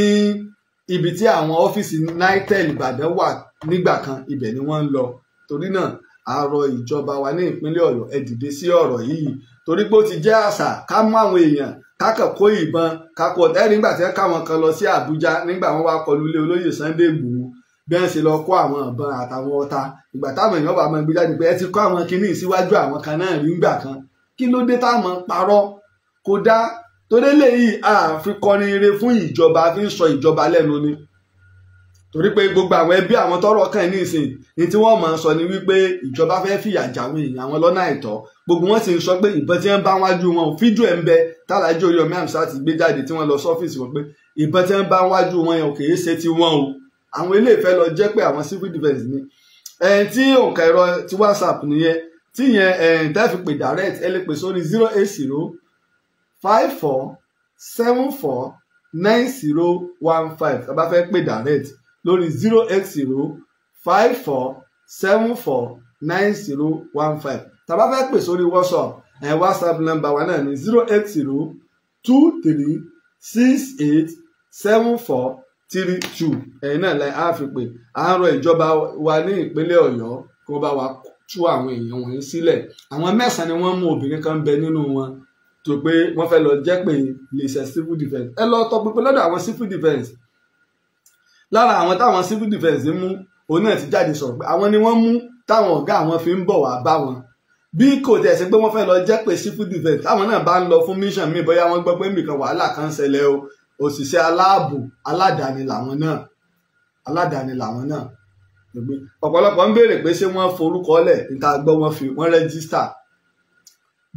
ibi tí àwọn ọ́fíìsì nitel Ìbàdàn wà nígbà kan ibẹ̀ ni wọ́n ń lọ torí náà àrọ ìjọba wa ní ìpínlẹ̀ Ọ̀yọ́ ẹ dìde sí ọ̀rọ̀ yìí torí pé ó ti jẹ́ àṣà ká mú àwọn èèyàn ká kàn kó ìbọn ká kó ọ̀tá ẹ̀ nígbà tí wọ́n káwọn kan lọ sí Àbújá nígbà wọ́n wá kọlu ilé olóyè Sunday Igboho bí wọ́n ṣe lọ kó àwọn ìbọn àtàwọn ọta ìgbà táwọn èèyàn bá máa gbé jáde pé ẹ ti kó àwọn kinní síwájú àwọn kan náà rí ńgbà kan kí ló dé táwọn parọ́ kódà torí lèyí àfikọrin ire fún ìjọba fi ń sọ ìjọba lẹ́nu ni torí pé gbogbo àwọn ẹbí àwọn tọ́rọ̀ kàn ní ìsìn ní tí wọ́n máa ń sọ ni wípé ìjọba fẹ́ẹ́ fìyà jáwé àwọn lọ́nà àìtọ́ gbogbo wọn sì ń sọ pé ìbọn tí wọ́n bá wájú wọn fídíò ẹ ń bẹ tàlàjì Oríyọ̀mí Hamzat gbé jáde tí wọ́n lọ sọ́fíìsì wọn pé ìbọn tí wọ́n bá wájú wọn yẹn kì í ṣe ti wọn o àwọn eléèfẹ lọ jẹ́ pé àwọn civil defence ni ẹn tí òǹkà ẹ̀rọ ti WhatsApp nìyẹn tí yẹn ẹn tẹfì pè direct ẹ lè pè sórí zero eight zero five four seven four nine zero one five tá a bá fẹ́ pè direct lórí zero x zero five four seven four nine zero one five tàbá fẹ́ pè sórí WhatsApp ẹ̀ WhatsApp number wa náà ní zero x zero two three six eight seven four three two ẹ̀yin náà lẹ́yìn àfipè à ń rọ ìjọba wa ní ìpínlẹ̀ Ọ̀yọ́ kí wọ́n bá wa tú àwọn èèyàn wọ̀nyí sílẹ̀ àwọn mẹ́sàn-án ni wọ́n mú obìnrin kan bẹ nínú wọn tó pé wọ́n fẹ́ lọ jẹ́ pé lè ṣe civil defence ẹ lọ tọpinpin lọ́dọ̀ àwọn civil defence lára àwọn táwọn civil defence mú òun náà ti jáde sọ̀rọ̀ pé àwọn ni wọ́n mú táwọn ọ̀gá àwọn fi ń bọ̀ wá bá wọn bí kò tẹ̀ sí pé wọ́n fẹ́ lọ jẹ́ pé civil defence táwọn náà bá ń lọ fún mission míì bóyá wọ́n gbọ́ pé nìkan wàhálà kan ṣẹlẹ̀ o òṣìṣẹ́ aláàbò aládàáni làwọn náà aládàáni làwọn náà ọ̀pọ̀lọpọ̀ ń béèrè pé ṣé wọ́n forúkọ lẹ̀ níta gbọ́ wọ́n fi wọ́n rẹ́gísítà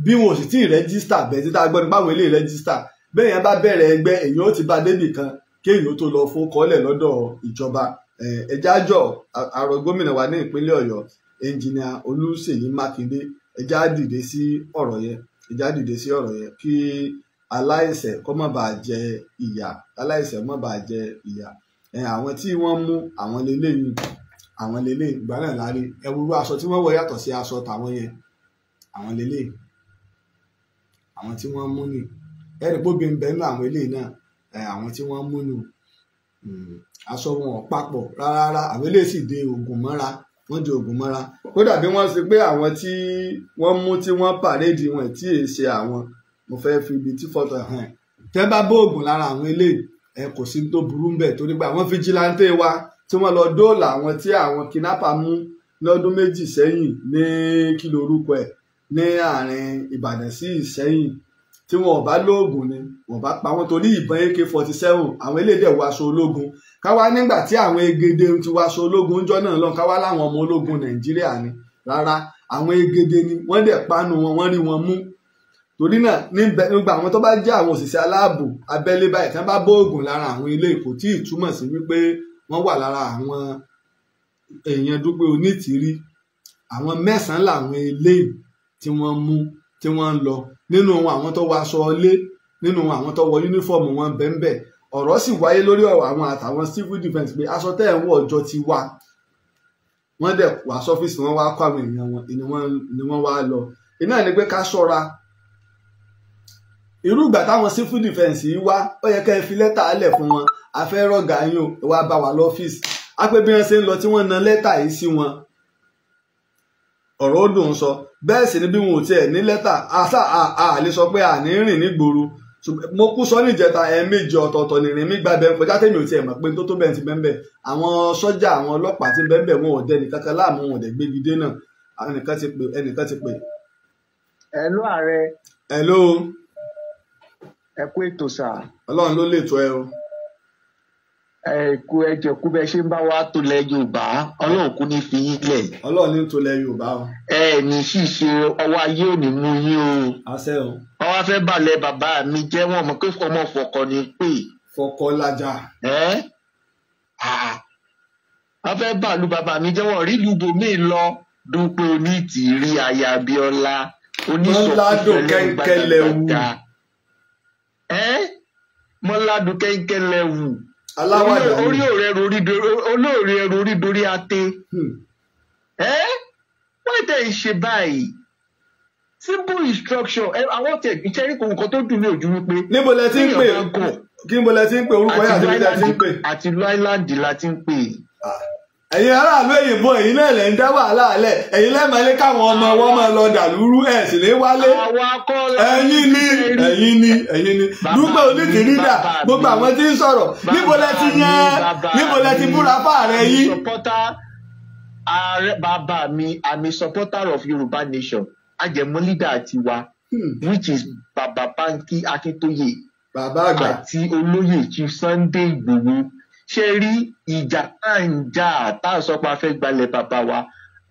bí wọn ò sì tí ì rẹ́gísítà bẹ́ẹ̀ títa gbọ́ nípa àwọn ilé rẹ́gísítà bẹ́ẹ̀ yẹn bá bẹ̀rẹ̀ ẹgbẹ́ èyí ó ti bá débì kan kéèyàn tó lọ fún kọ́lẹ̀ lọ́dọ̀ ìjọba ẹ̀jájọ àrò gómìnà wa ní ìpínlẹ̀ ọ̀yọ́ ẹnjìnìà olúṣèyí mákindé ẹjá dìde sí ọ̀rọ̀ yẹn ẹjá dìde sí ọ̀rọ̀ yẹn kí aláìṣẹ̀ kó má bàa jẹ ìyà aláìṣẹ̀ má bàa jẹ ìyà àwọn tí wọ́n mú àwọn leléyìí àwọn leléyìí ìgbà náà láre ẹwúrú aṣọ tí wọ́n wọ̀ yàtọ̀ sí aṣọ tàwọn yẹn àwọn leléyìí àwọn tí wọ́n mú ni ẹ̀rí pógbìn bẹ́ẹ̀ nínú àwọn eléyìí náà àwọn tí wọ́n múnu hmm, aṣọ wọn papọ̀ rárá àwọn eléyìí sì de oògùn mọ́ra wọ́n de oògùn mọ́ra kódà bí wọ́n ṣe pé àwọn tí wọ́n mú tí wọ́n pàrédì wọn tí èé ṣe àwọn mo fẹ́ fi ibi tí fọ́tò hàn tẹ́ bá bó oògùn lára àwọn eléyìí ẹ kò sí tó burú ń bẹ̀ torí pé àwọn fijilanté wa tí wọ́n lọ dóòlà àwọn tí àwọn kidnapper mú lọ́dún méjì sẹ́yìn ní kí lorúkọ ẹ̀ ní àárín Ìbàdàn sí Ìṣẹ́yìn tí wọn ò bá lóògùn ni wọn bá pa wọn torí ìbọn ak forty seven àwọn eléyìí dẹ̀ wọ aṣọ ológun káwá nígbà tí àwọn egede ti wọ aṣọ ológun ń jọ náà lọ káwá láwọn ọmọ ológun nàìjíríà ni rárá àwọn egede ni wọ́n dẹ̀ panu wọn wọ́n rí wọn mú torí náà nígbà àwọn tó bá jẹ́ àwọn òṣìṣẹ́ aláàbò abẹ́lé báyìí tí wọ́n bá bóògùn lára àwọn ilé kò tí ì túmọ̀ sí wípé wọ́n wà lára àwọn èèyàn dúpẹ́ onítìrí àwọn mẹ́sàn làwọn eléyìí tí wọ́n mú tí wọ́n ń lọ nínú àwọn tó wọ aṣọ ilé nínú àwọn tó wọ yúnífọ̀mù wọn bẹ́ẹ̀nbẹ́ẹ̀ ọ̀rọ̀ sì wáyé lórí ọ̀rọ̀ àwọn àtàwọn civil defence pé aṣọ tẹ́ ẹ̀ ń wọ̀ ọjọ́ ti wà wọ́n dẹ̀ wá sọ́fíìsì wọn wá kó àwọn èèyàn wọn ni wọ́n wá lọ iná ni pé ká ṣọ́ra irú ìgbà táwọn civil defence yìí wá ó yẹ ká ẹ fi lẹ́tà alẹ̀ fún wọn afẹ́rọ̀gà yín wá bá wa lọ́fíìsì á pé bí wọ́n ṣe ń lọ tí wọ́n na lẹ́tà yìí sí wọn ọ̀rọ̀ ó dùn sọ bẹ́ẹ̀ sì ni bí wọn ò tiẹ̀ ní lẹ́tà àṣà àlè sọ pé àní rìn nígboro mo kú sọ ní ìjẹta ẹ̀ẹ̀mejì ọ̀tọ̀ọ̀tọ̀ nìrìn mi gba bẹ́ẹ̀ kọjá tèmi ò tiẹ̀ mọ̀ pé tó tó bẹ́ẹ̀ ti bẹ́ẹ̀ àwọn sọ́jà àwọn ọlọ́pàá ti bẹ́ẹ̀ wọn ò dẹni kankan láàmú wọn ò dẹ̀ gbégi dé náà ẹnìkan ti pè ẹnìkan ti pè. hello ààrẹ. hello. ẹ kú ètò sà. ọlọ́run ló lè tọ́ ẹ o ẹ̀kú ẹ̀jẹ̀ kú bẹ́ẹ̀ ṣe ń bá wa tolẹ̀ Yorùbá ọlọ́run kú ní fi yín lẹ̀. ọlọ́run ní tolẹ̀ Yorùbá o. ẹ ní ṣíṣe ọwọ́ ayé ò ní mú yín o. àṣẹ o. wọ́n wá fẹ́ balẹ̀ bàbá mi jẹ́ wọ́n mọ̀ pé ọmọ fọkọ ni pé. fọkọ lajà. ẹ wọ́n fẹ́ bàlú bàbá mi jẹ́ wọ́n rí lùbò lọ dúpẹ́ oní tìrí aya Abíọ́lá oníṣòkò fẹlẹ́ gbàdàgbàdà. mọ́ládùn kẹ́ńkẹ́ lẹ́wù aláwàdà orí òrè ẹrù orí olóòrè ẹrù orí dorí ate hmm. ẹ wọ́n tẹ̀ ń ṣe báyìí simple instruction àwọn tẹ̀ ìtẹ́rí kò nǹkan tó dùn ní ojú wípé níbo lẹ ti ń pè kí níbo lẹ ti ń pè orúkọ yẹn àti níbo lẹ ti ń pè àti láìláńdì la ti ń pè. Ah ẹ̀yin aráàlú èyìnbó ẹ̀yin náà lẹ ń dá wàhálà alẹ̀ ẹ̀yin lẹ́mọ̀ọ́lé káwọn ọmọ wọn máa lọ dàlúrú ẹ̀ sì lè wálé ẹ̀yin ni ẹ̀yin ni ẹ̀yin ni dúpẹ́ onítìrídà gbogbo àwọn tí ń sọ̀rọ̀ níbo lẹ ti yẹn níbo lẹ ti búra fáàrẹ yìí. ààrẹ bàbá mi i'm a supporter of Yorùbá nation ajẹmọ leader tiwa hmm. which is Bàbá Bánkì Akíntóyè àti olóyè Chief Sunday Ìgbòho ṣe rí ìjà tá à ń jà tá à sọ pé a fẹ́ gbalẹ̀ bàbá wa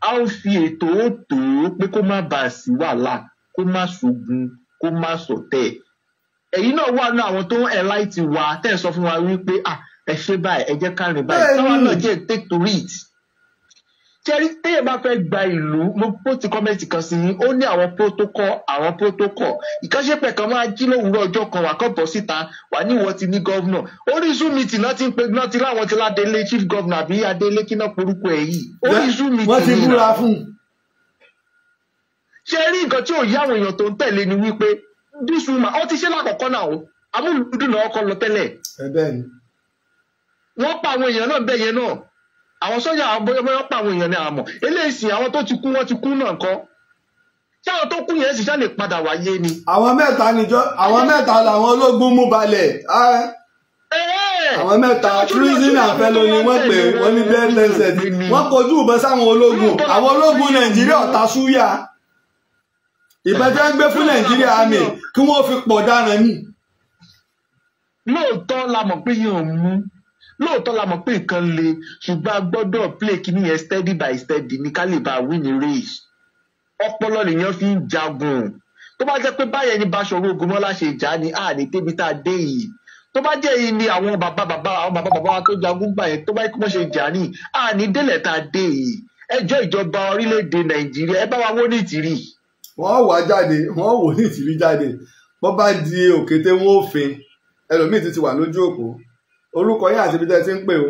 a ó fi ètò ó tó pé kó má bàa sí wàhálà kó má ṣogun kó má sọ̀tẹ̀ èyí náà wà ní àwọn tó ń enlighten wa tẹ̀ sọ fún wa wípé ẹ ṣe báyìí ẹ jẹ́ ká rìn báyìí táwa náà jẹ́ take to read ṣẹ́rí téèyàn bá fẹ́ gba ìlú mo post comment kan sí yín ó ní àwọn protocol àwọn protocol ìkànṣepẹ̀ kan máa jí lówùúrọ̀ ọjọ́ kan wà kàn bọ́ síta wà ní ìwọ ti ní gọ́vnà orí zoom meeting náà ti ń pe náà ti láwọn ti ládélé chief governor àbí adélèkí náà porúkọ ẹ̀ yìí orí zoom meeting wọ́n ti búra fún un. ṣe rí nǹkan tí ò yí àwọn èèyàn tó ń tẹ̀lé ni wípé this woman ó ti ṣe lákọ̀ọ́kọ́ náà o amúlùdùn náà ọkọ lọ tẹ́lẹ̀ wọ́n pa àwọn èèyàn náà bẹ́ẹ̀ yẹn náà àwọn sọ́jà bóyá bóyá pa àwọn èèyàn ní àmọ́ eléyìí sì àwọn tó ti kú wọ́n ti kú náà kọ́ tí àwọn tó kú yẹn sì ṣáà lè padà wáyé ni. àwọn mẹ́ta níjọ́ àwọn mẹ́ta làwọn ológun mú balẹ̀ ah, àwọn mẹ́ta prison àfẹ́lò ni wọ́n pè wọ́n ní bẹ́ẹ̀ lẹ́sẹ̀ wọ́n kojú ìbọn sáwọn ológun àwọn ológun nàìjíríà ọ̀tá súyà ìbọn tí wọ́n gbé fún nàìjíríà àmì kí wọ́n fi pọ̀ dára ní. lóòótọ́ la mọ̀ pé yóò mú lóòótọ́ la mọ̀ pé nǹkan le ṣùgbọ́n a gbọ́dọ̀ play kíní yẹn steady by steady ní ká lè bá a win race ọpọlọ nìyẹn fi ń jagun tó bá jẹ́ pé báyẹn ni Basọ̀run Ògúnmọ́lá ṣe jà ní àní débi tá a dé yìí tó bá jẹ́ yìí ni àwọn bàbá bàbá àwọn bàbá bàbá wa tó jagun gbà yẹn tó bá yẹ kí wọ́n ṣe jà ní àní délẹ̀ tá a dé yìí ẹjọ́ ìjọba orílẹ̀-èdè Nàìjíríà ẹ bá wa wó ní ìtìrí. wọ́n wà jáde wọ́n wò ní ìtìrí jáde bọ́ bá di òkété wọn òfin ẹlòmíì ti ti wà lójú òpó orúkọ yín àti ibi tẹ́ ti ń pè o.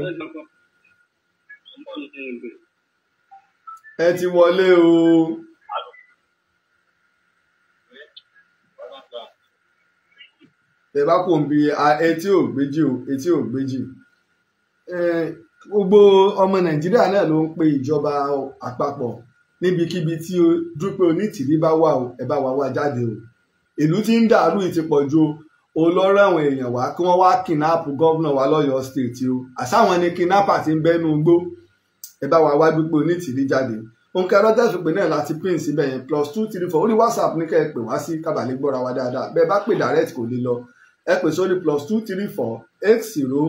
ẹ ti wọlé o. tẹ́ bá kò ń bi etí ò gbéjì o etí ò gbéjì gbogbo ọmọ nàìjíríà náà ló ń pe ìjọba àpapọ̀ níbikíbi tí dúpẹ́ onítìrí bá wà o bá wa wá jáde o ìlú tí ń dàrú ìtìpọ̀jù o olóró àwọn èèyàn wá kí wọ́n wá kidnap gọ́vnà wa lọ́yọ̀ọ́ state o àṣàwọn ni kidnapper ti ń bẹ́nu gbó ẹ bá wa wá dúpẹ́ onítìrí jáde òǹkà rogers pé náà láti pín síbẹ̀ yẹn plus two three four orí whatsapp ní kẹ́ ẹ pè wá sí kábàlẹ́ gbọ́ra wa dáadáa bẹ́ẹ̀ bá pè direct kò lè lọ ẹ pè sórí plus two three four eight zero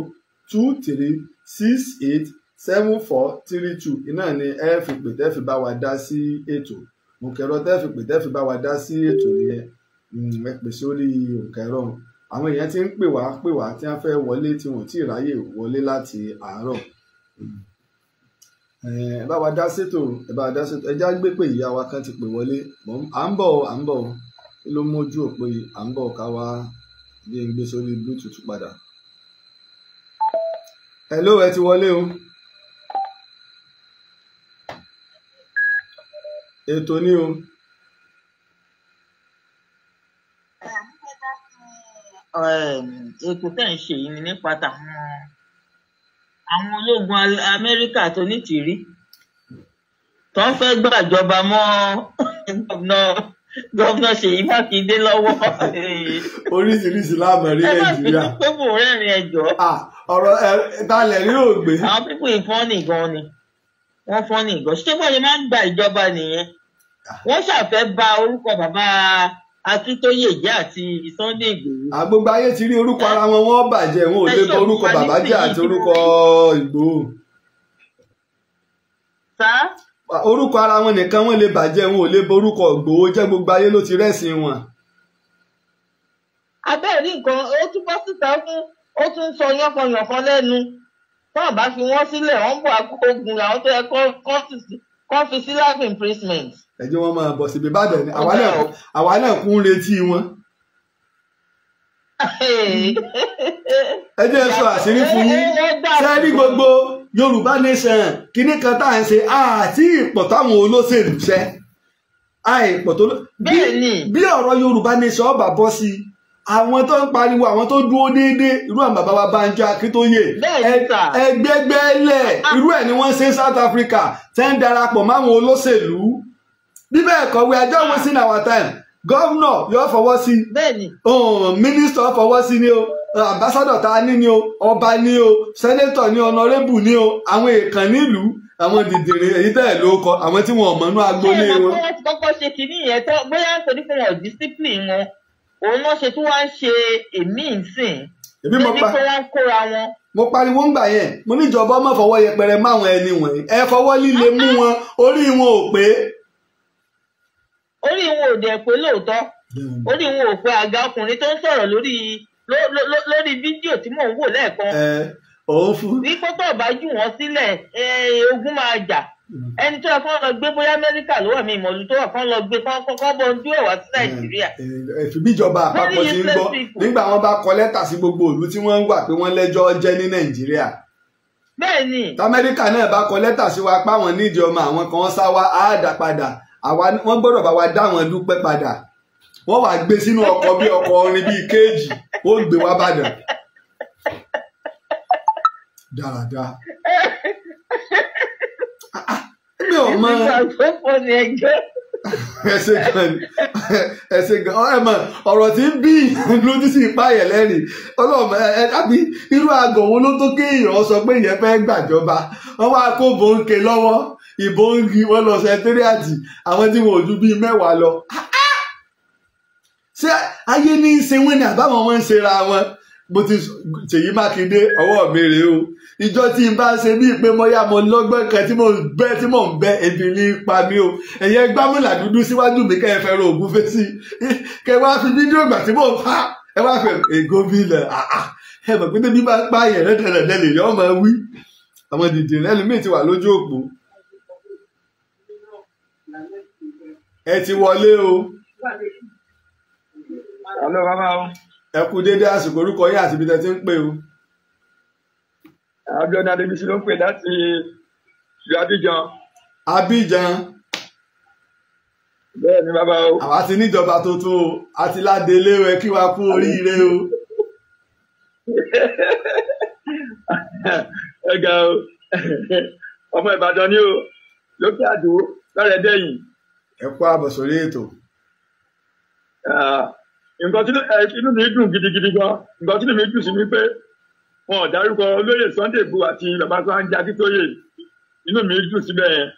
two three six eight seven four three two iná ni ẹ fi pè tẹ́ fi bá wa dá sí ètò òǹkà rogers pè tẹ́ fi bá wa dá sí ètò yẹn hmm, ẹ pè sórí òǹkà rogers àwọn èèyàn ti ń pè wá pè wá tí wọ́n fẹ́ wọlé tí wọn ò tí ì ráyè wọlé láti àárọ̀ ẹ bá wa dá sétò ẹ bá wa dá sétò ẹjá gbé pé ìyá wa kan ti pè wọlé à ń bọ̀ à ń bọ̀ kí ló mójú òpó yìí à ń bọ̀ ká wá bí n gbé sórí bluetooth padà. hello ẹ ti wọlé o. ètò ni o. Um, ètò tẹ̀ ń ṣe yìí ni nípa tàwọn àwọn ológun Amẹ́ríkà tó ní tìrí tó ń fẹ́ gbàjọba mọ́ gómìnà gómìnà Ṣèyí Mákindé lọ́wọ́. [LAUGHS] oríṣiríṣi láàmú rí Nàìjíríà. ẹ bá fi pípọ̀ rẹ́rìn ẹjọ́. ọ̀rọ̀ ìtàlẹ̀ rí ògbé. àwọn pípọ̀ ìfọ́nì gan ni wọ́n fọ́nì gan ṣé wọ́n lè máa ń gba ìjọba nìyẹn wọ́n ṣàfẹ́ bà orúkọ bàbá akíntóyè jẹ́ àti sunday igbòho. àgbogbo ayé ti rí orúkọ ara wọn wọ́n bàjẹ́ wọn ò lè bọ orúkọ bàbá jẹ́ àti orúkọ igbòho. sá. orúkọ ara wọn nìkan wọ́n lè bàjẹ́ wọn ò lè bọ orúkọ igbòho jẹ́ gbogbo ayé ló ti rẹ́sìn wọn. abẹ́rẹ́ nǹkan ó tún bọ́ síta fún ó tún sọ yánfọyànfọn lẹ́nu tó àbá fi wọ́n sílẹ̀ wọ́n bọ̀ àkókò ogun làwọn tó yẹ kọ́ fi sí life imprisonment ẹjọ́ wọn máa bọ̀ síbi bá bẹ̀rẹ̀ àwa náà kún ń retí wọn. ẹ jẹ́ sọ àṣírí fún yín sẹ́ẹ̀rí gbogbo Yorùbá nation kínní kan tá à ń ṣe àti ìpọ̀ táwọn olóṣèlú ṣẹ́ àìpọ̀ tó bí ọ̀rọ̀ Yorùbá nation ọba bọ́ sí i àwọn tó ń pariwo àwọn tó dúró déédéé irú àwọn bàbá wa Banjo Akíntóyè ẹgbẹgbẹlẹ irú ẹ̀ ni wọ́n ṣe South Africa tẹ́ ń darapọ̀ máwọn olóṣèlú bí bẹ́ẹ̀ kọ́ we are just ah. wasting our time Governor, yóò fọwọ́ sí oh, mínísítọ̀ fọwọ́ sí ni o ambassadọ̀ tá a ní ni o ọba ni o sẹ́nẹ́tọ̀ ni ọ̀nàrẹ́bù ni o àwọn èèkàn nílùú àwọn dìdìrì èyí tẹ̀ ló kọ àwọn tí wọn ò mọ̀nú agbólé wọn. bóyá ti kọ́kọ́ ṣe kínní yẹn tó bóyá torí pé wọn discipline wọn òun náà ṣe tí wọ́n ń ṣe èmi ìsìn èmi mo pa mo pariwo ńgbà yẹn mo níjọba ọmọ fọwọ́ yẹpẹrẹ máwọn ẹni wọ̀nyí ẹ fọwọ́ líle mú ah, ah. wọn orí wọn ò pé orí wọn ò dẹ̀ pé lóòótọ́ hmm. orí wọn ò pé àga ọkùnrin tó ń sọ̀rọ̀ lórí lórí fídíò tí mò ń wò lẹ́ẹ̀kan ní pọ́pọ́ ọ̀bá jù wọ́n sílẹ̀ ogun máa jà hmm. ẹni tó yẹ kán lọ gbé bóyá amẹ́ríkà ló wà mí ìmọ̀lú tó wà kán lọ gbé kán kọ́kọ́ bọ́ ojú ẹ̀wà sí nàìjíríà. Hmm. bíjọba àpapọ̀ ti ń gbọ́ nígbà wọn bá kọ lẹ́tà sí gbogbo ìlú tí wọ́n ń wà pé wọ́n lẹ́jọ́ jẹ́ ní nàìjíríà. bẹ́ẹ̀ ni. náà bá kọ lẹ́tà sí wa páwọn nídìí ọmọ àwọn kan sá wa á padà wọ́n gbọ́dọ̀ bá wa dá wọn dúpẹ́ padà wọ́n wàá gbé sínú ọkọ̀ bí ọkọ̀ orin bíi kéèjì ó gbé wá bàdàn dáradára ẹsẹ gan ẹsẹ gan ẹ mọ tí ń bí lójú sọ pé ìyẹn fẹ́ gbàjọba lọ́wọ́. ìbọn ń gbin wọn lọ sẹtẹrìàtì àwọn tí wọn ò ju bíi mẹ́wàá lọ ah, ah! ṣé ayé ní í ṣe wọn ni àbáwọn wọn ń ṣera wọn bó ti Ṣèyí Mákindé ọwọ́ mi rèé o ìjọ tí n bá ṣe bí pé mo yá mo lọ́gbọ́n kan tí mò ń bẹ́ tí mò ń bẹ́ ebi ní pa mí o ẹ̀yẹ gbámúlà dúdú síwájú mi kẹ́ ẹ fẹ́ràn ògùn fèsì [LAUGHS] kẹ́ wá fi fídíò ìgbà tí mò ń fa ẹ wá fẹ́ ègò mi lẹ̀ àà ah, ẹ mọ̀ pé bí bá pààyàn lẹ́dẹ̀ẹ́dẹ̀ lè yọ ọmọ wí àwọn dìde lẹ́nu mi ti wà lójú òpó ẹ ti wọlé o. Àlọ́ bàbá o. Ẹ kú dédé àsìkò orúkọ yín àti ibi tẹ́ ti ń pè o. Abíọ́dún Adébísí ló ń pè láti ìlú Abidjan. Abidjan. Bẹ́ẹ̀ ni bàbá o. Àwa ti níjọba tuntun o, a ti ládélé o, ẹ kí wa kú oríire o. [LAUGHS] Ẹ ga o, [LAUGHS] ọmọ Ìbàdàn ni o, lókè àdó lọ́rẹ̀ẹ́dẹ́yìn ẹ kú àbọ̀ sórí ètò. nǹkan tí inú mi dùn gidigidi gan nǹkan tí inú mi dùn sí mi pé wọn ò dárúkọ olóyè Sunday Igboho àti bàbá Sanja Akíntóyè inú mi dùn síbẹ̀ yẹn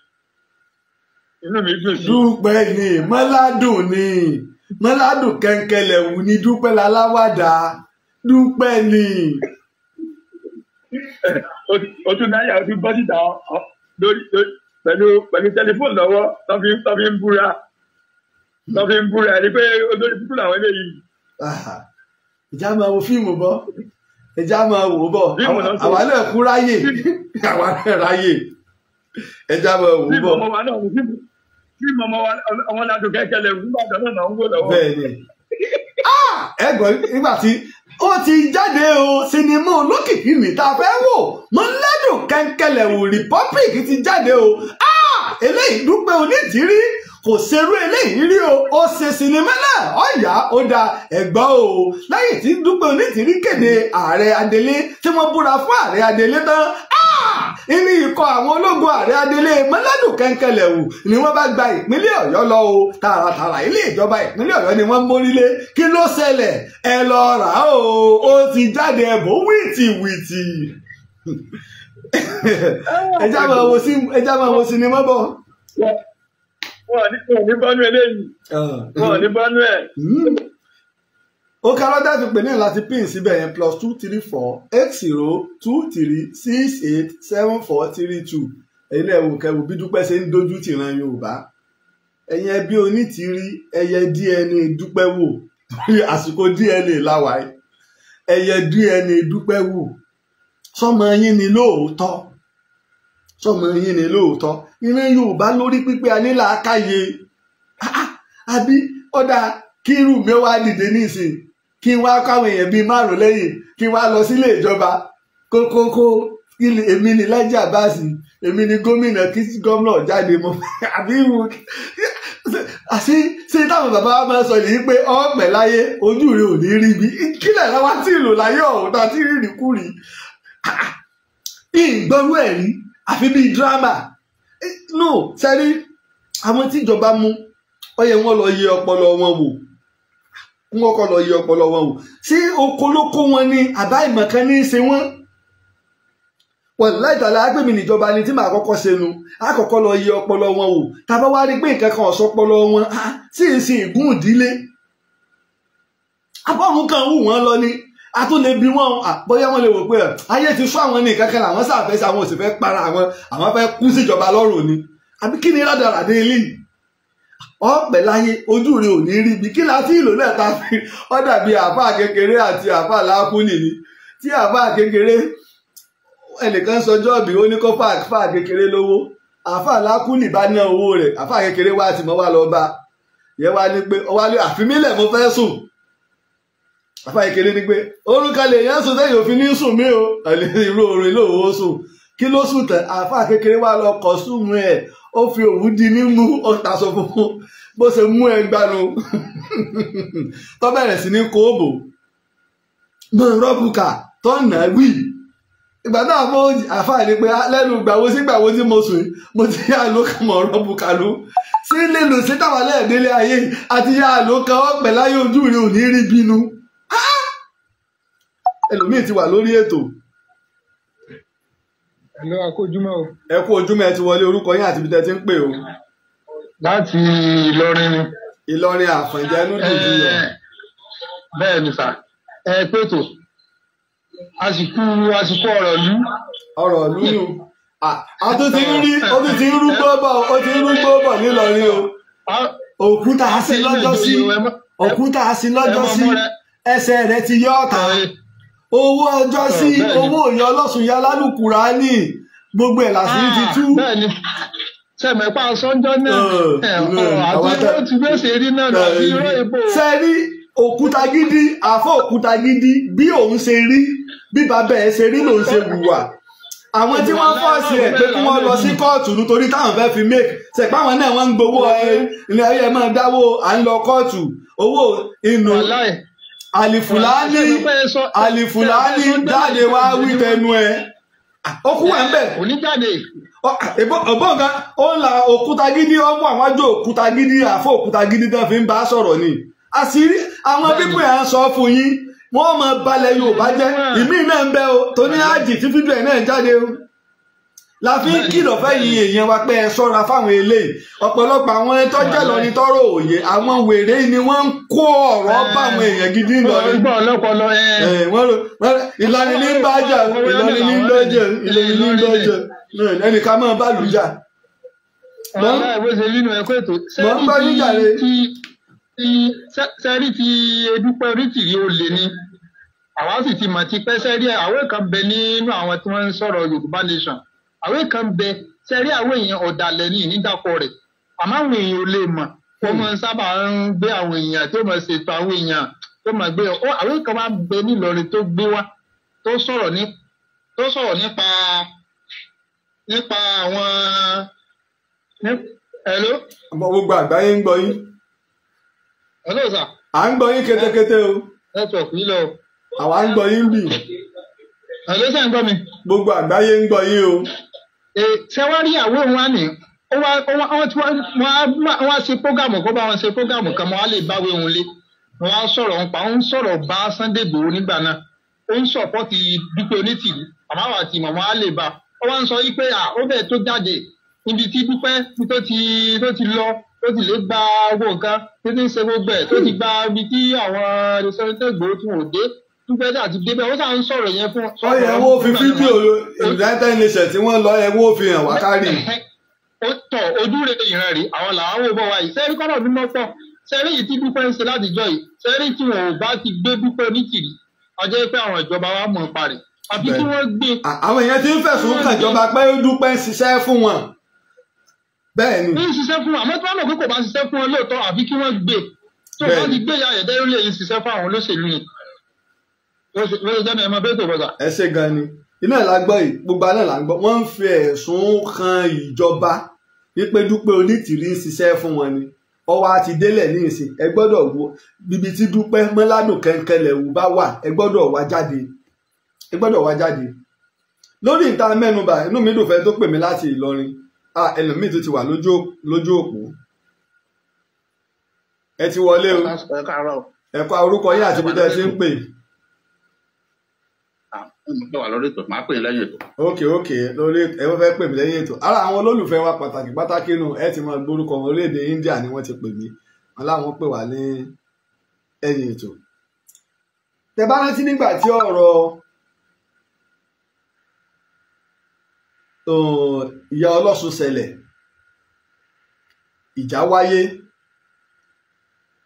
inú mi dùn sí. dúpẹ́ ni mọ́ládùn ni mọ́ládùn kẹ́ńkẹ́lẹ̀ wù ní dúpẹ́ láláwàdà dúpẹ́ ni. o tún náírà o tún bọ́ síta lórí pẹ̀lú pẹ̀lú tẹlifóònù lọ́wọ́ tó fi tó fi ń búra tó fi ń búra ẹni pé olórí kúkú làwọn eléyìí. ìjà máa wo fíìmù bọ́ ìjà máa wò bọ̀ àwa náà kú ráyè àwa náà ráyè ìjà máa wò bọ̀. fíìmù ọmọ wa ọmọ ládùn kẹ́kẹ́ lẹ́wọ̀n nígbà tó náà ń wò lọ́wọ́. bẹ́ẹ̀ni ah! ẹgbọn nígbà tí ó ti jáde o sinimá olókìkí ni tá a fẹ́ wò mọ́lẹ́dùn kẹ́ńkẹ́lẹ̀wò republic ti jáde o ah! eléyìí dúpẹ́ onídìrí kò serú eléyìí rí o ó ṣe sinimá náà ọ̀yà ó da ẹ̀gbọ́n o lẹ́yìn tí dúpẹ́ onídìrí kéde ààrẹ adelé tí wọ́n búra fún ààrẹ adelé tán á inú ikọ̀ àwọn ológun ààrẹ adelé mọ́ládùn kẹ́ńkẹ́lẹ̀wù ni wọ́n bá gba ìpínlẹ̀ ọ̀yọ́ lọ o tààràtààrà ilé ìjọba ìpínlẹ̀ ọ̀yọ́ ni wọ́n mórílé kí ló ṣẹlẹ̀ ẹ lọ rà o ó ti jáde ẹ̀bùn wìtìwìtì ẹjá máa wo sinimá bọ̀ wọn ò ní bọ́nú eléyìí wọn ò ní bọ́nú ah. ẹ̀ òǹkà rọ́dàtì pè náà láti pín síbẹ̀ yẹn plus two three four eight zero two three six eight seven four three two ẹ̀yin náà wò kẹ́wò bí dúpẹ́ ṣe ń dojú tìran yorùbá ẹ̀yin ẹbí onítìrí ẹyẹ dna dúpẹ́ wò àsìkò dna láwàá ẹyẹ dna dúpẹ́ wò sọmọ yín ni lóòótọ́ sọmọ yín ni lóòótọ́ ìran yorùbá lórí pípé anílàákàyè àbí ọ̀dà kírù mẹ́wàá dìde nísìnyí kí n wá káwọn èèyàn bíi márùn lẹ́yìn kí n wá lọ sílé ìjọba kókókó èmi ni Laji Abbas èmi ni gómìnà kí gómìnà jáde mọ [LAUGHS] àbí wù [LAUGHS] àti ṣé táwọn bàbá wa máa sọ yìí pé ọpẹ́ láyé ojú rẹ ò ní rí bí kílẹ̀ láwa tí ìlò láyé ọ̀hún tá a ti rí rìkúrì [LAUGHS] ìgbọ́rú ẹ̀ rí àfi bíi dírámà eh, no sẹ́rí àwọn tíjọba mú ó yẹ wọ́n lọ yẹ ọpọlọ wọn wò wọn kọ lọ yí ọpọlọ wọn o ṣé okoloko wọn ni àbá ìmọ̀kan ní í ṣe wọ́n wọ́n láìtàlá agbèmí níjọba ni tí màá kọ́kọ́ ṣẹnu àkọ́kọ́ lọ yí ọpọlọ wọn o tàbá wá rí pé nǹkan kan ọ̀sọ́ ọpọlọ wọn á sì ń ṣe ìgún ìdílé abọ́run kan wù wọ́n lọ ni a tún lè bí wọn bóyá wọn lè wò pé ayé ti sọ àwọn ní kankan làwọn sàfẹ́ àwọn òsì para àwọn àwọn fẹ́ kú síjọba lọ́rùn ni àbí kí ni ládàrá dé eléyìí ọ̀pẹ̀ láyé ojú rẹ ò ní rí ibi kí la fi ìlò náà ta fi ọ́ dàbí àáfàá kékeré àti àáfàá lákúlì ni tí àáfàá kékeré ẹnìkan sọ jọ́ọ̀bì ó ní kó fàáfàá kékeré lówó àáfàá lákúlì bá ná owó rẹ̀ àáfàá kékeré wá ti mọ́ wá lọ bá yẹ wá ní pé ọwá lé àfimílẹ̀ mo fẹ́ sùn àáfàá kékeré ní pé orúkọ lè yẹn sùn sẹ́yìn òfin ní sùn mí o àlè irú orin lòwó sùn kí ló sùn tẹ̀ àáfàá kékeré wá lọ kọ́ sùn mú ẹ̀ ó fi òwú di mímú ó taṣọ funfun bó ṣe mú ẹ gbanu [LAUGHS] tó bẹ̀rẹ̀ sí ní kóòbò mọ rọ́bùkà tó nà wí ìgbà náà mo àfáà ni pé lẹ́nu gbàwo sí gbàwo tí mo sùn mo ti yá ló kàn mọ rọ́bùkà ló sí lílo sí táwọn ẹlẹ́ẹ̀dẹ́lé ayé àti yá ló kàn ọ́ pẹ̀láyé ojú rẹ̀ ò ní rí bínú ẹlòmíì ti wà lórí ètò Hello, a kú o. Ẹ kú ojúmọ́ ẹ ti wọlé orúkọ yín àti ibi tẹ́ ti ń pè o. Láti Ìlọrin ni. Ìlọrin àfànjẹ́ inú dùn jù lọ. Bẹ́ẹ̀ ni sà, ẹ pètò, àsìkò àsìkò ọ̀rọ̀ lú. Ọ̀rọ̀ lú ni o. A tún ti ń rí ó tún ti ń rú gbọ́bọ̀ ó ti ń rú gbọ́bọ̀ nílọrin o. Òkúta a sí lọ́jọ́ sí òkúta a sí lọ́jọ́ sí ẹsẹ̀ rẹ̀ ti yọ ọ̀tá owó ọjọ́ sí owó òyìn ọlọ́sùn yá lálùkùrá ní gbogbo ẹ̀ làṣírí ah, ti tú. bẹ́ẹ̀ni sẹmẹ pa sọjọ náà àti yóò ti gbèsè rí náà lọ sí irọ́ ìbò. sẹ́ni òkúta gidi àfọ́ òkúta gidi bí òun ṣe rí bí bàbá ẹ̀ ṣe rí lòun ṣe wùwà àwọn tí wọ́n fọ́ọ̀sì ẹ̀ pé kí wọ́n lọ sí kóòtù nítorí táwọn fẹ́ẹ́ fi make ṣẹpẹ àwọn náà wọ́n ń gbowó ẹ ilé ayé ẹ máa dáwó à ń lọ kóòtù owó inú àlìfùlání àlìfùlání jáde wá wí ẹnu ẹ ó wà ń ó la òkúta gidi ọmọ àwọn àjọ òkúta gidi àfọ òkúta gidi fi bá sọ̀rọ̀ ni àṣírí àwọn pípẹ́ à ń sọ fún yín wọ́n mọ balẹ̀ o tó ní àjì tí fídíò o. la fi ń kìlọ̀ fẹ́yìn èèyàn wa pé ẹ sọ́ra fáwọn eléyìí ọ̀pọ̀lọpọ̀ àwọn ẹni tó jẹ́ lọ ní tọ́rọ òye àwọn wèrè ni wọ́n ń kó ọ̀rọ̀ báwọn èèyàn gidi lọ ní. ìlànà ní bájà ìlànà ní lọ́jẹ̀ ìlànà ní lọ́jẹ̀ ẹnì ká máa bá lù jà. mọ ń bá yín jàre. sẹ́rí ti edúpẹ́ oríkìrí olè ni àwa sì ti mọ̀ ti pẹ́ sẹ́rí àwọn kan bẹ nínú àwọn tí wọ́n ń sọ̀rọ̀ Yorùbá Nation. àwọn kan bẹ sẹ́rí àwọn èèyàn ọ̀dàlẹ̀ ní ìdákọ rẹ̀ àmọ́ àwọn èèyàn ò lè mọ̀ wọ́n mọ̀ sábà ń gbé àwọn èèyàn tó mọ̀ ṣètò àwọn èèyàn tó gbé ọ àwọn kan wá bẹ nílọrin tó gbé wá tó sọ̀rọ̀ nípa nípa àwọn gbogbo àgbáyé à ń kétékété o. network yìí ṣé wá rí àwọn òun wá ní wọ́n á ṣe prógámù kó bá wọn ṣe prógámù kan wọ́n á lè báwé òun lé wọ́n á sọ̀rọ̀ ń pa ó ń sọ̀rọ̀ bá Sunday Igboho nígbà náà ó ń sọ̀pọ́tì Dúpẹ́ Onítìrí àmọ́ àwọn àti màmá á lè bá ó wá ń sọ wípé à ó bẹ̀ tó jáde níbi tí Dúpẹ́ tó ti tó ti lọ tó ti lè gba owó nǹkan tó ti ń ṣe gbogbo ẹ̀ tó ti gba ibi tí àwọn ẹ̀rọ Sunday Igboho tún ò dé túpẹ́ àti débẹ̀ wọ́n sàn ń sọ̀rọ̀ yẹn fún. ó wo fi fídíò United Nations tí wọ́n lọ yẹ wo fi hàn wá kárì. ó tọ̀ ojú rere ìran rèé àwọn làwọn wò bọ̀ wáyé sẹ́rí kọ́nà ọdún mọ́pọ̀ sẹ́rí yìí tí dúpẹ́ ń ṣe yìí sẹ́rí tí wọn ò bá ti gbé dúpẹ́ oníkìrí ọjọ́ pé àwọn ìjọba wa mọ̀ ọ́n parẹ́ kí wọ́n gbé. àwọn èèyàn ti ń fẹ̀sùn kàn ìjọba pé dúpẹ́ ń ṣiṣẹ́ fún wọn. bẹ́ẹ̀ ni. ń ṣiṣẹ́ fún wọn àmọ́ tí wọ́n mọ̀ pé kò bá ṣiṣẹ́ fún wọn lóòótọ́ àbí kí wọ́n gbé. tó wọ́n ti gbé ya ẹ̀dẹ́ lè ṣiṣẹ́ fún àwọn olóṣèlú yìí ẹ ṣe gan ni iná ẹ̀ la gbọ́ yìí gbogbo aná la gbọ́ wọ́n ń fi ẹ̀sùn kan ìjọba wípé Dúpẹ́ Onítìrí ń ṣiṣẹ́ fún wọn ni ọwọ́ a ti délẹ̀ ní ìsìn ẹ gbọ́dọ̀ wo bíbi tí Dúpẹ́ mọ́ládùn kẹ́ńkẹ́lẹ̀ wù bá wà ẹ gbọ́dọ̀ wá jáde ẹ gbọ́dọ̀ wá jáde lórí ìta mẹ́nuba inú mi dùn fẹ́ tó pè mí láti Ìlọrin ah ẹlòmíì tó ti wà lójú òpó ẹ ti wọlé o ẹ kọ orúkọ yín àti bó tẹ́ ẹ ti ń pè é ẹ wà lórí ètò máa pè yín lẹ́yìn ètò. ok ok lórí ẹ wọ́n fẹ́ pè mí lẹ́yìn ètò ara àwọn olólùfẹ́ wa pàtàkì pátákì nù ẹ ti mọ gbórúkọ wọn orílẹ̀-èdè India ni wọ́n ti pè mí wọn láwọn pè wá ní ẹ̀yìn ètò. tẹ bá rántí nígbà tí ọ̀rọ̀ ìyá ọlọ́sùn ṣẹlẹ̀ ìjà wáyé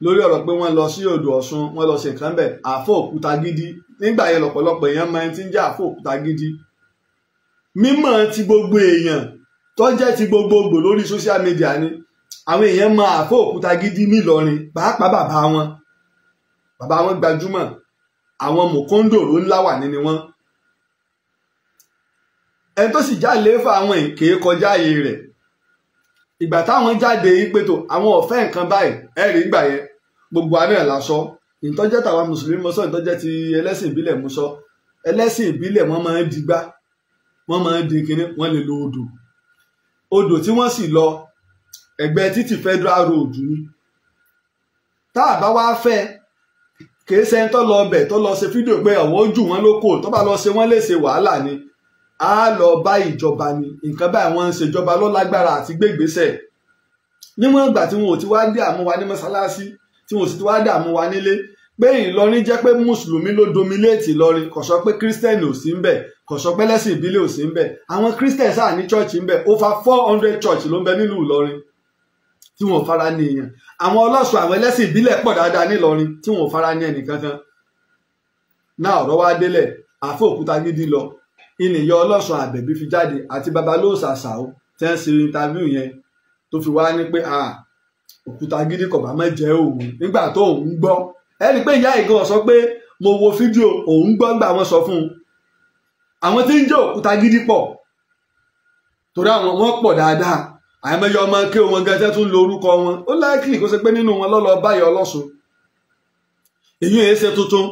lórí ọ̀rọ̀ pé wọ́n lọ sí odò Ọ̀ṣun wọ́n lọ ṣe nǹkan bẹ̀ àfọ òkúta gidi nígbà yẹn lọ̀pọ̀lọpọ̀ èèyàn máa ti ń jẹ́ àfọ òkúta gidi mímọ̀ ti gbogbo èèyàn tó ti gbogbogbò lórí social media ni àwọn èèyàn mọ àfọ òkúta gidi nílọrin pàápàá bàbá wọn bàbá wọn gbajúmọ̀ àwọn mòkóńdòrò ńlá wà nínú wọn ẹni tó sì já léfa àwọn èké kọjá ààyè rẹ̀ ìgbà táwọn jáde ipe tó àwọn ọ̀fẹ́ nǹkan báyìí ẹ̀rí ìgbà yẹn gbogbo àná ẹ̀ lásọ ìtọ́jẹ́ tàwa mùsùlùmí mọ́sọ́ ìtọ́jẹ́ ti ẹlẹ́sìn ìbílẹ̀ mọ́sọ́ ẹlẹ́sìn ìbílẹ̀ wọ́n máa ń digbá wọ́n máa ń di kinní wọ́n lè lo odò odò tí wọ́n sì lọ ẹ̀gbẹ́ títì federal road ni tá a bá wá fẹ́ kèé sẹ́ńtọ́ lọ bẹ̀ tó lọ ṣe fídíò pé àwọn ojú wọn ló kò tó bá lọ ṣe wọ́n lè ṣe wàhálà ni á lọ bá ìjọba ni nǹkan báyìí wọ́n ń ṣèjọba ló lágbára àti gbégbèsẹ̀ níwọ̀n ìgbà tí wọn ò ti wá dààmú wa ní mọ́sálásí tí wọn ò sì ti wá dààmú wa nílé pé ìlọrin jẹ́ pé mùsùlùmí ló dominate ìlọrin kò sọ pé christian ò sí ń bẹ̀ kò sọ pé lẹ́sìn ìbílẹ̀ ò sí ń bẹ̀ àwọn christian sáà ní church ń bẹ̀ over four hundred church ló ń bẹ nílùú ìlọrin tí wọn ò fara ní èèyàn àwọn ọlọ́sùn àwọn ẹlẹ́sìn ìbílẹ̀ pọ̀ dáadáa nílọrin tí wọn ò fara ní ẹnìkankan náà ọ̀rọ̀ wá délẹ̀ àfọ òkúta gidi lọ ìnìyọ ọlọ́sùn àbẹ̀bí fi jáde àti babalóòsà sàó tẹ́ ń ṣe interview yẹn tó fi wá ní pé òkúta gidi kò bá má jẹ́ òun nígbà tó òun gbọ́ ẹni pé ìyá ìgò sọ pé mo wo fídíò òun gbọ́ gbà wọ́n sọ fún un àwọn tí ń jẹ́ òkúta gidi pọ̀ torí àwọn wọn pọ̀ dáadáa àìmọye ọmọ kí wọn gẹ́gẹ́ tún lo orúkọ wọn ó láìkìlì kó ṣe pé nínú wọn lọ́lọ́ báyọ̀ ọlọ́sùn èyí ẹ̀ ṣe tuntun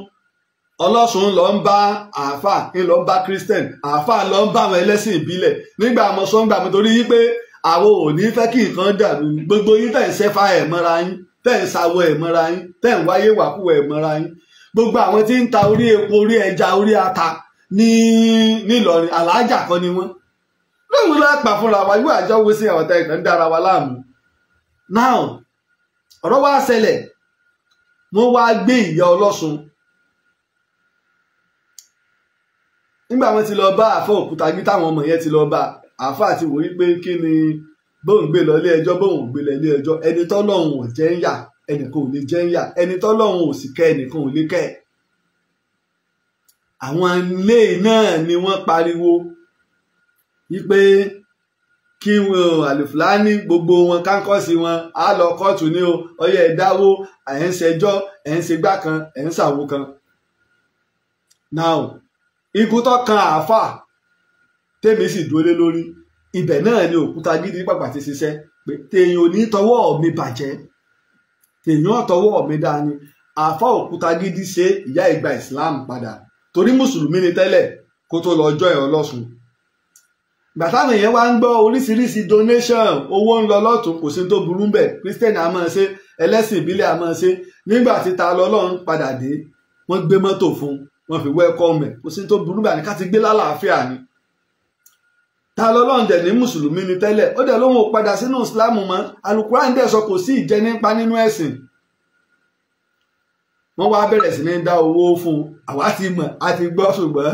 ọlọ́sùn lọ ń bá àáfà ń lọ ń bá christian àáfà lọ ń bá àwọn ẹlẹ́sìn ìbílẹ̀ nígbà àmọ́ sọ́ngbà mi torí wípé àwọn ò ní fẹ́ kí nǹkan dàrú gbogbo yín tẹ̀ ń sẹ́fà ẹ̀ mọ́ra yín tẹ̀ ń sawọ́ ẹ̀ mọ́ra yín tẹ̀ ń wáyé wàkúwà ẹ̀ mọ́ra yín gbogbo àwọn tí ń ta orí epo orí ẹja orí ata ní nílọrin aláàjà kan ni wọ́n lóun la pà fúnra wa yóò àjọ wo sí àwọn ẹ̀kan dára wa láàmú now ọ̀rọ̀ wa ṣẹlẹ̀ wọ́n wá gbé ìyá ọlọ́sùn nígbà wọn ti lọ bá àfọ òkúta gbé táwọn ọmọ yẹn ti lọ bá àfọ àti wòye pé kí ni bóun gbé lọ ilé ẹjọ́ bóun gbé lọ ilé ẹjọ́ ẹni tọ́lọ́run ò jẹ́ ń yà ẹnìkan ò lè jẹ́ ń yà ẹni tọ́lọ́run ò sì kẹ́ ẹnìkan ò lè kẹ́ àwọn ilé náà ni wọ́n pariwo wípé kí àlùfáàní gbogbo wọn kánkọ́sì wọn á lọ kóòtù ní o ọyẹ ẹ̀dáwó ẹ̀ ń ṣẹjọ́ ẹ̀ ń ṣe gbá kan ẹ̀ ń ṣàwo kan now igun tó kan àáfà tèmi sì dúró lé lórí ibẹ̀ náà ni òkúta gidi pàpà ti ṣiṣẹ́ pé tèèyàn ò ní tọwọ́ mi bàjẹ́ tèèyàn tọwọ́ mi dání àáfà òkúta gidi ṣe ìyá ìgbà Islam padà torí mùsùlùmí ni tẹ́lẹ̀ kó tó lọ jọ́ ẹ̀ ọlọ́sùn gbàtàwọn èèyàn wá ń gbọ́ oríṣiríṣi donation owó ń lọ lọ́tún kò sí tó burú bẹ̀ Christian a máa ṣe ẹlẹ́sìn ìbílẹ̀ a máa ṣe nígbà tí ta lọ́lọ́run padà dé wọ́n gbé mọ́tò fún un wọ́n fi wẹ́kọ́mù ẹ̀ kò sí tó burú bàní ká ti gbé lálàáfíà ni ta lọ́lọ́run dẹ̀ ní mùsùlùmí ni tẹ́lẹ̀ ó dẹ̀ lóun ò padà sínú ìsìláàmù mọ́ alukuran dẹ̀ sọ kò sí ìjẹnipa nínú ẹ̀sìn wọ́n wá bẹ̀rẹ̀ sí ní dá owó fún un àwa ti mọ̀ a ti gbọ́ ṣùgbọ́n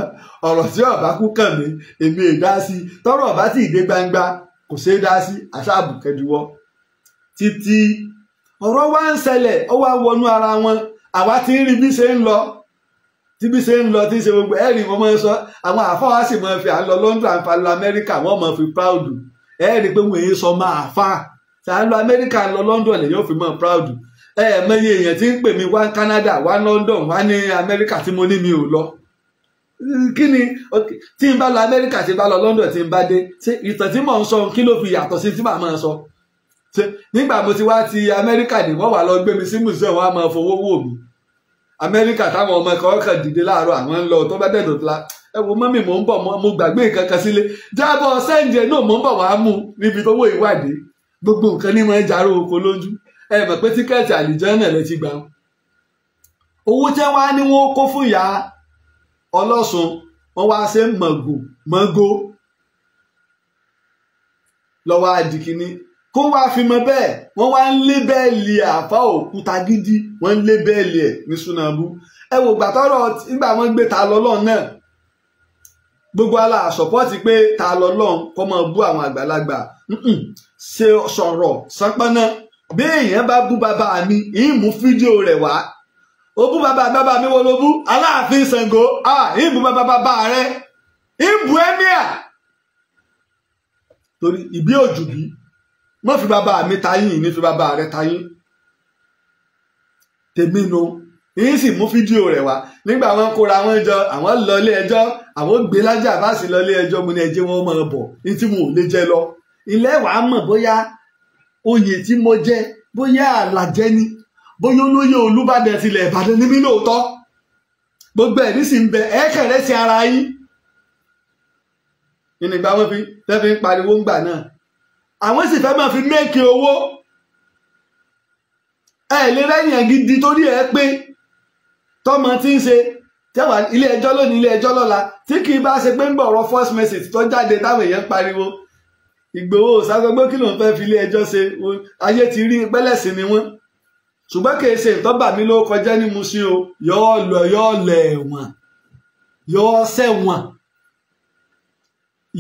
ọ̀rọ̀ tí ọ̀bá kú kàn mí èmi ì dá sí tọ́rọ̀ ọ̀bá tí ìdé gbangba kò ṣeé dá sí àṣàbù kẹdùwọ́ títí ọ̀rọ̀ wá ń ṣẹlẹ̀ ó wá wọnú ara wọn àwa ti ń rí bí ṣe ń lọ tíbi ṣe ń lọ tí ń ṣe gbogbo ẹ̀rì wọ́n máa ń sọ àwọn àáfàá wa sì máa fi à London and ń America, lọ Amẹ́ríkà wọ́n máa fi proud ẹ̀rì pé wọ́n èyí sọ máa àáfàá tá a America, lọ London lè yóò fi máa proud ẹ ẹ mẹyìn èèyàn tí ń pè mí wá Canada wá London wá ní America, tí mo ní mi ò lọ kí ni tí n bá lọ Amẹ́ríkà tí n bá lọ London tí n bá dé ṣé ìtàn tí mò ń sọ kí ló fi yàtọ̀ sí tí màá máa sọ nígbà mo ti wá ti America ni wọ́n wà lọ gbé mi sí museum wọn á máa fowó wò mí amẹ́ríkà táwọn ọmọ ẹ̀kọ́ ọkàn dìde láàárọ̀ àwọn ń lọ tó bá dẹ̀ dòdò la ẹ wo mọ́mì mò ń bọ̀ mo gbàgbé nǹkan kan sílé jábọ̀ sẹ́ǹjẹ̀ náà mò ń bọ̀ wàá mú níbi tó wó ìwádìí gbogbo nǹkan ní máa ń jaró oko lójú ẹ mọ̀ pé tíkẹ́ẹ̀tì àlìjọ́ náà lẹ ti gbà wọn. owó jẹ́ wá ní wọ́n kó fún ìyá ọlọ́sùn wọ́n wá ṣe mọ̀gò mọ́gò lọ́wọ́ adìkíní kó wá fi mọ bẹ́ẹ̀ wọ́n wá ń lé bẹ́ẹ̀lì àfa òkúta gidi wọ́n ń lé bẹ́ẹ̀lì ẹ̀ ní sunabu ẹ wò gbàtọ́rọ̀ nígbà wọ́n gbé ta lọ́lọ́run náà gbogbo ala àsọpọ́tì pé ta lọ́lọ́run kọ́ máa bú àwọn àgbàlagbà ṣe sọ̀rọ̀ sánpọ́nà bí èèyàn bá bú bàbá mi ìmú fídíò rẹ̀ wá ó bú bàbá bàbá mi wọ́n ló bú aláàfin Ṣàngó ìbú bàbá bàbá rẹ̀ ìbú ẹ́míà torí ìbí òjùbí má fi bàbá mi tayín ní fi bàbá rẹ tayín tèmi nu yìí sì mú fídíò rẹ wá nígbà wọn kóra wọn jọ àwọn lọ ilé ẹjọ́ àwọn gbé lájà bá sì lọ ilé ẹjọ́ mo ní ẹjẹ wọn máa bọ̀ ní tí mo lè jẹ lọ ilé wàá mọ̀ bóyá oyè tí mo jẹ bóyá àlàjẹ ni bóyá olóyè Olúbàdàn tilẹ̀ Ìbàdàn ni mí lóòótọ́ gbogbo ẹ̀rí sì ń bẹ ẹ̀ẹ́kẹ̀rẹ́ sí ara yín ìnìgbà wọn fi tẹ́ fi ń pariwo ńgbà náà àwọn sì fẹ́ máa fi mẹ́kì owó ẹ lè rẹ́yìn gidi torí ẹ pé tọmọ tí ń ṣe tẹwà ilé ẹjọ́ lónìí ilé ẹjọ́ lọ́la tí kì í bá ṣe pé ń gbọ́ ọ̀rọ̀ first message tó jáde táwọn èèyàn pariwo Ìgbòho sáfẹ́gbẹ́ kí ló ń fẹ́ fi ilé ẹjọ́ ṣe ayé ti rí pẹ́lẹ́sì ni wọ́n ṣùgbọ́n kì í ṣe ìtọ́bà mi ló kọjá ní musin o yọ ọ lọ yọ ọ lẹ̀ wọ̀n yọ ọ sẹ́wọ̀n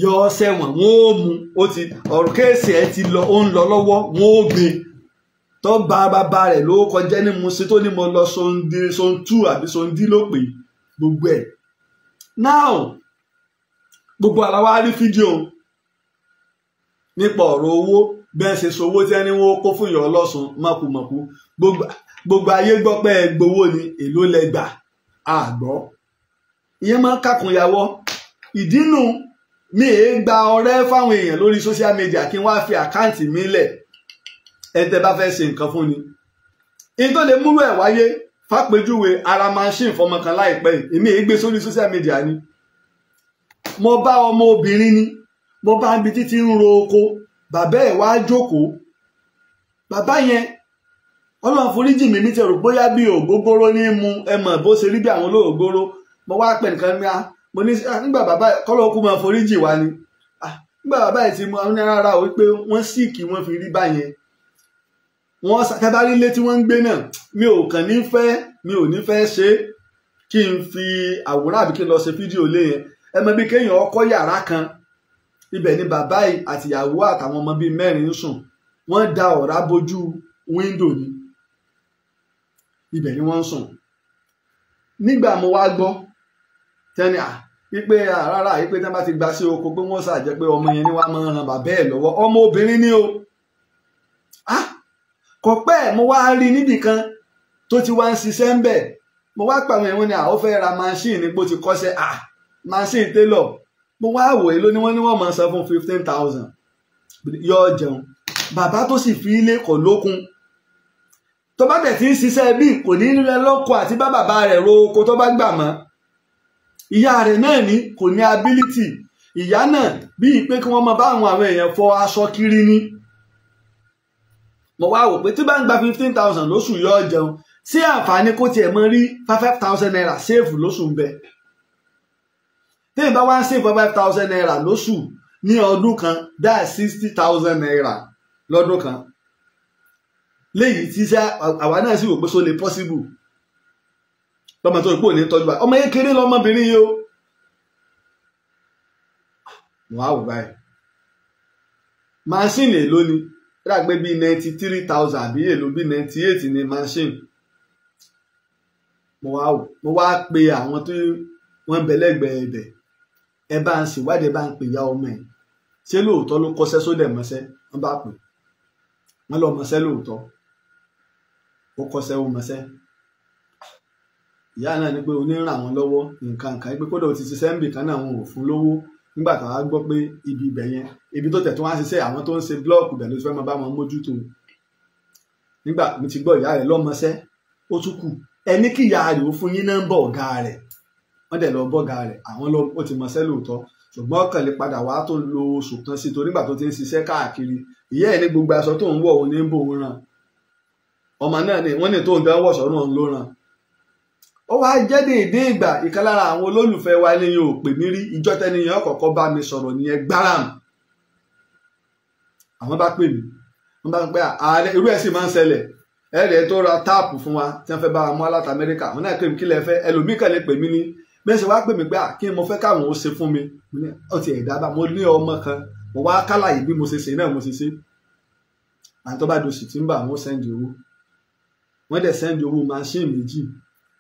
yọ ọ sẹ́wọ̀n wọn ò mú ó ti ọ̀rọ̀ kéèsì ẹ ti lọ ó ń lọ lọ́wọ́ wọn ò gbé tó bá bàbá rẹ̀ ló kọjá ní musin tó ní mo lọ sondi sondu àbí sondi ló pè gbogbo ẹ̀ now gbogbo àlàwà rí fídíò nípa ọ̀rọ̀ owó bẹ́ẹ̀ ṣe sowó tí ẹni wọn kó fún ìyọ̀ ọlọ́sùn mọ̀kùmọ̀kù gbogbo ayé gbọ́ pé ẹ gbowó ni èló lẹ gbà àgbọ́ ìyẹn máa ń kàkùn yàwọ́ ìdínú mi ì gba ọrẹ fáwọn èèyàn lórí social media kí n wá fi àkáǹtì mi lẹ̀ ẹ tẹ́ bá fẹ́ ṣe nǹkan fún ni in tó lè múlò ẹ̀ wáyé fàpèjúwe ara machine fọmọ kan láìpẹ́ èmi ì gbé sórí social media ni mo bá ọmọ obìnrin ni mo bá ibi títí ń ro oko bàbá ẹ̀ wá jókòó bàbá yẹn ọlọ́run foríjì mi mi ti rò bóyá bí ògógóró ní mu ẹ mọ̀ bó ṣe rí bí àwọn olóògóró mo wá pẹ̀ nǹkan mi á ah, mo ní ah, nígbà bàbá kọ́lọ́kú máa foríjì wá ni ah, nígbà bàbá yìí ti mú àwọn rárá o pé wọ́n sì kí wọ́n fi rí báyẹn wọ́n sábàrí ilé tí wọ́n ń gbé náà mi ò kàn ní fẹ́ mi ò ní fẹ́ ṣe kí n fi àwòrán àbí kí n lọ ṣe fídíò lé yẹn ẹ mọ bí kéèyàn ọkọ yàrá kan ibẹ̀ ni bàbá yìí àtìyàwó àtàwọn ọmọ bíi mẹ́rin ń sùn wọ́n da ọ̀rá bojú wíńdò ni ibẹ̀ ni wọ́n ń sùn nígbà mo wá gbọ́ tẹ́ni à wípé rárá wípé tí wọ́n bá ti gba sí oko pé wọ́n ṣàjẹ́ pé ọmọ yẹn ni wàá máa ran bàbá ẹ̀ lọ́wọ́ ọmọ obìnrin ni o kò pẹ́ mo wá rí níbì kan tó ti wá ń ṣiṣẹ́ ń bẹ̀ mo wá pàmò ẹ̀wọ̀n ni àwọn fẹ́ ra machine bó ti kọ́ṣẹ́ à machine tailor mo wá wò é lóní wọ́n ní wọ́n máa san fún fifteen thousand yọ jẹun bàbá tó sì fi ilé kọ̀ lókun tó bá tẹ̀ tí ń ṣiṣẹ́ bí kò ní rẹ lọ́kọ̀ àti bá bàbá rẹ̀ ro oko tó gbà mọ́ ìyá rẹ̀ náà ní kò ní ability ìyá náà bíi pé kí wọ́n máa bá àwọn àwọn èèyàn fọ aṣọ kiri ni mo wá wò pé tí bá ń gba fifteen thousand lóṣù yọ ọ jẹun sí àǹfààní kó tiẹ̀ mọ rí five thousand naira séèfù lóṣù ń bẹ téèyàn bá wá ń séèfù five thousand naira lóṣù ní ọdún kan dáa sixty thousand naira lọ́dún kan léyìí tí àwa náà sì wò pé so lè possible lọ́mọ tó ìpò ní tọ́jú báyìí ọmọ yẹn kéré lọ́mọbìnrin yìí o wọ́n á wù báyìí machine èlò ni ràgbé bíi ninety three thousand àbí èlò bíi ninety eight ni machine mo wá mo wá pe àwọn tó wọ́n bẹ̀lẹ́gbẹ̀ẹ́ ibẹ̀ ẹ bá ń ṣèwádìí ẹ bá ń pè ya ọmọ ẹ̀ ṣé lóòótọ́ ló kọ́ṣẹ́ sódẹ̀ mọ́ṣẹ́ wọ́n bá pè wọ́n lọ mọ́ṣẹ́ lóòótọ́ ó kọ́ṣẹ́ ó mọ́ṣẹ́ ìyá náà ni pé oníràn àwọn lọ́wọ́ nǹkan nǹkan pé kódà ó ti ṣiṣẹ́ ń bì kan náà àwọn ò fún lówó nígbà tá a gbọ́ pé ibi ibẹ̀ yẹn ibi tó tẹ̀ tó wá ṣiṣẹ́ àwọn tó ń ṣe blọọkù bẹ̀ ló fẹ́ máa bá wọn mójútó nígbà mo ti gbọ́ ìyá rẹ̀ lọ́mọṣẹ́ ó tún kù ẹni kí ìyá rẹ̀ ó fún yín náà ń bọ̀ ọ̀gá rẹ̀ wọ́n dẹ̀ lọ rẹ̀ àwọn lọ ó ti mọṣẹ́ lóòótọ́ ṣùgbọ́n ọkàn lè padà wá tó lo oṣù kan sí torí nígbà tó ti ń ṣiṣẹ́ káàkiri ìyá gbogbo aṣọ tó ń wọ̀ òun ní ń bò ràn ọmọ náà ni wọ́n ó wáá jẹ́ déédéé ìgbà ìkan lára àwọn olólùfẹ́ wa eléyìí ò pè mí rí ìjọ tẹniyàn kọ̀ọ̀kan bá mi sọ̀rọ̀ nìyẹn gbáràm àwọn bá pè mí wọ́n bá ń pẹ́ ààrẹ irú ẹ̀ sì máa ń ṣẹlẹ̀ ẹ̀rẹ̀ tó ra táàpù fún wa tí wọ́n fẹ́ bá wa mú aláta amẹ́ríkà wọn náà pè mí kí lẹ fẹ́ ẹlòmíì kan lè pè mí ní bẹ́ẹ̀ ṣe wá pè mí pé kí ni mo fẹ́ káwọn ó ṣe fún mi ó ti ẹ̀dá bá mo ní ọmọ kan mo wá kálàyé bí mo ṣe ṣe náà mo ṣe ṣe àtọ́ bá dosì tí ń bà wọ́n sẹ́ndì owó wọ́n dẹ̀ sẹ́ndì owó máṣíìnì méjì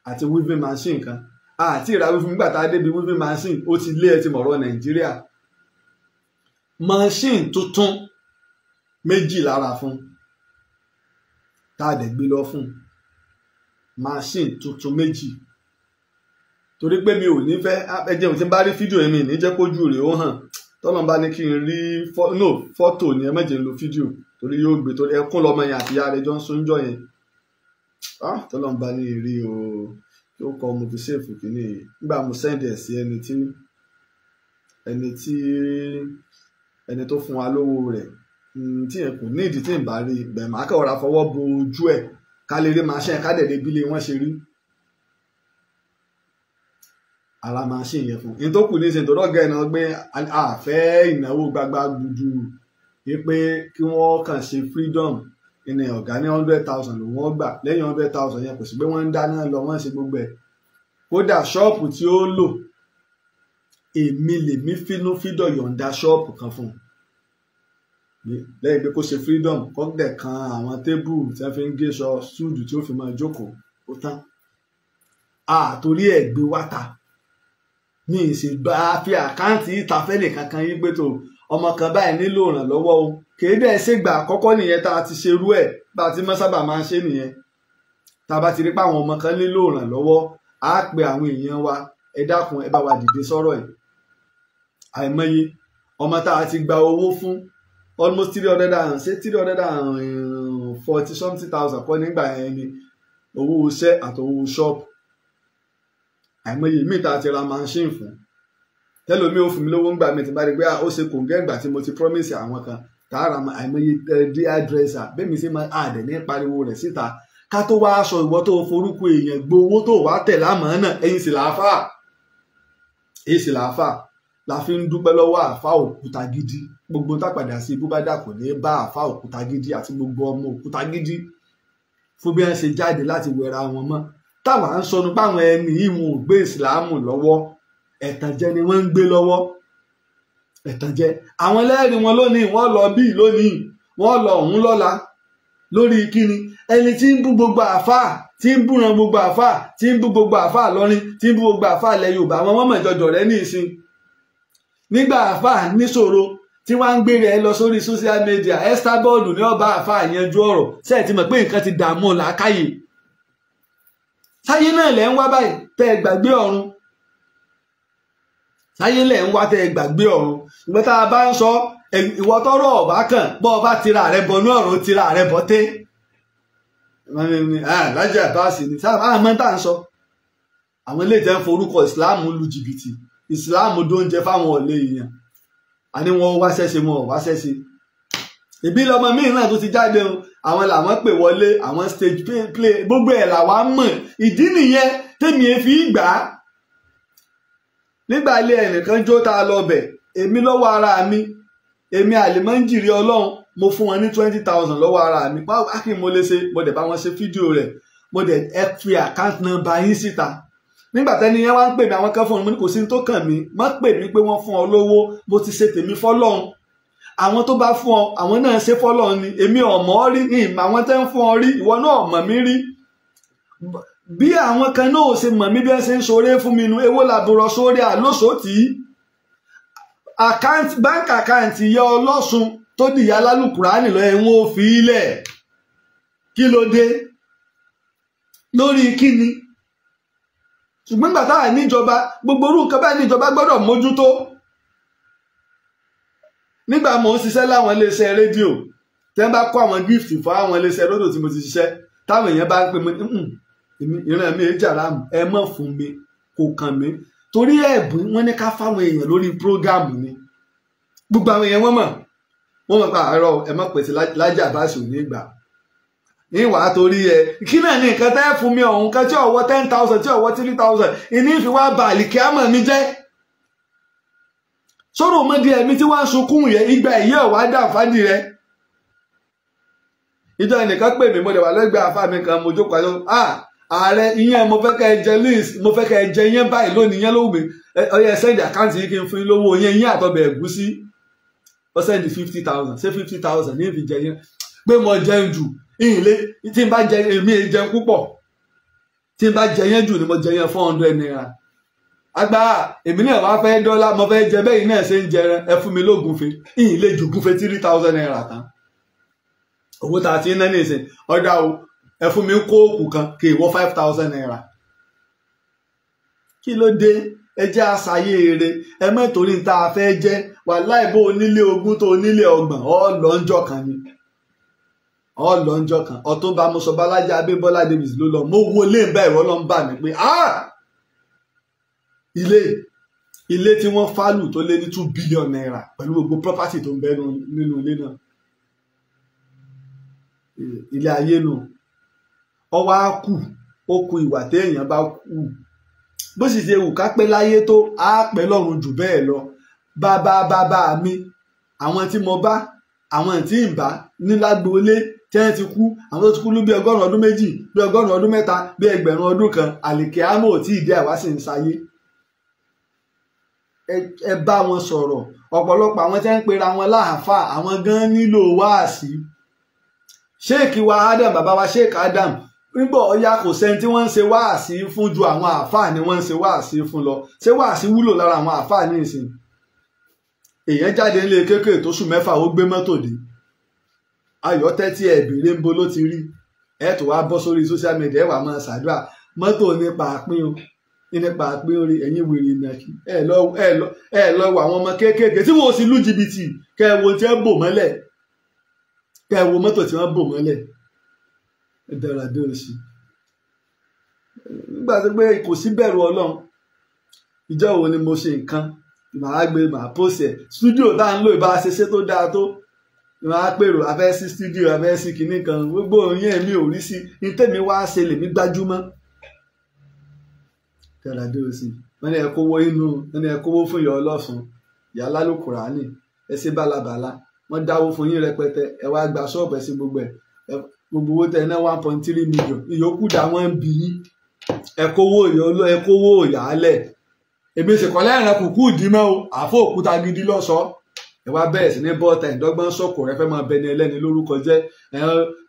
àti weaving machine kan àti ìràwé fún nígbà tá a débi weaving machine ó ti lé ẹ ti mọ̀rọ̀ nàìjíríà machine tuntun méjì lára fún tá a dẹ̀ gbé lọ fún machine tuntun méjì torí pé mi ò ní fẹ́ ẹ jẹun tí n bá rí fídíò yẹn mi ní jẹ́ kójú rẹ̀ ó hàn tọ́lọ́n bá ní kí n rí no fọ́tò ni ẹ má jẹ́ lo fídíò torí yóò gbé torí ẹkún lọ́mọ yẹn àti ìyá rẹ̀ jọ ń sunjọ yẹn ah tọ́lọ́ ń ba ní rí o kí ó kọ́ mo fi ṣèfù kínní yìí nígbà mo sẹ́ndì ẹ̀ sí ẹni tí ẹni tí ẹni tó fún wa lówó rẹ̀ hmm, tí yẹn kò ní ìdí tí ń bá rí bẹ̀rẹ̀ máa kẹ́wọ́ra fọwọ́ bo ojú ẹ̀ ká lè rí màá ṣe ká dẹ̀ débi lé wọ́n ṣe rí ara máa ṣe ìyẹn fún un tó kù ní ìsìn tó dọ́gẹ́ náà gbé àfẹ́ ìnáwó gbagba gbùdù yìí pé kí wọ́n kàn ṣe freedom ni ọ̀gá ní hundred thousand ló wọ́n gbà lẹ́yìn hundred thousand yẹn kò sí pé wọ́n ń dáná lọ wọ́n ń ṣe gbogbo ẹ̀ kódà ṣọ́ọ̀pù tí ó lò èmi lèmi fínú fídọ̀ yọ̀ǹda ṣọ́ọ̀pù kan fún un lẹ́yìn pé kó ṣe freedom kó dẹ̀ kan àwọn tébù tí wọ́n fi ń géṣọ súùdù tí ó fi máa jókòó ó tán àtòrí ẹ̀ gbé wáta ní ìṣègbà fi àkáǹtì ìtafẹ́lẹ̀ kankan yí pé tó ọmọ kan báyìí nílò ìrànlọ́wọ́ o kèé dẹ̀ ṣègbà àkọ́kọ́ nìyẹn tá a ti ṣerú ẹ̀ bá a ti mọ́ sábà máa ń ṣe nìyẹn tá a bá ti rí pé àwọn ọmọ kan nílò ìrànlọ́wọ́ á pe àwọn èèyàn wa ẹ dákun ẹ bá wa dìde sọ́rọ̀ ẹ̀ àìmọye ọmọ tá a ti gba owó fún almost three hundred and say three hundred and forty something thousand kọ́ nígbà yẹn ni owó iṣẹ́ àtowó ṣọ́ọ̀bù àìmọye míì tá a ti ra machine fún tẹ́lómi ò fún mi lówó ńgbà mi ti bá rí pé ah, ó ṣe kòǹgẹ́ ìgbà tí mo ti promise àwọn kan tààrà àìmọye eh, díádírẹ́sà bẹ́ẹ̀ mi ṣe máa àdẹ̀ ní pariwo rẹ̀ síta ká tó wá aṣọ ìwọ tó forúkọ èèyàn gbowó tó wá tẹ̀ lámàá náà ẹ̀yin sì làáfà ẹ̀yin sì làáfà la fi ń dúpẹ́ lọ́wọ́ àfa òkúta gidi gbogbo tápàdà sí bó bá dà kò ní bá àfa òkúta gidi àti gbogbo ọmọ òkúta gidi fún bí wọ́n ṣe jáde láti wẹra wọn mọ́ táwa ń sọnù páwọn ẹni ìwọn ò gbé ìsìláàmù lọ́wọ́ ẹ̀tànjẹ ni wọ́n ń gbé lọ́wọ́ ẹ̀tànjẹ àwọn ẹlẹ́rìí wọn lónìí wọ́n lọ bíi lónìí wọ́n lọ ọ̀hún lọ́la lórí kíni ẹni tí ń bú gbogbo àáfàá tí ń búran gbogbo àáfàá tí ń bú gbogbo àáfàá lọ́rin tí ń bú gbogbo àáfàá ilẹ̀ Yorùbá àwọn ọmọ ìjọjọ rẹ ní ìsìn nígbà àáfàá níṣòro tí wọ́n ń gbére ẹ lọ sórí social media esther bọ́ọ̀dù ní ọba àáfàá yanjú ọ̀rọ̀ sẹ́ẹ̀ ti mọ̀ pé nǹkan ti dààmú làákàyè sáyé náà lẹ́ ń wá báyìí tẹ́ ẹ gbàgbé ọ̀run láyé lẹ̀ ń wá tẹ́ ẹ gbàgbé ọ̀run ìgbà tá a bá ń sọ ìwọ tọrọ ọba kàn bọ́ ọba tira rẹ bọ ní ọ̀run tira rẹ bọ tẹ́ lájà bá sì ní sáà àmọ́ tá à ń sọ àwọn ilé ìtẹ́ ń forúkọ ìsìláàmù lu jìbìtì ìsìláàmù dóúnjẹ fáwọn ọ̀lẹ́ èèyàn àní wọn wá ṣẹ́ṣe wọn ò wá ṣẹ́ṣe ìbí lọmọ míì náà tó ti jáde o àwọn làwọn pè wọlé àwọn stage play gbogbo ẹ̀ làwọn mọ̀ ìdí nìyẹn tèmi èéfì gbà á nígbà ilé ẹnìkan jó tá a lọ bẹ̀ èmi lọ́wọ́ ara mi èmi àlèmọ́njìrì ọlọ́run mo fún wọn ní twenty thousand lọ́wọ́ ara mi báwo akin mo lè ṣe mo dẹ̀ bá wọn ṣe fídíò rẹ̀ mo dẹ̀ ẹ fi account number yín síta nígbà tẹ́ni yẹn wá ń pè mí àwọn kan fún mi mo ní kò sí ní tó kàn mí má pè mí pé wọ́n fún ọ lówó mo ti ṣe tèmi fọ́lọ́run àwọn tó bá fún ọ àwọn náà ṣe fọ́lọ́run ni èmi ọ̀mọ́ rí ìmọ̀ àwọn tẹ́ ń fún ọ rí ìwọ náà ọ̀mọ̀ mi rí bí àwọn kan náà ò ṣe mọ̀ mí bí wọ́n ṣe ń ṣoore fún mi nu ewó làbúrò sórí àlóṣòtì àkáǹtì báńkì àkáǹtì ìyá ọlọ́sùn tó dìyà lálùkùránì lọ ẹ̀wọ̀n òfin ilẹ̀ kí ló dé lórí kíni ṣùgbọ́n gbàtà níjọba gbogbo orú nǹkan báyìí níjọba gbọ́dọ̀ mójútó nígbà mo ń ṣiṣẹ́ láwọn iléeṣẹ́ rédíò tẹ́ ń bá kó àwọn gift fún àwọn iléeṣẹ́ rédíò tí mo ti ṣiṣẹ́ táwọn èèyàn bá ń pè mí ìran mi èjà ráàmù ẹ mọ̀ fún mi kò kàn mí torí ẹ̀bùn wọn ní ká fáwọn èèyàn lórí prógáàmù ni gbogbo àwọn èèyàn wọn mọ̀ wọn mọ̀ pa àárọ̀ ẹ mọ̀ pèsè lájà bá sùn ní ìgbà torí ẹ kí náà ní nǹkan tẹ́ fún mi ọ̀hún kan tí ọ̀wọ́ ten thousand tí ọ̀wọ́ three thousand ìní fi wá ba àlìkíámọ̀ mi jẹ́ sọ̀rọ̀ ọmọdé ẹ̀mí tí wọ́n á sunkún yẹn ìgbà ìyẹ́ ọ̀wá dà fádìí rẹ̀ ìjọ ẹnìkan pè mí mo lè wà lẹ́gbẹ̀ẹ́ àfa mi kan mo jókòó àjọ ah ààrẹ ìyẹn mo fẹ́ kẹ́ ẹ jẹ list mo fẹ́ kẹ́ ẹ jẹ ìyẹn báyìí lónìí ìyẹn ló wù mí ọyẹ send account yìí kí n fún yín lówó yẹn ìyẹn àtọbẹ̀ ẹ̀gúsí ó send fifty thousand ṣé fifty thousand ní ìfi jẹ yẹn pé mo jẹun jù ìyìnlé tí n bá jẹ èmi jẹun púpọ̀ tí n bá jẹ yẹn jù ni mo jẹ yẹn four hundred naira àgbà èmi náà wá fẹ́ dọ́là mo fẹ́ jẹ bẹ́ẹ̀ náà ṣe ń jẹ ẹ fún mi lóògùnfe ìyìnlé jù thousand naira tán tá a ti ń ná ní ẹ mi kóòkù kan kì í wọ five thousand naira kí ló dé ẹ jẹ́ àṣàyè eré ẹ mọ̀ torí tá a fẹ́ jẹ́ wàláì bó onílé ogún tó onílé ọgbọ̀n ọ lọ́njọ́ kan ni ọ lọ́njọ́ kan ọ̀túnba mọ̀sọ̀bálájà abébọ́lá davis ló lọ mo wo ilé ìbá ìwọ́ ló ń bà mí pé ilé ilé tí wọ́n fálù tó lé ní two billion naira pẹ̀lú gbogbo property tó ń bẹ nínú ilé náà ilé ayé nù. No ọwọ́ á kù ó ku ìwà téèyàn bá kù bó sì ṣe wù ká pẹ́ láyé tó á pẹ́ lọ́run jù bẹ́ẹ̀ lọ bàbá bàbá mi àwọn tí mo bá àwọn tí ń bá nílágbóolé tẹ́yìn ti kú àwọn tó ti kú ló bí ọgọ́rùn ọdún méjì bí ọgọ́rùn ọdún mẹ́ta bí ẹgbẹ̀rún ọdún kan àlèkè àmọ́ ò tí ì dé àwa sì ń sáyé ẹ bá wọn sọ̀rọ̀ ọ̀pọ̀lọpọ̀ àwọn tẹ́ ń pera wọn láàfáà àwọn gan nílò wáàsí sheik wa Adam baba wa sheik Adam nígbà ọ̀ya kò sẹ́ni tí wọ́n ń ṣe wáàsí fún ju àwọn àáfàá ni wọ́n ń ṣe wáàsí fún lọ ṣé wáàsí wúlò lára àwọn àáfàá ní ìsìn èèyàn jáde nílé kékeré tó sùn mẹ́fà ó gbé mọ́tò dé ayọ̀ tẹ́tí ẹ̀ bèrè ń bo ló ti rí ẹ̀ tó wá bọ́ sórí social media ẹ̀ wà máa ṣàdúrà mọ́tò nípa àpín o nípa àpín orí ẹ̀yìn wèrè ìnàkí ẹ̀ lọ ẹ̀ lọ wọ àwọn ọmọ kéékèèké tí wọ́n sì lù jìbìtì kẹ́ ẹ̀ wo tí wọ́n bò mọ́lẹ̀ kẹ́ ẹ̀ wo mọ́tò tí wọ́n bò mọ́lẹ̀ dáradé òsì nígbà tó pé kò sí bẹ̀rù ọlọ́run ìjọ wo ni mo ṣe nǹkan màá gbé màá pòsè stúdíò tá à ń lò ìbá ṣeṣe tó dáa tó màá pèrò afẹ́ sí stúdíò afẹ́ sí kinní kan gbogbo òyìn èmi ò rí sí ní tèmi wá ṣe lèmi gbájúmọ́ dáradé òsì wọ́n ní ẹ kówó inú wọ́n ní ẹ kówó fún ìyá ọlọ́sùn ìyá lálùkùránì ẹ ṣe bálabàla wọ́n dáwó fún yín rẹpẹtẹ ẹ wá gba ṣọ́ọ̀bù ẹ ṣe gbogbo ẹ gbogbo owó tẹ ná one point three million ìyókù dá one bí ẹkọwó ìyọlọ ẹkọwó ìyálẹ èmi sì kọ́ lẹ́rìn kùkú ìdímọ́ o àfọ òkúta gidi lọ́sọ̀ọ́ ìwà bẹ́ẹ̀ sì ní bọ́ọ̀tà ìdọ́gbọ́n sọ̀kò rẹ fẹ́ máa bẹni ẹlẹ́ni lórúkọ jẹ́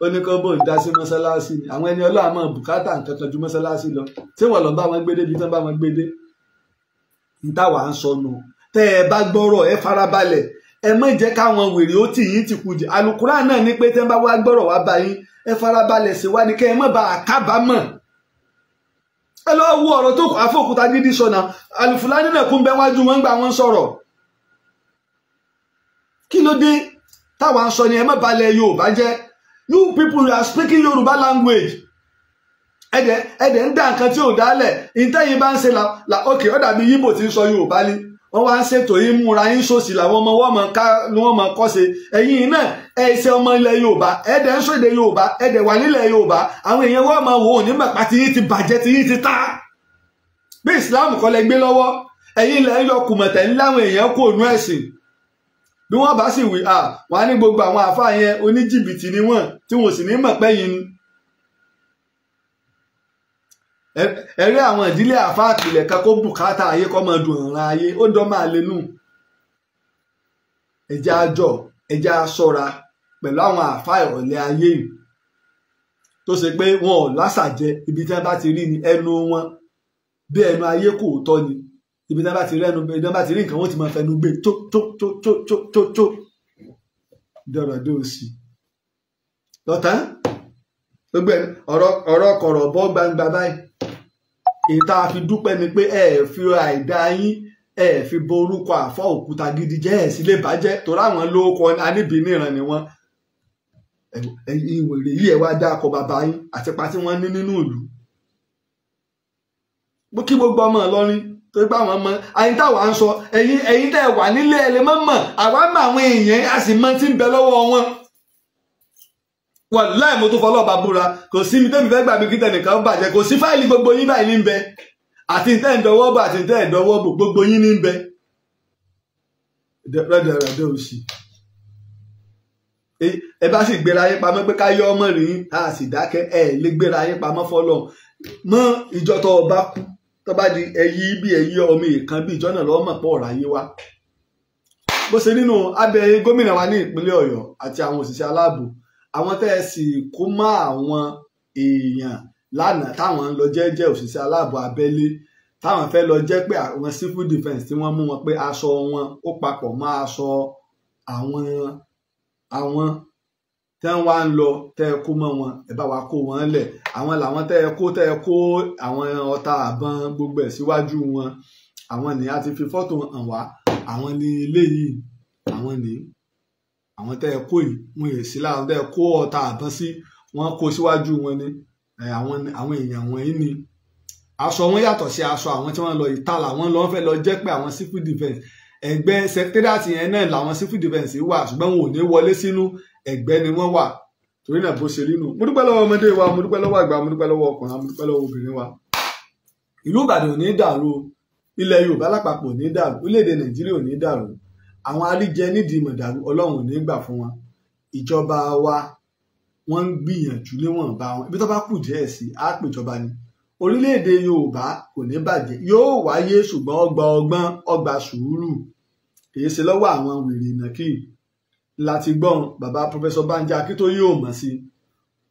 oníkọ́bò ń dá sí mọ́sálásí ni àwọn ẹni ọlọ́run máa bùkátà nǹkan kan ju mọ́sálásí lọ tí wọ́n lọ bá wọn gbé débi tán bá wọn gbé dé ń ń sọnù tẹ́ ẹ bá gbọ́rọ̀ ẹ farabalẹ̀ ẹ má jẹ́ káwọn wèrè ó tì yín ti kùdì alukura náà ní pé tẹ́ ń bá wá gbọ́rọ̀ wá bá yín ẹ farabalẹ̀ sí wa ni kẹ́ ẹ má bàa kábàámọ̀ ẹ lọ́ọ́ wo ọ̀rọ̀ tó kọ́ àfọ̀kúta gidi sọ̀nà àlùfùlání náà kún bẹ́ẹ̀ wájú wọn gba wọn sọ̀rọ̀ kí ló dé táwa ń sọ ni ẹ má balẹ̀ Yorùbá jẹ́ new people are speaking Yorùbá language ẹ̀dẹ̀ ẹ̀dẹ̀ ń dá nǹkan tí ò dálẹ̀ ìtẹ́yìn dàbí sọ Yorùbá ni wọ́n wá ń ṣètò yín múra yín ṣòsì làwọn ọmọ wọn mọ ká ni wọ́n mọ kọ́ ṣe ẹ̀yin náà ẹ ṣe ọmọ ilẹ̀ yorùbá ẹ dẹ̀ ń ṣèdè yorùbá ẹ dẹ̀ wà nílẹ̀ yorùbá àwọn èèyàn wọ́n mọ wò ó nígbà pàtí yín ti bàjẹ́ tí yín ti ta bí ìsìláàmù kọ́ lẹ gbé lọ́wọ́ ẹ̀yin ilẹ̀ ń yọ kùmọ̀tẹ̀ ní láwọn èèyàn kò nú ẹ̀sìn bí wọ́n bá sì wí à wọ́n á ní gbogbo àwọn àfáà yẹn oníjìbìtì ni wọ́n tí wọ́n sì ní mọ̀ pẹ́yìn ẹrí àwọn ìdílé àfáàtì lẹ̀ka kó bùkátà ayé kọ́ máa dùn ọ̀ràn ayé ó dán máa lé nù ẹ̀já àjọ ẹ̀já ṣọ́ra pẹ̀lú àwọn àfá ìrọ̀lẹ́ ayé yìí tó ṣe pé wọn ò lásàjẹ ibi tí wọn bá ti rí ni ẹnu wọn bí ẹnu ayé kò tọ́ ni ibi tí wọn bá ti rí ẹnu ibi tí wọn bá ti rí nǹkan wọn ti máa fẹnu gbé tó tó tó tó tó tó tó dọ̀rọ̀ dé òsì lọ́tàn gbogbo ọ̀rọ̀ ọ̀rọ̀ kọ̀rọ̀ bọ́ gbangba báyìí. ìta fi dúpẹ́ ni pé ẹ fi àìdá yín ẹ fi bo orúkọ àfọ òkúta gidi jẹ́ ẹ̀ sílé bàjẹ́ torí àwọn lóko aníbi níran ni wọ́n ìwèrè yìí ẹ wá dá akọ bàbá yín àti pa tí wọ́n ní nínú ìlú kí gbogbo ọmọ Ìlọrin tó gbà wọn mọ ẹ̀yin táwa ń sọ ẹ̀yin ẹ̀yin tẹ́ wà nílé ẹ lè mọ àwa mọ àwọn èèyàn a sì mọ tí ń bẹ lọ́wọ́ wọn. wàláì mo tó fọlọ́ ọba búra kò sí mi tẹ́mi fẹ́ gbà mí kí tẹnìkan bàjẹ́ kò sí fáìlì gbogbo yín báyìí ní ń bẹ àti tẹ́ ìdánwọ́ bọ̀ àti tẹ́ ìdánwọ́ bọ̀ gbogbo yín ní ń bẹ. rẹ́dẹ̀rẹ́dẹ́ òsì ẹ bá sì gbéra yín pamọ́ pé ká yọ ọmọ rìn yín a sì dákẹ́ ẹ lè gbéra yín pamọ́ fọlọ́ mọ́ ìjọ tó ọba kú tó bá di ẹyí bí ẹyí ọmọ ìkan bí ìjọ náà lọ́wọ́ mọ̀ pọ̀ ọ̀rọ̀ ayé wa bó ṣe nínú abẹ gómìnà wa ní ìpínlẹ̀ Ọ̀yọ́ àti àwọn òṣìṣẹ́ aláàbò àwọn tẹ́ ẹ sì kó mọ́ àwọn èèyàn lánàá táwọn ń lọ jẹ́jẹ́ òṣìṣẹ́ aláàbò abẹ́lé táwọn fẹ́ lọ jẹ́ pé àwọn civil defence tí wọ́n mú wọn pé aṣọ wọn ó papọ̀ mọ́ aṣọ àwọn àwọn tẹ́ ń wá ń lọ tẹ́ ẹ kó mọ́ wọn ẹ bá wa kó wọn lẹ̀ àwọn làwọn tẹ́ ẹ kó tẹ́ ẹ kó àwọn ọta àbọn gbogbo ẹ̀ síwájú wọn àwọn nìyà ti fi fọ́tò hàn wá àwọn ní eléyìí àwọn nìyí àwọn tẹ́ ẹ kó yìí wọn yè sí láwọn tẹ́ ẹ kó ọta àbọ́n sí wọn kó síwájú wọn ni àwọn èèyàn wọ̀nyí ni aṣọ wọn yàtọ̀ sí aṣọ àwọn tí wọ́n lọ ìtàlà wọn lọ fẹ́ lọ jẹ́ pé àwọn civil defence ẹgbẹ́ secretariat yẹn náà làwọn civil defence wà ṣùgbọ́n wọn ò ní wọlé sínú ẹgbẹ́ ni wọ́n wà torí náà bó ṣe rí nù mo dúpẹ́ lọ́wọ́ ọmọdé wa mo dúpẹ́ lọ́wọ́ àgbà mo dúpẹ́ lọ́wọ́ ọkùnrin mo dúpẹ́ lọ́wọ́ obìnrin wa ìlú Ìbàdàn ò ní dàrú ilẹ̀ Yorùbá lápapọ̀ ò ní dàrú orílẹ̀-èdè Nàìjíríà ò ní dàrú àwọn aríjẹ nídìí mọ̀dàrú ọlọ́run nígbà fún wọn ìjọba wa wọ́n ń gbìyànjú níwọ̀nba wọn ibi tó bá kù díẹ̀ sí á pèjọba ni orílẹ̀-èdè yorùbá kò ní bàjẹ́ yóò wáyé ṣùgbọ́n ọgbà ọgbọ́n ọgbà sùúrù kìí ṣe lọ́wọ́ àwọn wèrè ìnàkí láti gbọ́n bàbá pọfẹsọ Bánjí Akíntóyè ò mọ̀ sí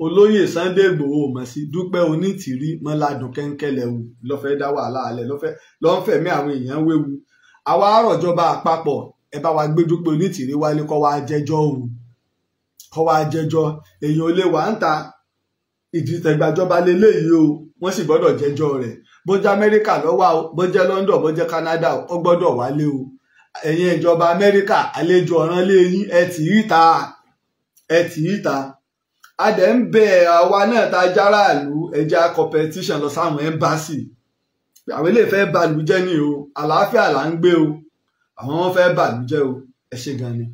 olóyè Sunday Ìgbòho ò mọ̀ sí Dúpẹ́ Onítìrí mọ́ládùn kẹ́ńkẹ́lẹ̀ wù lọ́fẹ́ dá wàhálà alẹ́ lọ́fẹ́ lọ́nfẹ̀mí àwọn èèyàn wéwu àwa àrọ̀jọba àpapọ̀ ẹ bá wa gbé Dúpẹ́ Onítìrí wálé kọ́ wa jẹ́jọ́ òun kọ́ wa jẹ́jọ́ èèyàn ò lè wà ń ta ìdìtẹ̀gbàjọba leléyìí o wọ́n sì gbọ́dọ̀ jẹ́jọ́ rẹ̀ bójá Amẹ́ríkà lọ́wọ́ o bójá London bójá Canada ó gbọ́dọ̀ wálé o ẹ̀yin ìjọba Amẹ́ríkà àlejò ọ̀ràn léyìn ẹ tì í ta ẹ tì í ta a dẹ̀ ń bẹ àwa náà ta járàlú ẹja competition lọ sáwọn embassy àwọn ilé ìfẹ́ balùú jẹ́ ni o àlàáfíà là ń gbé o àwọn wọn fẹ́ bà mí jẹ́ o ẹ ṣé gan ni.